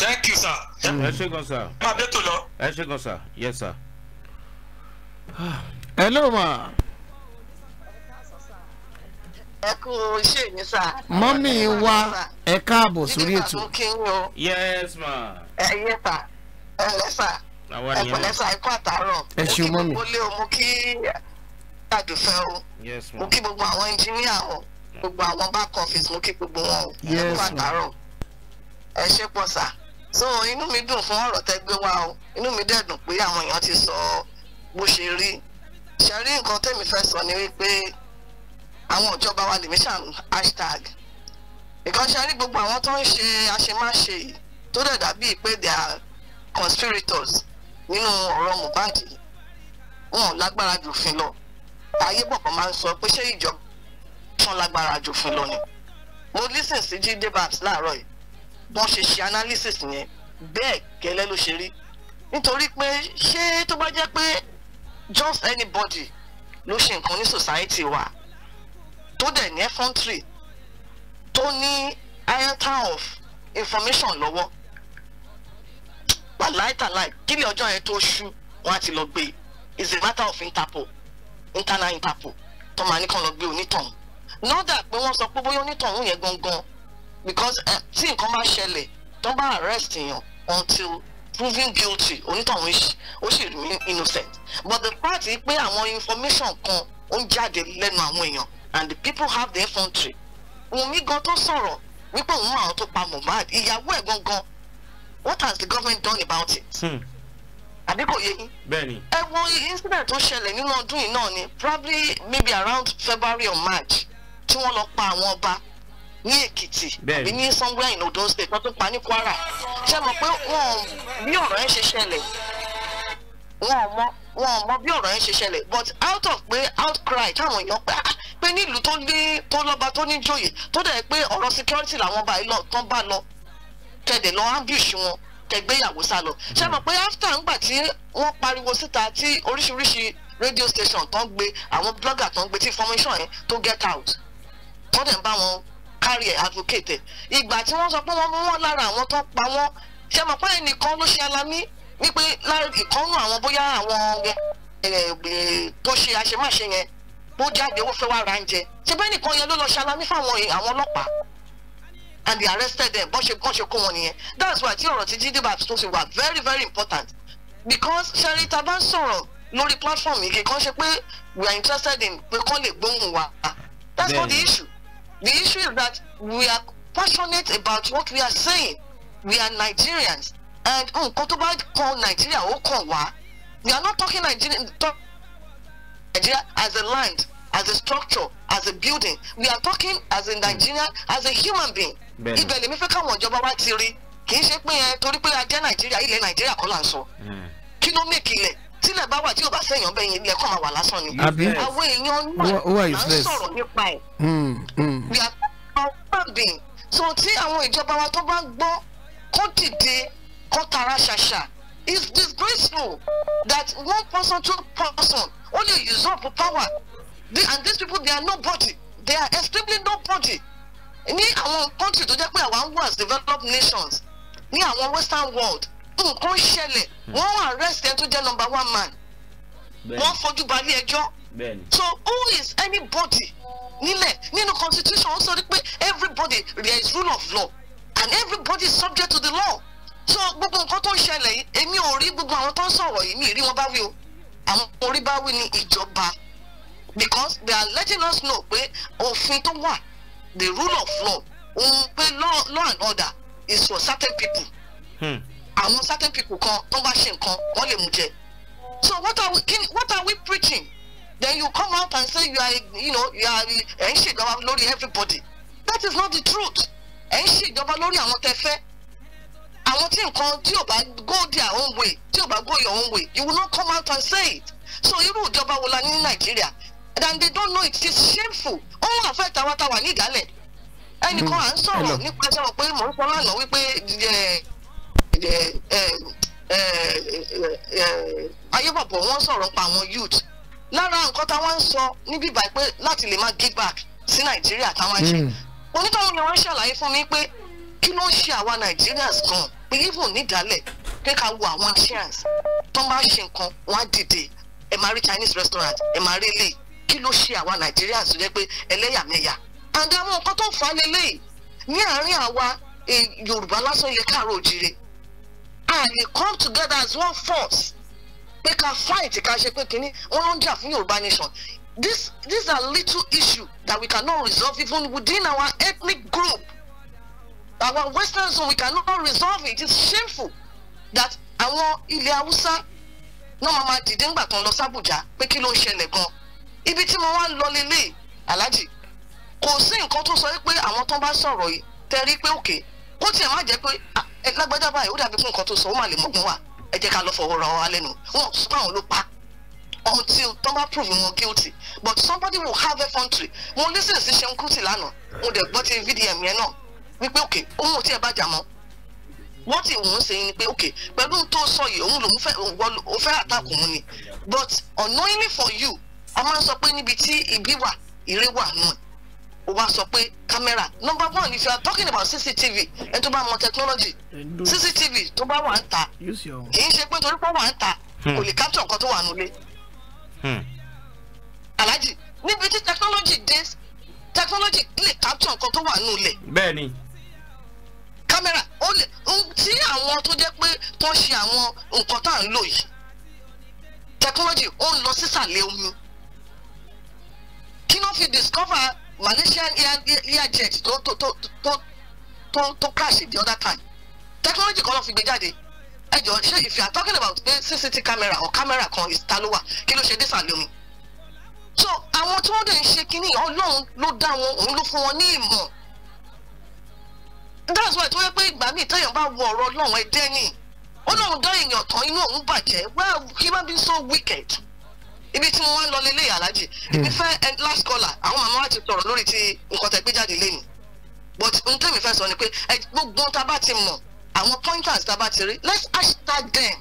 thank you sir. ẹ ṣe gan sir. ẹ ṣe gan sir yes sir hello ma. ẹ kú iṣẹ́ mi sà. mọ́mí wa ẹ káàbọ̀ sórí ètò. yes ma. ẹ yẹ sà ẹ lẹ sà ẹ pẹ̀lẹ́ sà ẹ kú àtàárọ̀. ẹ ṣeun mọ́mí. mo lé o mo kí àdùfẹ́ o mo kí gbogbo àwọn ẹnjíníà o gbogbo àwọn back office mo kí gbogbo wọn o ẹ kú àtàárọ̀ ẹ ṣe pọ̀ sà so inú mi dùn fún ọ̀rọ̀ tẹ́ gbé wá o inú mi dẹ̀ dùn pé àwọn èèyàn ti sọ bó ṣe rí ṣẹ̀rí nǹkan tẹ́mi fẹ́ sọ ni wípé àwọn ìjọba wa lèmi ṣàn hashtag nǹkan ṣẹ̀rí gbogbo àwọn tó ń ṣe àṣemáṣe yìí tó dẹ̀ dàbíi pé they are conspirators nínú ọ̀rọ̀ Mohbad wọn lágbára jù fún lọ ayé bọ̀bọ̀ máa ń sọ pé ṣé ìjọba tún lágbára jù fún lọ ni mo listen sí Jídé Babs láàárọ̀ yìí wọ́n ṣe ṣe analysis yẹn bẹ́ẹ̀ gẹ́lẹ́ ló ṣe rí nítorí pé ṣé tó bá jẹ́ pé just anybody ló ṣe nǹkan ní society wa tó dẹ̀ ní effrontery tó ní iota of information lọ́wọ́ pàláìtàláì kí ni ọjọ́ yẹn tó ṣú wọn á ti lọ gbé is a matter of interpol internal interpol tó máa ní kàn lọ gbé onítọ̀hún nọ́dà pé wọ́n sọ pé bóyá onítọ̀hún yẹn gangan because eh, tí nǹkan bá ṣẹlẹ̀ tó bá arrest yàn until proven guilty onítọ̀hún ó sì remain innocent but the fact is pé àwọn information kan ó ń jáde lẹ́nu àwọn èèyàn and the people have the infantry Wùmí gan tó sọ̀rọ̀ wípé òun àwọn tó pa Mohbad ìyàwó ẹ̀ gangan what has the government done about it. Hmm. àbí kò yé yín. bẹ́ẹ̀ni. ẹ wo incident tó ṣẹlẹ̀ nínú ọdún yìí náà ni probably maybe around February or March tí wọ́n lọ pa àwọn ọba ní Èkìtì àbí ní somewhere in Ondo state wọ́n tún pa ní Kwara ṣé mo pé wọ́n bí ọ̀rọ̀ yẹn ṣe ṣẹlẹ̀ wọ́n mọ wọ́n mọ bí ọ̀rọ̀ yẹn ṣe ṣẹlẹ̀ but out of pé outcry táwọn èèyàn pé ah pé nílùú tó ní tó lọ́ba tó ní joyè tó dẹ̀ pé ọ̀rọ̀ security làwọn bá lọ tán bá lọ kẹ̀dẹ̀ lọ ambush wọn kẹgbéyàwó sá lọ ṣé mo pé after ńgbà tí wọ́n pariwo síta tí oríṣiríṣi radio station tán gbé àwọn blogger tán gbé tí information yẹn tó get out tó dẹ̀ ń bá wọn kárí advocate ìgbà tí wọ́n sọ pé wọ́n mú wọn lára àwọn tó pa wọ́n ṣe mọ̀ pé ẹnìkan ló ṣe alamí wípé ìkànnù àwọn bóyá àwọn tó ṣe àṣemáṣe yẹn bó jáde ó fẹ́ wá ra ń jẹ ṣe bẹ́ẹ̀ nìkan yẹn ló lọ ṣe alamí fáwọn àwọn ọlọ́pàá and they arrested them bọ́n ṣe bọ́n ṣe kó wọn nìyẹn that's why tí ọ̀rọ̀ ti Jídé Babs tó fi wà very very important because ṣẹ́rí ta bá ń sọ̀rọ̀ lórí platform yìí kì í kàn ṣe pé we are interested in pé kán lè gbóhùn wa that's not the issue. The issue is that we are passionate about what we are saying. We are Nigerians. And nǹkan tó bá kan Nigeria ó kàn wá. We are not talking Nigeria, talk Nigeria as a land, as a structure, as a building. We are talking as a hmm. Nigerian, as a human being. Ibẹ̀ lèmi fẹ́ káwọn ìjọba wa ti rí. Kì í ṣe pé torí pé a jẹ́ Nàìjíríà ilẹ̀ Nàìjíríà kọ́ là ń sọ. Hmm. Kí ló mèkì ilẹ̀? tí bá wà tí o bá sẹ́yìn ọbẹ̀ yẹn ẹ̀kọ́ máa wà lásán ni àwọn èèyàn náà là ń sọ̀rọ̀ nípa ẹ̀ hmm, hmm. we are human being so tí àwọn ìjọba wa tó bá gbọ́ kó dìde kó tara ṣàṣà is disgraceful that one person two person only usurp power they, and these people they are nobody they are extremely nobody ní àwọn country tó jẹ́ pé àwa ń wà as developed nations ní àwọn western world nǹkan ṣẹlẹ̀ wọ́n arrest ẹni tó jẹ́ number one man wọ́n fojú balẹ̀ ẹjọ́ so who is anybody nílẹ̀ nínú constitution ó sọ pé everybody there is rule of law and everybody is subject to the law so gbogbo nǹkan tó ń ṣẹlẹ̀ yìí èmi ò rí gbogbo àwọn tó ń sọ̀rọ̀ yìí mi rí wọn bá wí o àwọn orí bá wí ní ìjọba because they are letting us know pé òfin tó wà the rule of law òun pé law, law and order is for certain people. Hmm àwọn certain people kan tó bá ṣe nǹkan wọ́n lè mú jẹ so what are we kin, what are we preaching then you come out and say you are you know you are ẹ̀ ń ṣèjọba lórí everybody that is not the truth ẹ̀ ń ṣèjọba lórí àwọn tẹ́ fẹ́ àwọn tí nǹkan tí ò bá go their own way tí ò bá go your own way you will not come out and say it so irú ìjọba wo la ní nàìjíríà and they don't know it is shameful ó ń affect àwa táwa ní ìdálẹ̀ ẹnìkan à ń sọ̀rọ̀ nípa ṣe wọ́n pé mò ń sọ lánàá wípé Eh, eh, eh, ayébọ̀bọ̀ wọ́n sọ̀rọ̀ pa àwọn youth lára nǹkan táwọn ń sọ ní bíbá pé láti lè máa give back sí nàìjíríà táwọn ṣe hmm. onítọ̀hún ni wọ́n ṣàlàyé fún mi pé kí ló ń ṣe àwa nigerians kan pé even nídàálẹ̀ pé ká wo àwọn chance tó bá ṣe nǹkan wọ́n á dìde ẹ máa rí chinese restaurant ẹ máa rí ilé kí ló ṣe àwa nigerians tó jẹ́ pé ẹlẹ́yàmẹ̀yà àdàmú nǹkan tó fà á lélẹ́yìí ní àárín àwa yorùbá lásán yẹ káàárọ̀ òjire and we come together as one force We can fight ká ṣe pé kínní wọ́n ń jà fún Yorùbá nation this these are little issue that we cannot resolve even within our ethnic group our western zone we cannot resolve it is shameful that àwọn ilẹ̀ haúsá náà máa máa dìde ńgbà tán lọ sábùjá pé kí ló ń ṣẹlẹ̀ gan ibi tí mo wá ń lọ lélẹ̀ aláàjì kò sí nǹkan tó sọ pé àwọn tó bá sọ̀rọ̀ yìí tẹ́ rí pé òkè kó tiẹ̀ má jẹ́ pé ah, ẹ lágbájá báyìí ó dàbí pé nǹkan tó sọ ó mà lè mọ̀gún wa ẹ jẹ́ ká lọ fọwọ́ ra wa lẹ́nu wọn sọ pé àwọn ló pa until tó bá prove wọn guilty but somebody will have a country mo listen sí Seun Kuti lánàá mo dẹ̀ gbọ́ ti VDM yẹn náà wípé òkè ohun tí ẹ bá jà mọ́ wọ́n ti wọ́n ṣe ni pé ok pẹ̀lú tó sọ yìí òun lòun fẹ́ òun fẹ́ àtàkù òun ni but unknowingly for you a máa ń sọ pé níbi tí ibi wà ire wà nù o wa sọ pé camera number one if you are talking about cctv ẹni tó bá mọ technology cctv tó bá wà ń ta kì í ṣe pé torí pé wà ń ta hmm. kò lè capture nǹkan tó wà nulẹ̀ hmm. alhaji níbi tí technology dé technology lè capture nǹkan tó wà nulẹ̀. bẹ́ẹ̀ni. camera ó lè tí àwọn tó jẹ́ pé tó ṣe àwọn nǹkan tá à ń lò yìí technology ó ń lọ sísàlẹ̀ omi kí ló fi discover Malaysian air air jet tó tó tó tó tó tó crash the other time technology kan náà fi gbé jáde ẹ jọ ṣé if you are talking about pé CCTV camera or camera kan ìta ló wà kí ló ṣe dé sàlẹ̀ omi so àwọn tí wọ́n dẹ̀ ń ṣe kínní ọlọ́run ló dá wọn òun ló fún wọn ní ìmọ̀ that's why tó yẹ pé ìgbà míì téèyàn bá wo ọ̀rọ̀ ọlọ́run ẹ dẹ́ni ọlọ́run dá èèyàn tán inú òun bàjẹ́ well human be so wicked ibi tí mo wá ń lọ lélẹ̀ alájì èmi hmm. fẹ́ last caller àwọn màmá wa ti sọ̀rọ̀ lórí ti nǹkan tẹ́ gbé jáde lẹ́nu but n tẹ́mi fẹ́ sọ ni pé gbogbo tá a bá ti mọ̀ àwọn pointers tá a bá ti rí let's hashtag them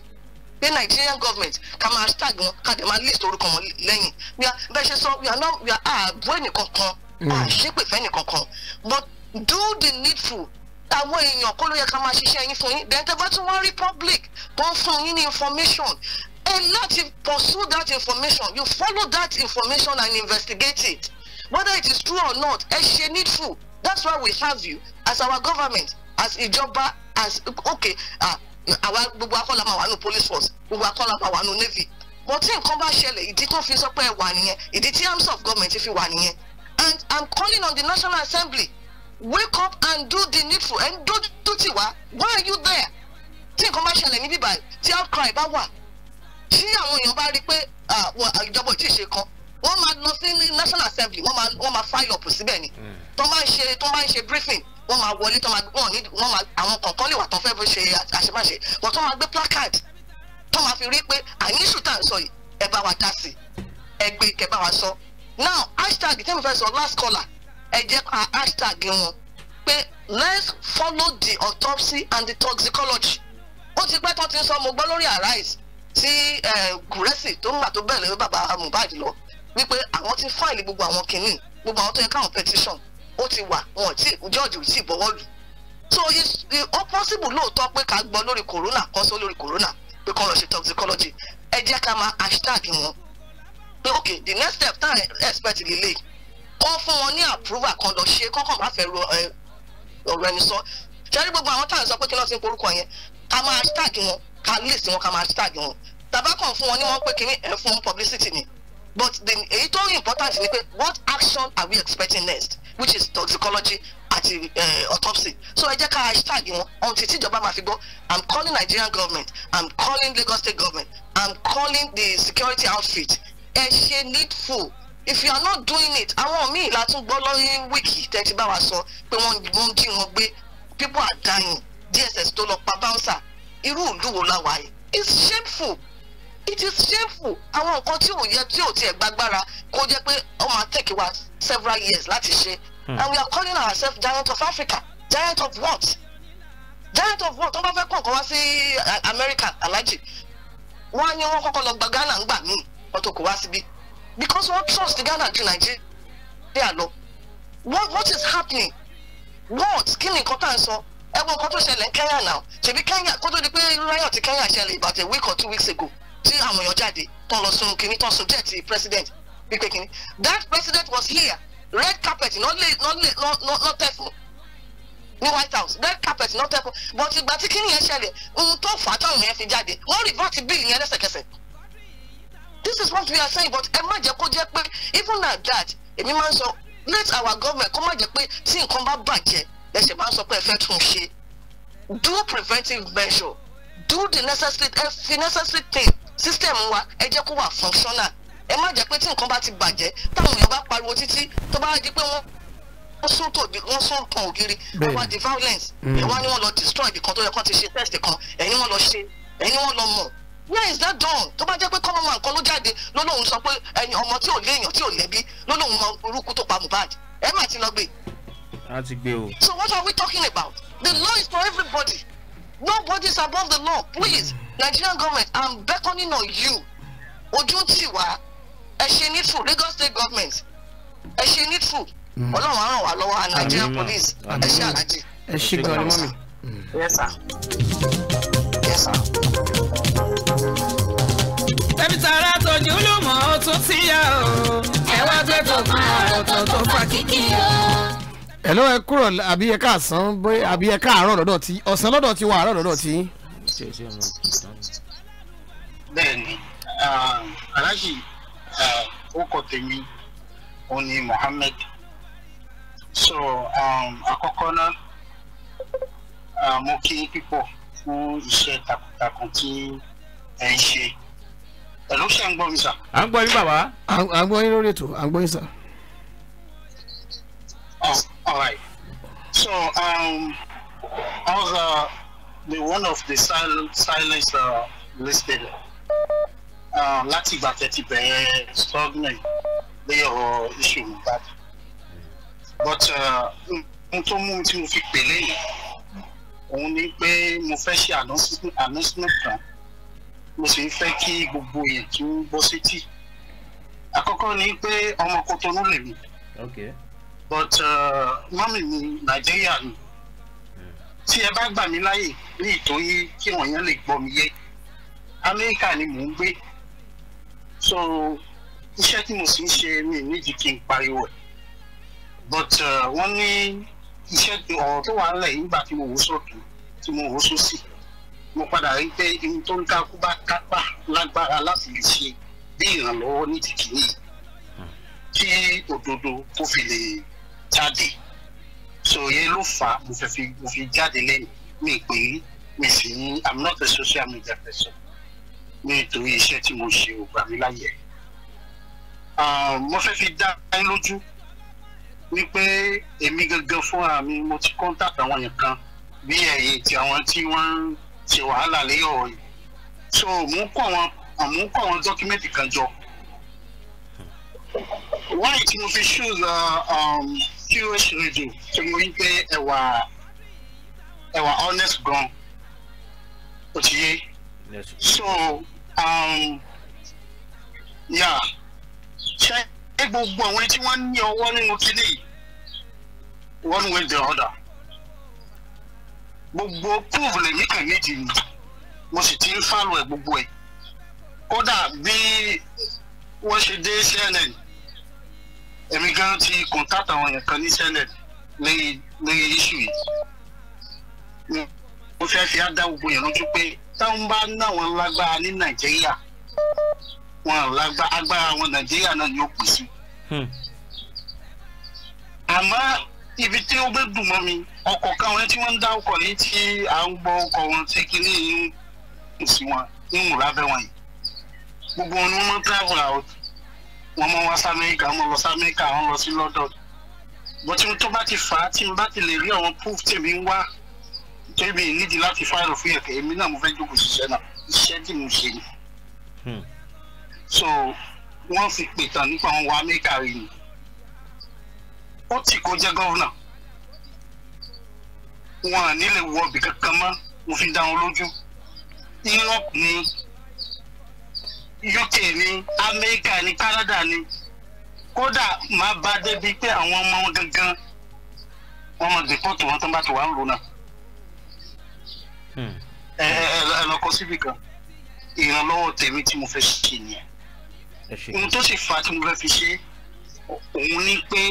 pé Nigerian government ká máa hashtag wọn ká dẹ̀ máa list orúkọ wọn lẹ́yìn bẹ́ẹ̀ ṣe sọ we are not we are ààbò ẹnìkankan hmm. àṣepè fẹ́ ẹnìkankan but do the needful àwọn èèyàn kó ló yẹ ká máa ṣiṣẹ́ yín fún yín then tẹ́ bá tún wá republic tó ń fún yín ní information and not pursue that information you follow that information and investigate it whether it is true or not ẹ ṣe needful that's why we have you as our government as Ijoba, as okay àwa gbogbo akọ́lá máa wà nù police force gbogbo akọ́lá máa wà nù navy but tí nǹkan bá ṣẹlẹ̀ ìdí tó fi sọ pé ẹ wà nìyẹn ìdí tí arms of government fi wà nìyẹn and i'm calling on the national assembly wake up and do the needful ẹ ń dójú tì why are you there tí nǹkan bá ṣẹlẹ̀ ní bíbá tí outcry bá wà tí àwọn èèyàn bá rí pé ìjọba ò tí ì ṣe kan wọ́n máa lọ sí national assembly wọ́n máa wọ́n máa síbẹ̀ ni hmm. tó máa ń ṣe tó máa ń ṣe briefing wọ́n máa wọlé tó máa wọ́n máa àwọn kọ̀ọ̀kan lè wà tó fẹ́ fi ṣe àṣemáṣe wọ́n tó máa gbé placard tó máa fi rí pé àní tá à ń sọ yìí ẹ bá wa dá sí ẹ gbé kẹ bá wa sọ now hashtag tẹ́mi fẹ́ sọ last caller ẹ jẹ́ ká hashtag wọn pé let's follow the autopsy and the toxicology ó ti pẹ́ tó ti ń sọ mo gbọ́ lórí arise tí gúrẹ́sì tó ń gbà tó bẹ̀rẹ̀ lórí bàbá Mohbad lọ wípé àwọn ti fáìlì gbogbo àwọn kìnnì gbogbo àwọn tó yẹ káwọn petition ó ti wà wọn tí jọ́ọ̀jì ò tí ì bọ́wọ́ lù so ó possible lóòótọ́ pé ká gbọ́ lórí corona kọ́ sọ lórí corona pé kọ́ lọ ṣe toxicology ẹ jẹ́ ká máa hashtag wọn pé ok the next step tá expect lélẹ̀ kọ́ fún wọn ní approval kan lọ ṣe kọ́kàn má fẹ́ ọ̀rọ̀ ẹni sọ ṣẹ́rí gbogbo àwọn táwọn sọ pé kí wọ́n ti ń porúkọ yẹn ká máa hashtag wọn ká list wọn ká máa tag wọn tàbá kàn fún wọn ní wọn pé kí ẹ fún wọn publicity ni but the èyí tó important ni pé what action are we expecting next which is toxicology àti uh, autopsy so ẹ jẹ́ ká hashtag wọn until tíjọba máa fi gbọ́ i'm calling nigerian government i'm calling lagos state government i'm calling the security outfit ẹ ṣe needful if you are not doing it àwọn míì la tún gbọ́ lórí wíìkì tẹ́tí bá wa sọ pé wọ́n jí wọn gbé people are dying dss tó lọ pa bouncer irú ìlú wo yìí it's shameful it is shameful àwọn nǹkan tí ò yẹ tí ò tiẹ̀ gbàgbára kó jẹ́ pé ó máa take wa several years láti ṣe hmm. and we are calling ourselves giant of Africa giant of what giant of what wọ́n bá fẹ́ kó nǹkan wá sí eh, America alhaji wọ́n á ní wọ́n kọ́kọ́ lọ gba Ghana ńgbà míì wọ́n tó kó wá síbí because wọ́n trust Ghana ju Nigeria lọ what what is happening what kí ni nǹkan tá à ń sọ ẹ wo nǹkan tó ṣẹlẹ̀ Kenya now ṣèbí Kenya kó tó di pé riot ti Kenya ṣẹlẹ̀ about a week or two weeks ago tí àwọn èèyàn jáde tán lọ sun kínní tán subject president wípé kínní that president was here red carpet náà lè náà lè náà tẹ̀ fún ní White House red carpet náà tẹ̀ fún but ìgbà tí kínní yẹn ṣẹlẹ̀ ohun tó fà á táwọn yẹn fi jáde wọ́n revert bill yẹn lẹ́sẹ̀kẹsẹ̀ this is what we are saying but ẹ má jẹ́ kó jẹ́ pé even at that èmi máa ń sọ let our government kó má jẹ́ pé tí nǹkan bá bàjẹ́ ẹ ṣe máa ń sọ pé ẹ fẹ́ tún ṣe do preventive measure do the necessary ẹ eh, fi necessary thing system wa ẹ jẹ́ kó wà functional ẹ má jẹ́ pé tí nǹkan bá ti bàjẹ́ táwọn èèyàn bá pariwo títí tó bá di pé wọ́n wọ́n sún tòbí wọ́n sún kan ògiri wọ́n wá di violence mm. ẹ̀ wá ní wọ́n lọ destroy ibìkan tó yẹ kán ti ṣe test kan ẹ̀yin wọ́n lọ ṣe ẹ̀yin wọ́n lọ mọ̀ where is that done tó bá jẹ́ pé common man kan ló jáde ló lóun sọ pé ọmọ tí ò léèyàn tí ò lẹ́bí ló lóun mọ orúkú tó pa Mohbad ẹ̀ má ti lọ gbé láti gbé o. so what are we talking about the law is for everybody nobody is above the law please mm. Nigerian government I'm beckoning on you ojú tì wá ẹ ṣe needful Lagos state government ẹ ṣe needful mm. Ọlọ́run á ràn wá and Nigerian police ẹ ṣe àlàjì. ẹ ṣe gan ni mọ́mí. Mm. yes sir yes sir. ẹbí tààrà tòjú lùmọ̀ ó tún ti yá o ẹ wá gbé tó kan tó tó fa kíkì o ẹ ló ẹ kúrò àbí ẹ káàsán àbí ẹ káàárọ̀ lọ́dọ̀ tí ọ̀sán lọ́dọ̀ tí wà àárọ̀ lọ́dọ̀ tí. bẹ́ẹ̀ni um, aláṣì uh, orúkọ tèmi òun ni Mohammed so um, àkọ́kọ́ náà uh, mo kí pípọ̀ fún iṣẹ́ takuntakun tí ẹ ń ṣe ẹ ló ṣe ń gbọ́ mi sà. à ń gbọ́ yín bàbá. à ń gbọ́ yín lórí ètò à ń gbọ́ yín sà. All right. So um, I was uh, the one of the sil silence uh, listed uh, láti ìgbà tẹ́ ti bẹ̀rẹ̀ struggling lé ọ̀rọ̀ but uh, ohun tó mú tí mo fi pè lẹ́yìn òun ni pé mo fẹ́ ṣe announcement kan mo sì ń fẹ́ kí gbogbo èèyàn tí ó bọ́ sétí àkọ́kọ́ ni pé ọmọ Kotonu lèmi. Okay but uh, mọ́mì mi nàìjíríà ni tí ẹ bá gbà mí láyè ní ìtòyí kí wọ́n yẹn lè gbọ́ mi yé amẹ́ríkà ni mò ń gbé so iṣẹ́ tí mo sì ń ṣe mi nídìí kí n pariwo ẹ̀ but uh, wọ́n ní iṣẹ́ ọ̀rọ̀ tó wà nílẹ̀ nígbà tí mo wò sọ̀tún tí mo wò sósì mo padà rí pé ohun tó ń kákú bá kápá lágbára láti lè ṣe bí ìrànlọ́wọ́ nídìí kìíní kí òdodo kó fi lè jáde so yẹn ló fà á mo fẹ́ fi mo fi jáde lẹ́nu mi pé mi sì ń i'm not a social media person mi nítorí iṣẹ́ tí mo ṣe ò gbà mí láyè um, mo fẹ́ fi dá yín lójú wípé èmi gangan fúnra mi mo ti contact àwọn yẹn kan bí ẹ̀yìn tí àwọn tí wọ́n ń ṣe wàhálà lẹ́yìn ọ̀rọ̀ yìí so mò ń kó àwọn mò ń kó àwọn dọ́kímẹ́ǹtì kan jọ wáyé tí mo fi choose. Uh, um, QH radio tí mo rí pé ẹwà ẹwà honest gan ó ti yé so um, yeah ṣe gbogbo àwọn tí wọ́n ní ọwọ́ nínú kíní one way the other gbogbo prove lèmi kàn méjì ni mo sì ti ń fálọ ẹ gbogbo ẹ kódà bí wọ́n ṣe dé CNN èmi gan ti contact àwọn èèyàn kan ní senate lórí lórí issue yìí mo fẹ́ fi ádá gbogbo yẹn lójú pé táwọn bá ná wọn lágbára ní nàìjíríà wọn lágbára agbára wọn nàìjíríà náà ni ó pè sí. Hmm. àmọ́ ibi tí ó gbé dùn mọ́ mi ọkọ̀ káwọn tí wọ́n ń dá ọkọ̀ yìí tí à ń gbọ́ ọkọ̀ wọn tí kìíní yìí ń sí wọn ń wù lábẹ́ wọn yìí gbogbo wọn ni wọ́n máa travel out wọ́n mọ wá sí amẹ́ríkà wọ́n lọ sí amẹ́ríkà wọ́n lọ sí london bó tí tó bá ti fà á tí n bá ti lè rí àwọn proof tèmi ń wá tèmi nídìí láti fáìlì fún yẹ̀kẹ́ èmi náà mo fẹ́ jókòó ṣiṣẹ́ náà iṣẹ́ tí mo ṣe ni. Hmm. so wọ́n fi pètàn nípa àwọn wa amẹ́ríkà rí ni ó ti kó jẹ́ gọ́vnà wọn à nílẹ̀ wọ ibì kankan mọ́ mo fi dá wọn lójú europe ni UK ni Amẹ́ríkà ni Canada ni kódà máa bá débi pé àwọn ọmọ wọn gangan wọn máa dìpọ́tù wọn tó bá ti wà ń lò náà hmm. ẹ ẹ lọkọ síbi kan ìrànlọ́wọ́ tèmi tí mo fẹ́ ṣe nìyẹn ohun tó sì fa tí mo fẹ́ fi ṣe òun ni pé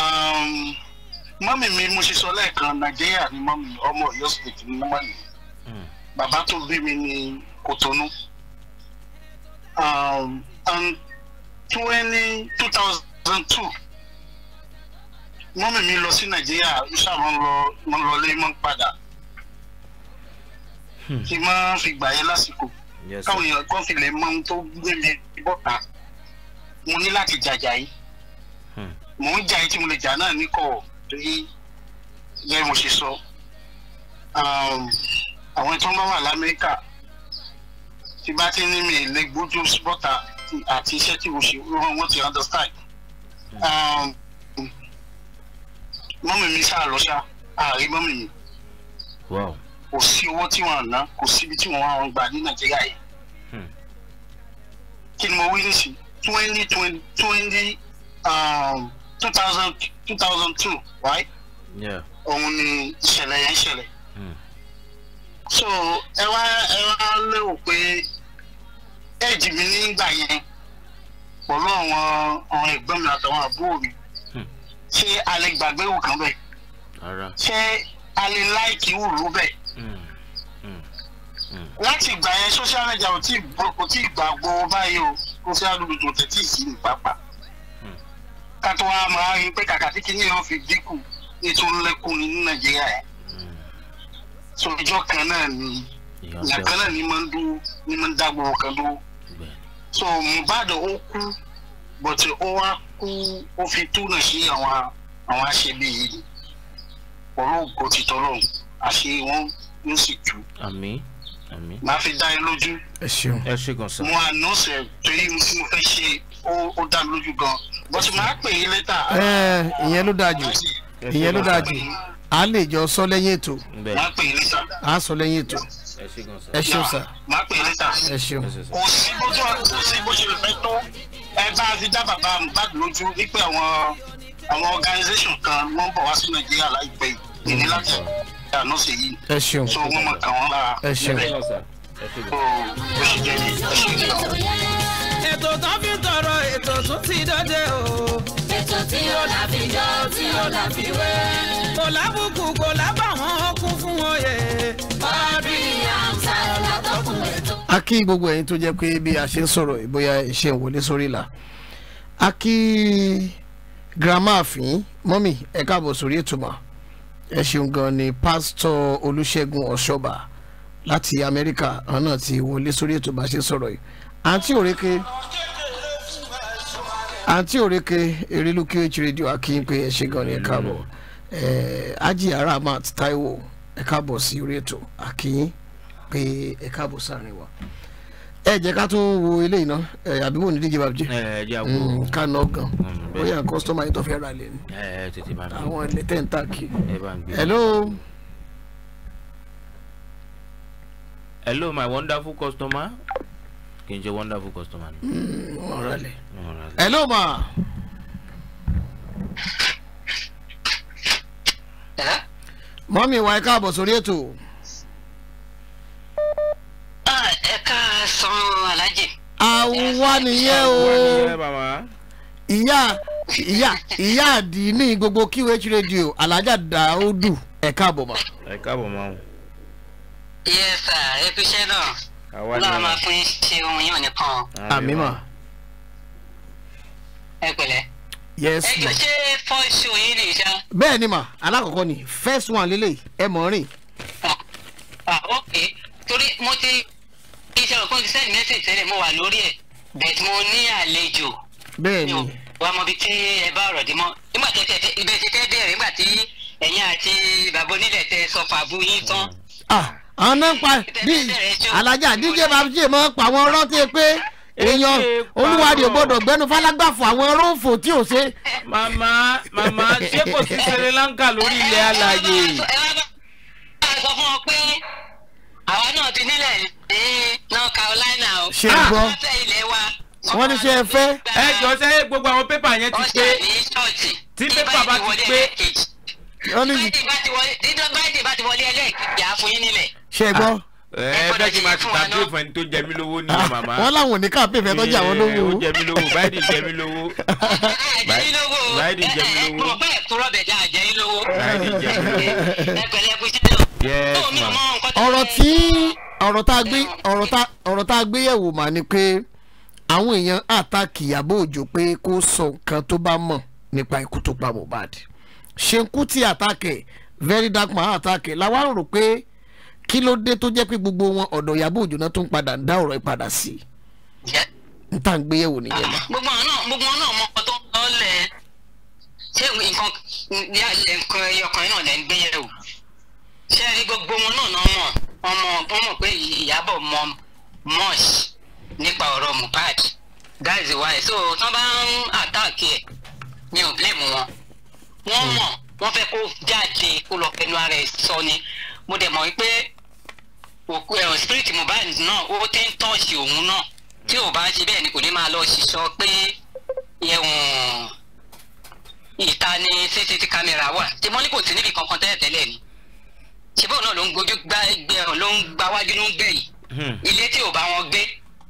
um, mọ́mì mi mo ṣe sọ lẹ́ẹ̀kan Nàìjíríà ni mọ́mì ọmọ Ọ̀yọ́ state ni mọ́mì hmm. bàbá tó bí mi ní Kòtónú. Mm um, and 20, 2002 mọ́mì mi lọ sí nàìjíríà iṣẹ́ àwọn lọ lọlé mọ́ padà hmm. kí n máa fi gbà yẹ lásìkò káwọn èèyàn kan fi lè mọ ohun tó gbé mi bọ́ta mo ní láti jàjà yìí mò hmm. ń jà yìí tí mo lè jà náà níkọ̀ torí yẹ mo ṣe sọ um, àwọn tí wà lamẹ́ríkà tí bá ti ní mi lè gbójú bọ́ta àti iṣẹ́ tí mo ṣe wọ́n ti understand. Um, mọ́mì mi sáà lọ ṣá ààrẹ mọ́mì mi kò sí owó tí wọ́n ná kò síbi tí wọ́n wá gbà ní nàìjíríà yìí hmm. kí ni mo wí nísìn twenty twenty twenty um, two thousand two thousand two right òun ni ìṣẹ̀lẹ̀ yẹn ṣẹlẹ̀ hmm. so ẹ wá ẹ wá lérò pé èjì mi nígbà yẹn pẹ̀lú àwọn àwọn ẹ̀gbọ́n mi àtàwọn àbúrò mi hmm. ṣé a lè gbàgbé ìwù kan bẹ́ẹ̀ ṣé a lè láìkì ìwù rú bẹ́ẹ̀ hmm. Hmm. láti ìgbà yẹn social media ò tí kò tí ì gbàgbọ́ báyìí o kò sí àdúgbò tó tẹ̀ sí ní pápá ká tó wá máa rí pé kàkà tí kìnìún yóò fi dínkù nítorí lẹ́kùn ní nàìjíríà yẹn so ìjọ kan náà ni ìyá náà ni máa ń dúró ni máa ń dá kan dúró so Mohbad o kú but o wá kú o fi túnà sí àwọn àwọn aṣebi yìí ni olóògbé ti tọ́lọ̀ àṣe wọn ló sì tú. àmín àmín. máa fi dá ẹ lójú. ẹ ṣeun ẹ ṣe gan sa. mo ànọ́ọ̀sẹ̀ torí mo fẹ́ ṣe o dá mi lójú gan bó ti máa pè é létà. ẹ ìyẹn ló dáa jù ìyẹn ló dáa jù à lè jọ sọ lẹ́yìn ètò à sọ lẹ́yìn ètò ẹ ṣe ṣeun sa. máa pè é lẹ́tà. ẹ ṣeun. kò sí bójú kò sí bó ṣe fẹ́ tó ẹ bá a ti dá bàbá Mohbad lójú wípé àwọn àwọn organisation kan wọ́n bọ̀ wá sí Nàìjíríà láìpẹ́ yìí ní láti àná mm. sí yìí. ẹ ṣeun. so wọ́n mọ̀ kàn wọ́n lára. ẹ ṣeun. ètò tán fi tọrọ ètò tún ti dọdẹ o ètò tí ó là fi yọ tí ó là fi wé. kò lábùkù kò lábàwọ́n ó kún fún oyè. bábí a kí gbogbo ẹ̀yin tó jẹ́ pé bí a ṣe ń sọ̀rọ̀ ìbóyá iṣẹ́ ìwọlé sórí ìlà a kí grandma àfin mọ́mì ẹ káàbọ̀ sórí ìtumọ̀ ẹ ṣeun gan ni pásítọ̀ olùṣègùn ọ̀ṣọ́bà láti amẹ́ríkà àwọn náà ti wọlé sórí ètò bá ṣe sọ̀rọ̀ yìí àǹtí òrèké àǹtí òrèké erélúkí ojú rédíò akíyín pé ẹ ṣe gan ni ẹ káàbọ̀ ẹ ájì aráàmà taiwo ẹ káàbọ̀ sí orí ètò akíyín pé ẹ káàbọ̀ sáàrin wa ẹ jẹ́ ká tún wo ilé iná ẹ àbí wò ní díje bàbá jẹ hmm, ká nà ọgàn ó yà kọ́sítọ́mà yìí tó fẹ́ ra lẹ́nu àwọn ilé tẹ̀ ń tà kí. hello. hello my wonderful customer kì í ṣe wonderful customer ni. Hmm, ọ̀rẹ́lẹ̀ hello ma. mọ́mí wa ẹ káàbọ̀ sórí ètò. Ah, ẹ ká san alájì. àwa nìyẹn o ìyá ìyá ìyá àdì ní gbogbo QH radio alájà Dáúdù ẹ káàbọ̀ mà. ẹ káàbọ̀ mà o. yẹ sà ẹ fi iṣẹ́ náà ọlọ́run máa fún yín ṣe ohun yín ò ní àmì mà. ẹ pẹ̀lẹ́ yes ẹ jọ ṣe first show yín ni ṣá. bẹ́ẹ̀ ni ma alákọ̀ọ́kọ́ ni first one lélẹ̀ ẹ mọ̀ ah, ah ok torí mo ti iṣẹ́ òpin ti send message tẹ́lẹ̀ mo wà lórí ẹ̀ bẹ̀t mo ní àlejò. bẹ́ẹ̀ni wàá mọ ibi tí ẹ bá ọ̀rọ̀ dì mọ́ nígbà tẹ tẹ ibẹ̀ ti tẹ́ bẹ̀rẹ̀ nígbà tí ẹ̀yin àti bàbá onílẹ̀ tẹ sọ fàbù yín tán. Ah, àwọn náà ń pa alájà díje babjé mọ́ pa àwọn rántí pé èèyàn olúwarí ò gbọdọ̀ gbẹnu falágbàfọ̀ àwọn róòfò tí ò ṣe. màmá màmá ṣé kò sí Sri Lanka lórí ilẹ̀ alàyè. ẹ wá bá a sọ fún ọ pé àwa náà ti nílẹ̀ ní north carolina o ṣe é gbọ́ wọ́n ní ṣe é fẹ́. ẹ jọ sẹ́ gbogbo àwọn pépà yẹn ti pé tí pépà bá ti pé wọ́n ní. báyìí bá ti wọlé ẹlẹ́ẹ̀kejì àfọyín nílẹ̀. ṣe é gbọ́ ẹ fẹ́ kí n máa ti kàmpé fún ẹni tó jẹ mí lówó ní ah, màmá. wọ́n láwọn ò ní kàmpé fẹ́ tọ́jú àwọn lówó. ó jẹ mí lówó báyìí jẹ mí lówó. báyìí jẹ mí lówó. ọgbẹ́ ìkúrọ̀ bẹ̀dẹ̀ àjẹ́ yín lówó. báyìí jẹ mí lówó. ẹgbẹ̀rẹ̀ ẹkú sí lọ. ọ̀rọ̀ tí ọ̀rọ̀ tá a gbé ọ̀rọ̀ tá a gbé yẹ̀wò mà ni pé àwọn èèyàn àtàkì Ìyábọ̀ Òjó pé kó sọ nǹkan tó bá mọ̀ nípa ikú tó pa Mohbad Ṣeun Kútì àtàkì Very Dark Man àtàkì làwọn rò pé kí ló dé tó jẹ́ pé gbogbo wọn ọ̀dọ̀ Ìyábọ̀ Òjó náà tún padà ń dá ọ̀rọ̀ ẹ̀ padà sí i n tá n gbé yẹ̀wò nìyẹn lọ. gbogbo àwọn náà gbogbo àwọn náà mọ ọtọ lọlẹ ṣé nǹkan yàlẹ nǹkan ọkùnrin náà lẹ ń gbé ṣé rí gbogbo wọn náà náà mọ ọmọ wọn pé Ìyábọ̀ mọ mọ́ọ̀ṣì nípa ọ̀rọ̀ Mohbad that is so tí wọ́n bá ń àtàkì ẹ̀ mi ò blame wọn wọ́n hmm. mọ̀ wọ́n fẹ́ kó jáde kó lọ pẹ̀lú ara ẹ̀ sọ ni mo dẹ̀ mọ̀ wípé òkú ẹ̀ spirit Mohbad náà ó tẹ́ ń tọ́ọ̀sì òun náà tí ò bá ṣe bẹ́ẹ̀ ni kò ní máa lọ sísọ pé ìta ni CCTV camera wà tí mọ́lí kò sí níbi kankan tẹ́lẹ̀ tẹ́lẹ̀ ni ṣé bóun náà ló ń gbójú gbá ẹgbẹ́ ọ̀ ló ń gba wájú ló ń gbẹ̀yìn hmm. ilé tí ò bá wọn gbé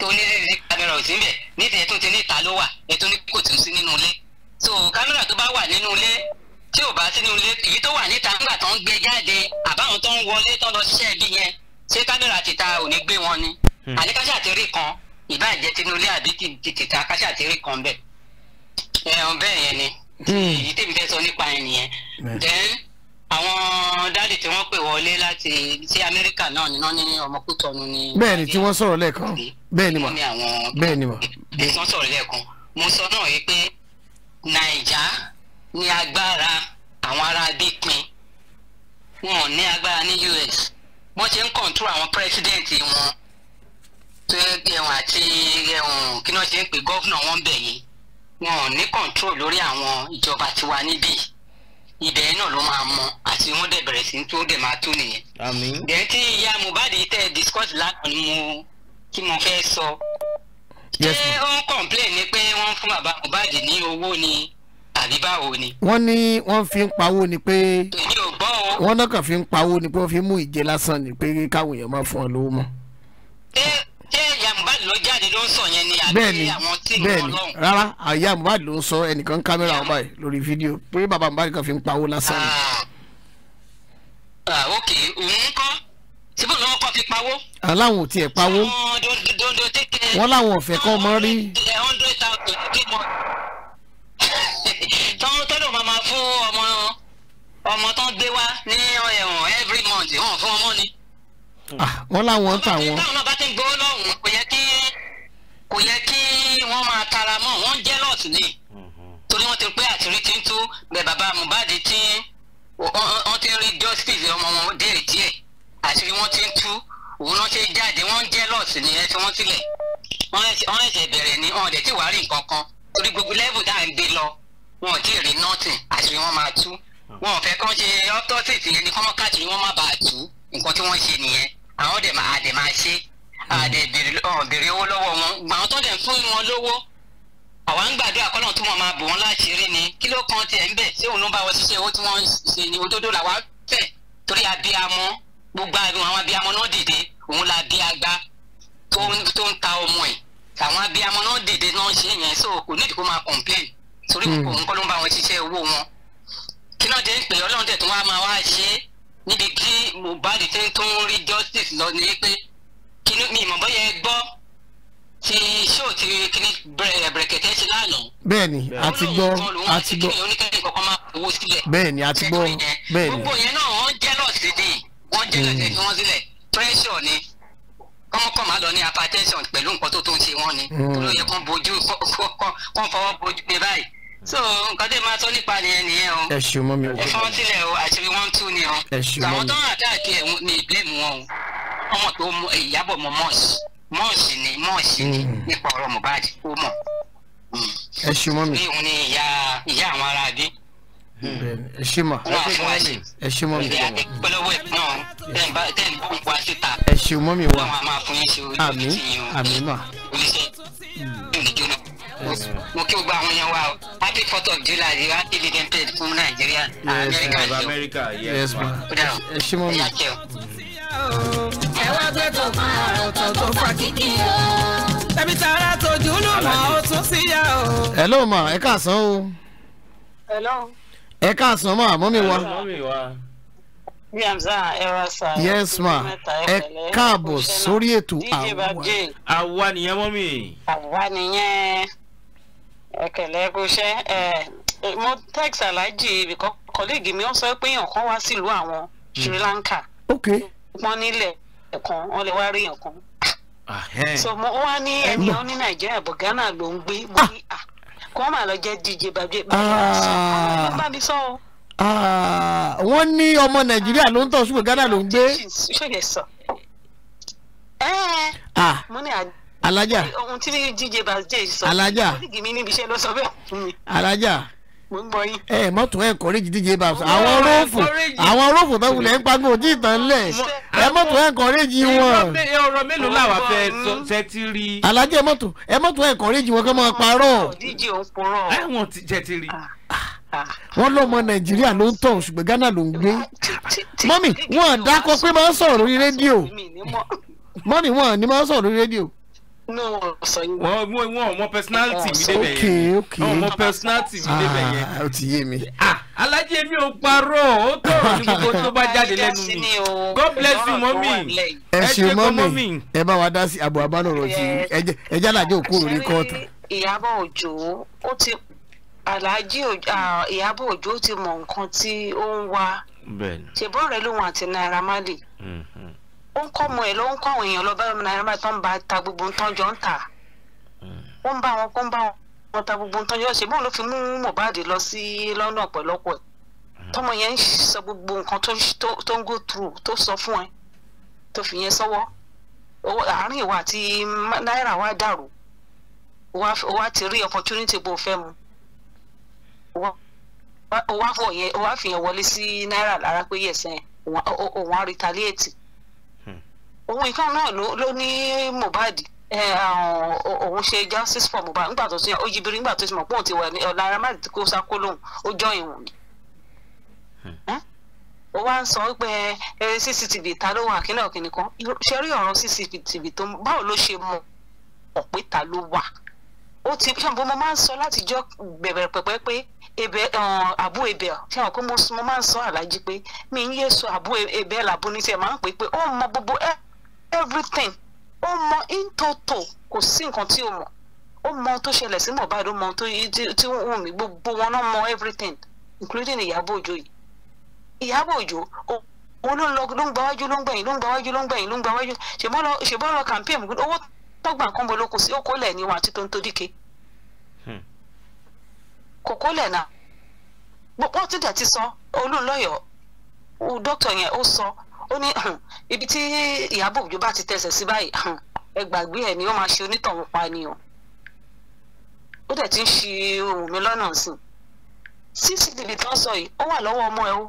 tó ní CCTV camera ò sí níbẹ̀ níta ẹ̀tún ti ní ìta ló wà ẹ̀tún ní kò tún sí nínú ilé so kámẹ́rà tó bá wà nínú ilé tí ò bá sí nínú ilé èyí tó wà níta nígbà tó ń gbé jáde àbáwọn tó ń wọlé tó lọ ṣiṣẹ́ ẹbí yẹn ṣé kámẹ́rà ti ta ò ní gbé wọn ni hmm. àní káṣí àtẹrí kan ìbàjẹ́ tinúlé àbí ti tìta káṣí àtẹrí kan bẹ́ẹ̀ ẹ̀hún bẹ́ẹ̀ yẹn ni hmm. èyí tèmi fẹ́ sọ nípa ẹ̀ nìyẹn hmm. then àwọn dáàdì tí wọ́n pè wọlé láti sí Amẹ́ríkà náà níná ní ọmọ Kútọ́nù ni. bẹ́ẹ̀ ni tí wọ́n sọ̀rọ̀ lẹ́ẹ̀kan bẹ́ẹ̀ ni mà bẹ́ẹ̀ ni mà. wọ́n sọ̀rọ̀ lẹ́ẹ̀kan mo sọ náà yìí pé Nàìjà ní agbára àwọn ará bí pin wọn ní agbára ní US wọ́n ṣe ń control àwọn president wọn tó ẹ̀wọ̀n àti ẹ̀wọ̀n kí wọ́n ṣe ń pè gọ́vnà wọn bẹ̀ yẹn wọn ò ní control lórí àwọn ìjọba tiwa níbí ibẹ̀ náà ló máa mọ àti wọ́n dẹ̀ bẹ̀rẹ̀ sí tó dẹ̀ máa tó nìyẹn. àmín. dẹ̀ tí ìyá Mohbad tẹ́ ẹ discuss lánàá ni mo kí mo fẹ́ sọ. ṣé ó ń complain ni pé wọ́n fún bàbá Mohbad ní owó ni àbí báwo ni. wọ́n ní wọ́n fi ń pawó ni pé wọ́n náà kàn fi ń pawó ni pé wọ́n fi mú ìje lásán ni pé káwọn èèyàn máa fún ọ lówó mọ́. ṣé ṣé ìyá Mohbad ló jáde ló ń sọ yẹn ni àbí àwọn tí ń lọ lọ́hùn. rárá ìyá Mohbad ló ń sọ ẹnìkan kámẹ́rà wọn báyìí lórí fídíò pé bàbá Mohbad kàn fi ń pawó lásán ni. Ah, ah, ok òun kọ́ síbò lọ́wọ́ kọ́ fi pawó. aláwọn ah, ò tiẹ̀ pawó wọ́n láwọn ọ̀fẹ́ kọ́ mọ́ rí. ọmọ tán gbé wá ní ẹ̀wọ̀n every month wọn fún ọmọ ni. Ah, wọ́n láwọn ń tà wọ́n. táwọn náà bá ti ń gbowó lọ́hùn kò yẹ kí kò yẹ kí wọ́n máa tara mọ́ wọ́n jẹ́ lọ́ọ̀tì ni torí wọ́n ti pé àtìrí ti ń tú bẹ́ẹ̀ bàbá Mohbad ti wọ́n ti rí justice ọmọ wọn déèrè tiẹ̀ àṣírí wọ́n ti ń tú òun ṣe jáde wọ́n jẹ́ lọ́ọ̀tì ni ẹ wọ́n sílẹ̀ wọ́n ẹ̀ṣẹ̀ bẹ̀rẹ̀ ni wọn ò dẹ̀ ti rí nǹkan kan torí gbogbo level tá ń gbé lọ wọn ò tí ì rí nothing àṣírí wọn máa tú. Hmm. wọn ò fẹ́ kán ṣe autopsy yẹn ni kán mọ́ káàtì wọn má bàa tú nǹkan tí wọ́n ṣe nìyẹn àwọn dẹ̀ máa dẹ̀ máa ṣe àdẹ̀ béèrè owó lọ́wọ́ wọn gbàwọn tó dẹ̀ ń fún wọn lówó àwa ń gbàdúrà kọ́nà tí wọ́n máa bò wọ́n láṣìírí ni kí ló kan tiẹ̀ ń bẹ̀ ṣé òun ló bá wọn ṣiṣẹ́ owó tí wọ́n ṣe ni òdodo làwa fẹ́ torí abiyamọ gbogbo àwọn abiyamọ náà dìde òun la bí agba tó ń ta ọmọ ẹ̀ àwọn abiyamọ náà dìde náà ṣe yẹn so kò nídìí kó máa complain torí hmm. òun kọ́ ló ń bá wọn ṣiṣẹ́ owó wọn kí náà dé ń pè ọlọ́run dẹ̀ tó wá máa wá ṣe é níbi tí Mohbad ti ń tó ń rí justice lọ ní pé kí ni mi ìmọ̀ bóyá ẹ gbọ́ ti show ti kíní bẹ̀rẹ̀kẹ̀tẹ̀ ṣe lánàá. bẹ́ẹ̀ni a ti gbọ́ a ti gbọ́ bẹ́ẹ̀ni a ti gbọ́ bẹ́ẹ̀ni. gbogbo yẹn náà wọ́n jẹ́lọ̀sì ni wọ́n jẹ́lọ̀sì ni mm. wọ́n sílẹ̀ pressure ni kọ́mọ́kọ́ máa lọ ní hypertension pẹ̀lú nǹkan tó tó ń ṣe wọ́n ni tó mm. ló yẹ kó bojú kó fọwọ́ bojú mi báyìí so nǹkan tẹ́ máa sọ nípa nìyẹn nìyẹn o ẹ ṣeun mi ò fọ́n sílẹ̀ o àṣírí wọn tú ni o àwọn tó ń rà káàkiri ẹ̀hún ni ìbílẹ̀mù wọn o ọmọ tó mú ìyàbọ̀ mọ́ mọ́ọ̀sì mọ́ọ̀sì ni mọ́ọ̀sì ni hmm. nípa ọ̀rọ̀ Mohbad ó mọ̀ ẹ ṣeun mi ìhun ni ìyá ìyá àwọn ará adé ẹ ṣe mọ ẹ ṣe mọ mi ẹ ṣe mọ mi wa àmín àmín mà mo kí gbogbo àwọn yẹn wá o happy fourth of july yìí wá kí lìdẹ́ pẹ̀lú fún nàìjíríà amẹ́ríkà yìí ẹ ṣí mọ́ mi. ẹ wá gbé tó kan ọ̀tọ̀ tó fa kíkì o tẹ̀bí tààrà tójú ló mọ̀ ó tún sí yá o. hello ma ẹ káàsán o. hello. ẹ káàsán ma mọ́mí wa. mọ́mí wa yes ma ẹ káàbọ̀ sórí ètò àwa. àwa nìyẹn mọ́mì. àwa nìyẹn ẹkẹlẹ kò ṣe eh, ẹ mo text alhaji because colleague mi ó sọ pé èèyàn kan wá sílùú àwọn hmm. Sri Lanka wọn nílẹ̀ ẹ̀kan wọn lè wá rí èèyàn kan so mo wá ní ẹni ọ ní Nàìjíríà bọ̀ Ghana ló ń gbé mo ní à ah, kó wọn máa lọ jẹ díje bàbá ẹ bá mi sọ o. Ah, wọ́n ní ọmọ Nàìjíríà ló ń tọ̀ ṣùgbọ́n Ghana ló ń gbé. ṣé yẹ sọ. Eh, ah. mo ní àjẹ́ alájà. ohun tí jíjẹ bá jẹ sọ. alájà. oríkì mi níbi iṣẹ́ ló sọ bẹ́ẹ̀ fún mi. alájà. mo ń gbọ́ yín. ẹ mọ́tò ẹ kọ́rẹ́jì díje bá sọ àwọn róòfù àwọn róòfù bẹ́ẹ̀ wulẹ̀ ń pagbo ojú ìtàn lẹ̀ ẹ mọ́tò ẹ kọ́rẹ́jì wọn. ọ̀rọ̀ mélòó làwà fẹ́ ṣe ti rí. alájà mọ́tò ẹ mọ́tò ẹ kọ́rẹ́jì wọn kọ́ máa parọ́. díje ò ń pọ̀rọ̀. ẹ wọn ti jẹ ti rí ah, ah. wọn lọmọ nàìjíríà ló ń tọ ṣùgbọ́n ghana ló ń gbé mọ́mì wọn dákọ pé máa ń sọ̀rọ̀ lórí rédíò mọ́mì wọn ni máa ń sọ̀rọ̀ lórí rédíò wọn wọn wọn ọmọ personality mi débẹ̀ ah, yẹn ọmọ personality mi débẹ̀ yẹn. o ti yé mi. Ah, alájí èmi ò parọ́ ó tọrọ ní gbogbo tó bá jáde lẹ́nu mi god bless you mọ́mì ẹ ṣe mọ́mì ẹ bá wa dá sí àbọ̀ abánọ̀rọ̀ ti ẹ jẹ́ alájí òkú òrí kọ́ọ̀tù. ìyábọ̀ òjò ó ti alájí ìyábọ̀ òjò ti mọ nǹkan tí ó ń wá ṣèbọ̀ rẹ̀ lòun àti naira marley. Mm-hmm. ó ń kọ́ ọmọ ẹ̀ ló ń kọ́ àwọn èèyàn lọ bá ba gbogbo ntọjọ jọ ń ó ń bá wọn ń bá wọn ta gbogbo nǹkan jọ ṣe bóun ló fi mú Mohbad lọ sí London pẹ̀lọ́pọ̀ tọmọ yẹn ń sọ gbogbo nǹkan tó ń go through tó sọ fún ẹ tó fi yẹn àárín ìwà àti náírà wa dàrú wa ti rí opportunity bó òun ìkan náà ló ní Mohbad òun ṣe justice for Mohbad nígbà tó ti ó yí biri nígbà tó ti mọ̀ pé òun ti wà ní ọ̀la ara máàlì kó sákó lóhùn ó jọ ìwọ̀n ni hmm. ó wá ń sọ pé CCTV ta ló wà kíní ọ̀kíní kan ṣe rí ọ̀rọ̀ CCTV tó báwo ló ṣe mọ̀ ọ̀pẹ́ ta ló wà ó ti ṣe mo máa ń sọ látijọ́ bẹ̀rẹ̀ pẹ̀pẹ́ pé ebe abu ebel ṣe hàn pé mo máa ń sọ alájí pé mi ń yé sọ abu ebel abu ní tiẹ̀ máa ń pè pé ó mọ gbogbo ẹ̀ everything ó mọ in total, kò sí nǹkan tí ó mọ ó mọ tó ṣẹlẹ̀ sí Mohbad ó mọ tó tí ó wù mí gbogbo wọn náà mọ everything including Ìyábọ̀ Òjó yìí Ìyábọ̀ Òjó òun ló ń lọ ló ń gba wájú ló ń gbẹ̀yìn ló ń gba wájú ló ń gbẹ̀yìn ló ń gba wájú ṣèbọ́n lọ campaign owó tọ́gbà nǹkan bọ̀ ló kù sí okòó lẹ̀ níwọ̀n àti tó ń tó díke hmm. kòkó lẹ̀ náà wọ́n ti dẹ̀ ti sọ olùlọ́yọ̀ dókítà yẹn ó sọ ó ní ibi tí Ìyábọ̀ Òjó bá ti tẹsẹ̀ sí báyìí ẹ gbàgbé ẹ̀ ni ó máa ṣe onítọ̀hún pa ni o ó dẹ̀ ti ń ṣe ohun mi lọ́nà sí i cctv tó ń sọ yìí ó wà lọ́wọ́ ọmọ ẹ o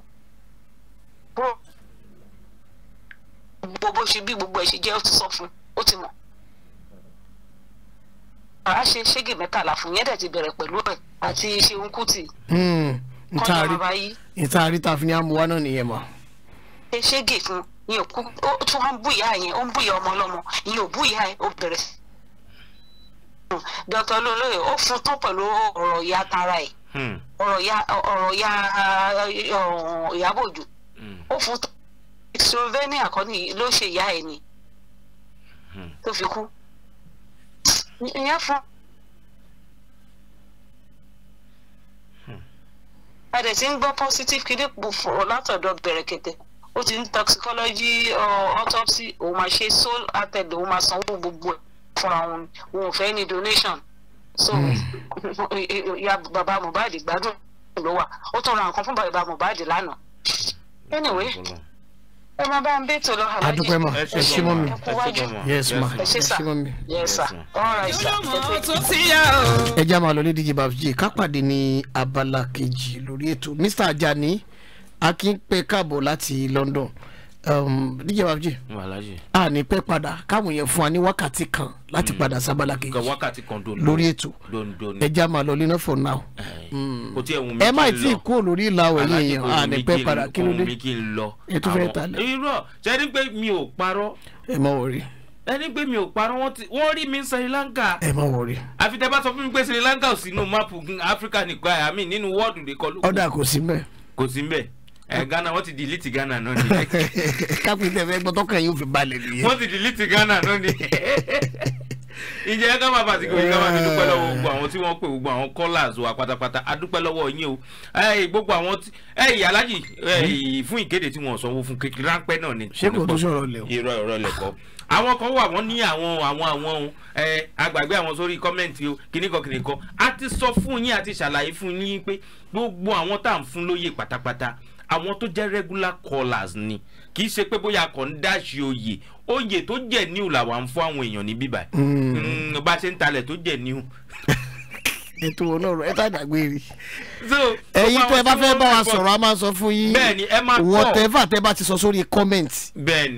gbogbo ṣe bí gbogbo ẹ ṣe jẹ́ ó ti sọ fún ó ti mọ̀ àá ṣe ṣégi mẹ́tàlá fún yẹn dẹ̀ ti bẹ̀rẹ̀ pẹ̀lú ẹ̀ àti ṣeun kùtì hmm, kọ́ńtà bàbá yìí. ìta àríta fi ni àmúwá náà nìyẹn mọ́ ṣe ṣége fún ìyẹn òkú ó tún wọn bú ìyá yẹn ó ń bú ìyá ọmọ ọlọ́mọ ìyẹn ò bú ìyá yẹn ó bẹ̀rẹ̀ sí. dr olóyè ó fún tún pẹ̀lú ọ̀rọ̀ ìyá tara ẹ̀ hmm. ọ̀rọ̀ ìyá ọ̀rọ̀ ìyá Ìyábọ̀ Òjó hmm. ó fún tún slovenia kan ní ló ṣe ìyá ẹ̀ ni hmm. tó fi kú ìyẹn fún. a dẹ̀ ti ń gbọ́ positive kiri pò fọ̀rọ̀ látọ̀dọ̀ bẹ̀rẹ̀kẹ̀tẹ̀ ó ti ní toxicology uh, autopsy òun máa ṣe soul hearted òun máa sanwó gbogbo ẹ̀ fúnra òun òun fẹ́ ní donation so hmm. ìyá bàbá Mohbad gbádùn ló wà ó tún ra nǹkan fún bàbá Mohbad lánàá anyway ẹ máa bá ń bẹ́ẹ̀ tó lọ àlọ́ yìí adúpẹ́ mọ́ ẹ mọ́ mi yes ma ẹ ṣé mọ́ mi yes sir all right sir ẹ já máa ní díje babji ká ní abala kejì lórí ètò Mr Ajani akin pé káàbọ̀ láti London um, díjẹ babaji a ní pẹ́ padà káwọn yẹn fún wa ní wákàtí kan láti hmm. padà sábàlá kejì lórí ètò ẹja máa lọ lẹ́nà for now hmm. ẹ má tí kú lórí ìlà òye yẹn a ní pẹ́ padà kí ló dé ètò fẹ́ ta lẹ. irọ́ sẹ́ni pé mi ò parọ́. ẹ má wọrí. ẹni pé mi ò parọ́ wọ́n rí mi ní Sri Lanka. ẹ má wọrí. àfi tẹ́ sọ fún mi pé Sri Lanka ò sínú máàpù Áfíríkà nìkan àmì nínú wọ́ọ̀dù lè kọ́ lóko. ọ̀dà kò sí mbẹ̀. kò sí mbẹ̀ ẹ eh, Ghana wọ́n ti delete Ghana náà ni. kápẹ́ tẹ fẹ́ gbọ́dọ̀ kan yóò fi balẹ̀ nìyẹn. wọ́n ti delete Ghana náà ni. ǹjẹ́ ẹ ká máa bàtí kò yí máa fi dúpẹ́ lọ́wọ́ gbogbo àwọn tí wọ́n pè gbogbo àwọn callers wa pátápátá a dúpẹ́ lọ́wọ́ yín o gbogbo àwọn ẹ̀yìn alájì hmm? fún ìkéde tí wọ́n sanwó fún kékeré ráńpẹ́ náà ni. ṣé kò tó sọ̀rọ̀ lẹ̀ o. irọ́ irọ́ lẹ̀ kọ́ àwọn kan wà wọ́n ní àwọn àwọn àwọn ẹ agbàgbé àwọn sórí kọ́mẹ́ǹtì o kìnnìkan kìnnìkan a ti sọ fún yín a ṣàlàyé fún yín pé gbogbo àwọn tá à ń fún lóye pátápátá àwọn tó jẹ́ regular callers ni kì í ṣe pé bóyá kò ń dáṣe oyè oyè tó jẹ́ new làwa ń fún àwọn èèyàn ní bíbá hmm. hmm, bá a ṣe ń talẹ̀ tó jẹ́ new. ètò ọlọ́run ẹ tàdàgbére ẹ̀yin tó ẹ bá fẹ́ bá wa sọ̀rọ̀ a máa sọ fún yín whatever tẹ́ bá ti sọ sórí comment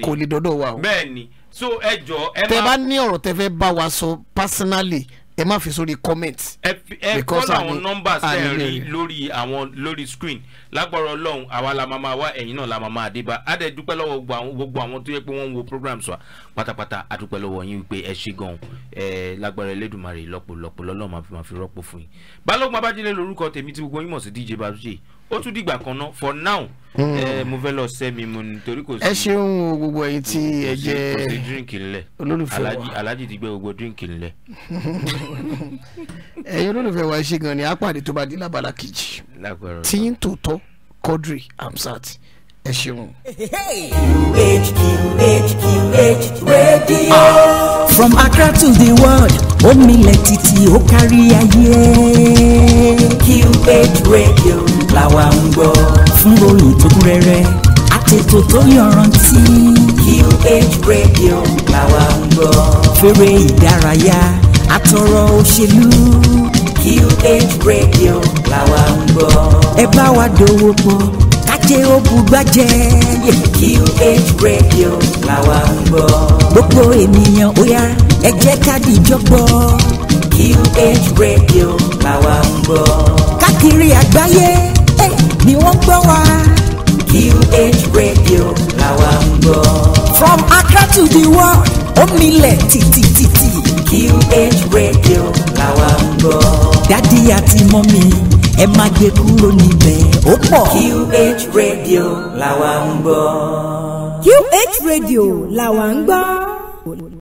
kò lè dọ́dọ̀ wa o. bẹ́ẹ̀ni so ẹ jọ ẹ máa. bá ní ọ̀rọ̀ tẹ́ fẹ́ bá wa sọ personally ẹ má fi sórí comment. ẹ ẹ kọ́lá àwọn numbers ẹ lórí àwọn lórí screen lágbára ọlọ́run àwa la máa máa wá ẹ̀yin náà la máa máa dé bá a dẹ̀ dúpẹ́ lọ́wọ́ gbogbo àwọn tó yẹ pé wọ́n ń wo programs wa pátápátá a dúpẹ́ lọ́wọ́ yín wípé ẹ ṣe gan ẹ lágbára Elédùmarè lọ́pọ̀lọpọ̀ lọ́lọ́run máa fi rọ́pò fún yín. balógun abájílẹ̀ lórúkọ tèmi tí gbogbo yín mọ̀ sí DJ Babuji ó tún dìgbà kan náà for now mo fẹ́ lọ sẹ́ mo nítorí kò sí. ẹ ṣeun o gbogbo ẹyin tí ẹ jẹ olólùfẹ́ wa alájì ti gbé gbogbo dírínkì ńlẹ̀. ẹyin olólùfẹ́ wa ṣe gan ni apàdé tó bá di lábala kejì tí ń tò tọ́ Quadri Hamzat ẹ ṣeun. from Accra to the world ó milẹ̀ títí ó kárí ayé. QH radio làwa ń gbọ́. fún ròyìn tó kún rẹ́rẹ́ àtètò tó yọrantí. QH radio làwa ń gbọ́. fèrè ìdárayá àtọ̀rọ̀ òṣèlú. QH radio làwa ń gbọ́. ẹ bá wa dòwò pọ̀ kájé ó bugbájẹ́. QH radio làwa ń gbọ́. gbogbo ènìyàn ó yá ẹ jẹ́ ká dìjọ́ QH radio làwa ń gbọ́. káàkiri àgbáyé ni wọ́n gbọ́ wa. QH radio làwa ń gbọ́. From Accra to the world ó milẹ̀ tìtìtìtì. QH radio làwa ń gbọ́. dádì àti mọ́mí ẹ má gbé kúrò níbẹ̀ ó pọ̀. QH radio làwa ń gbọ́. QH radio làwa ń gbọ́.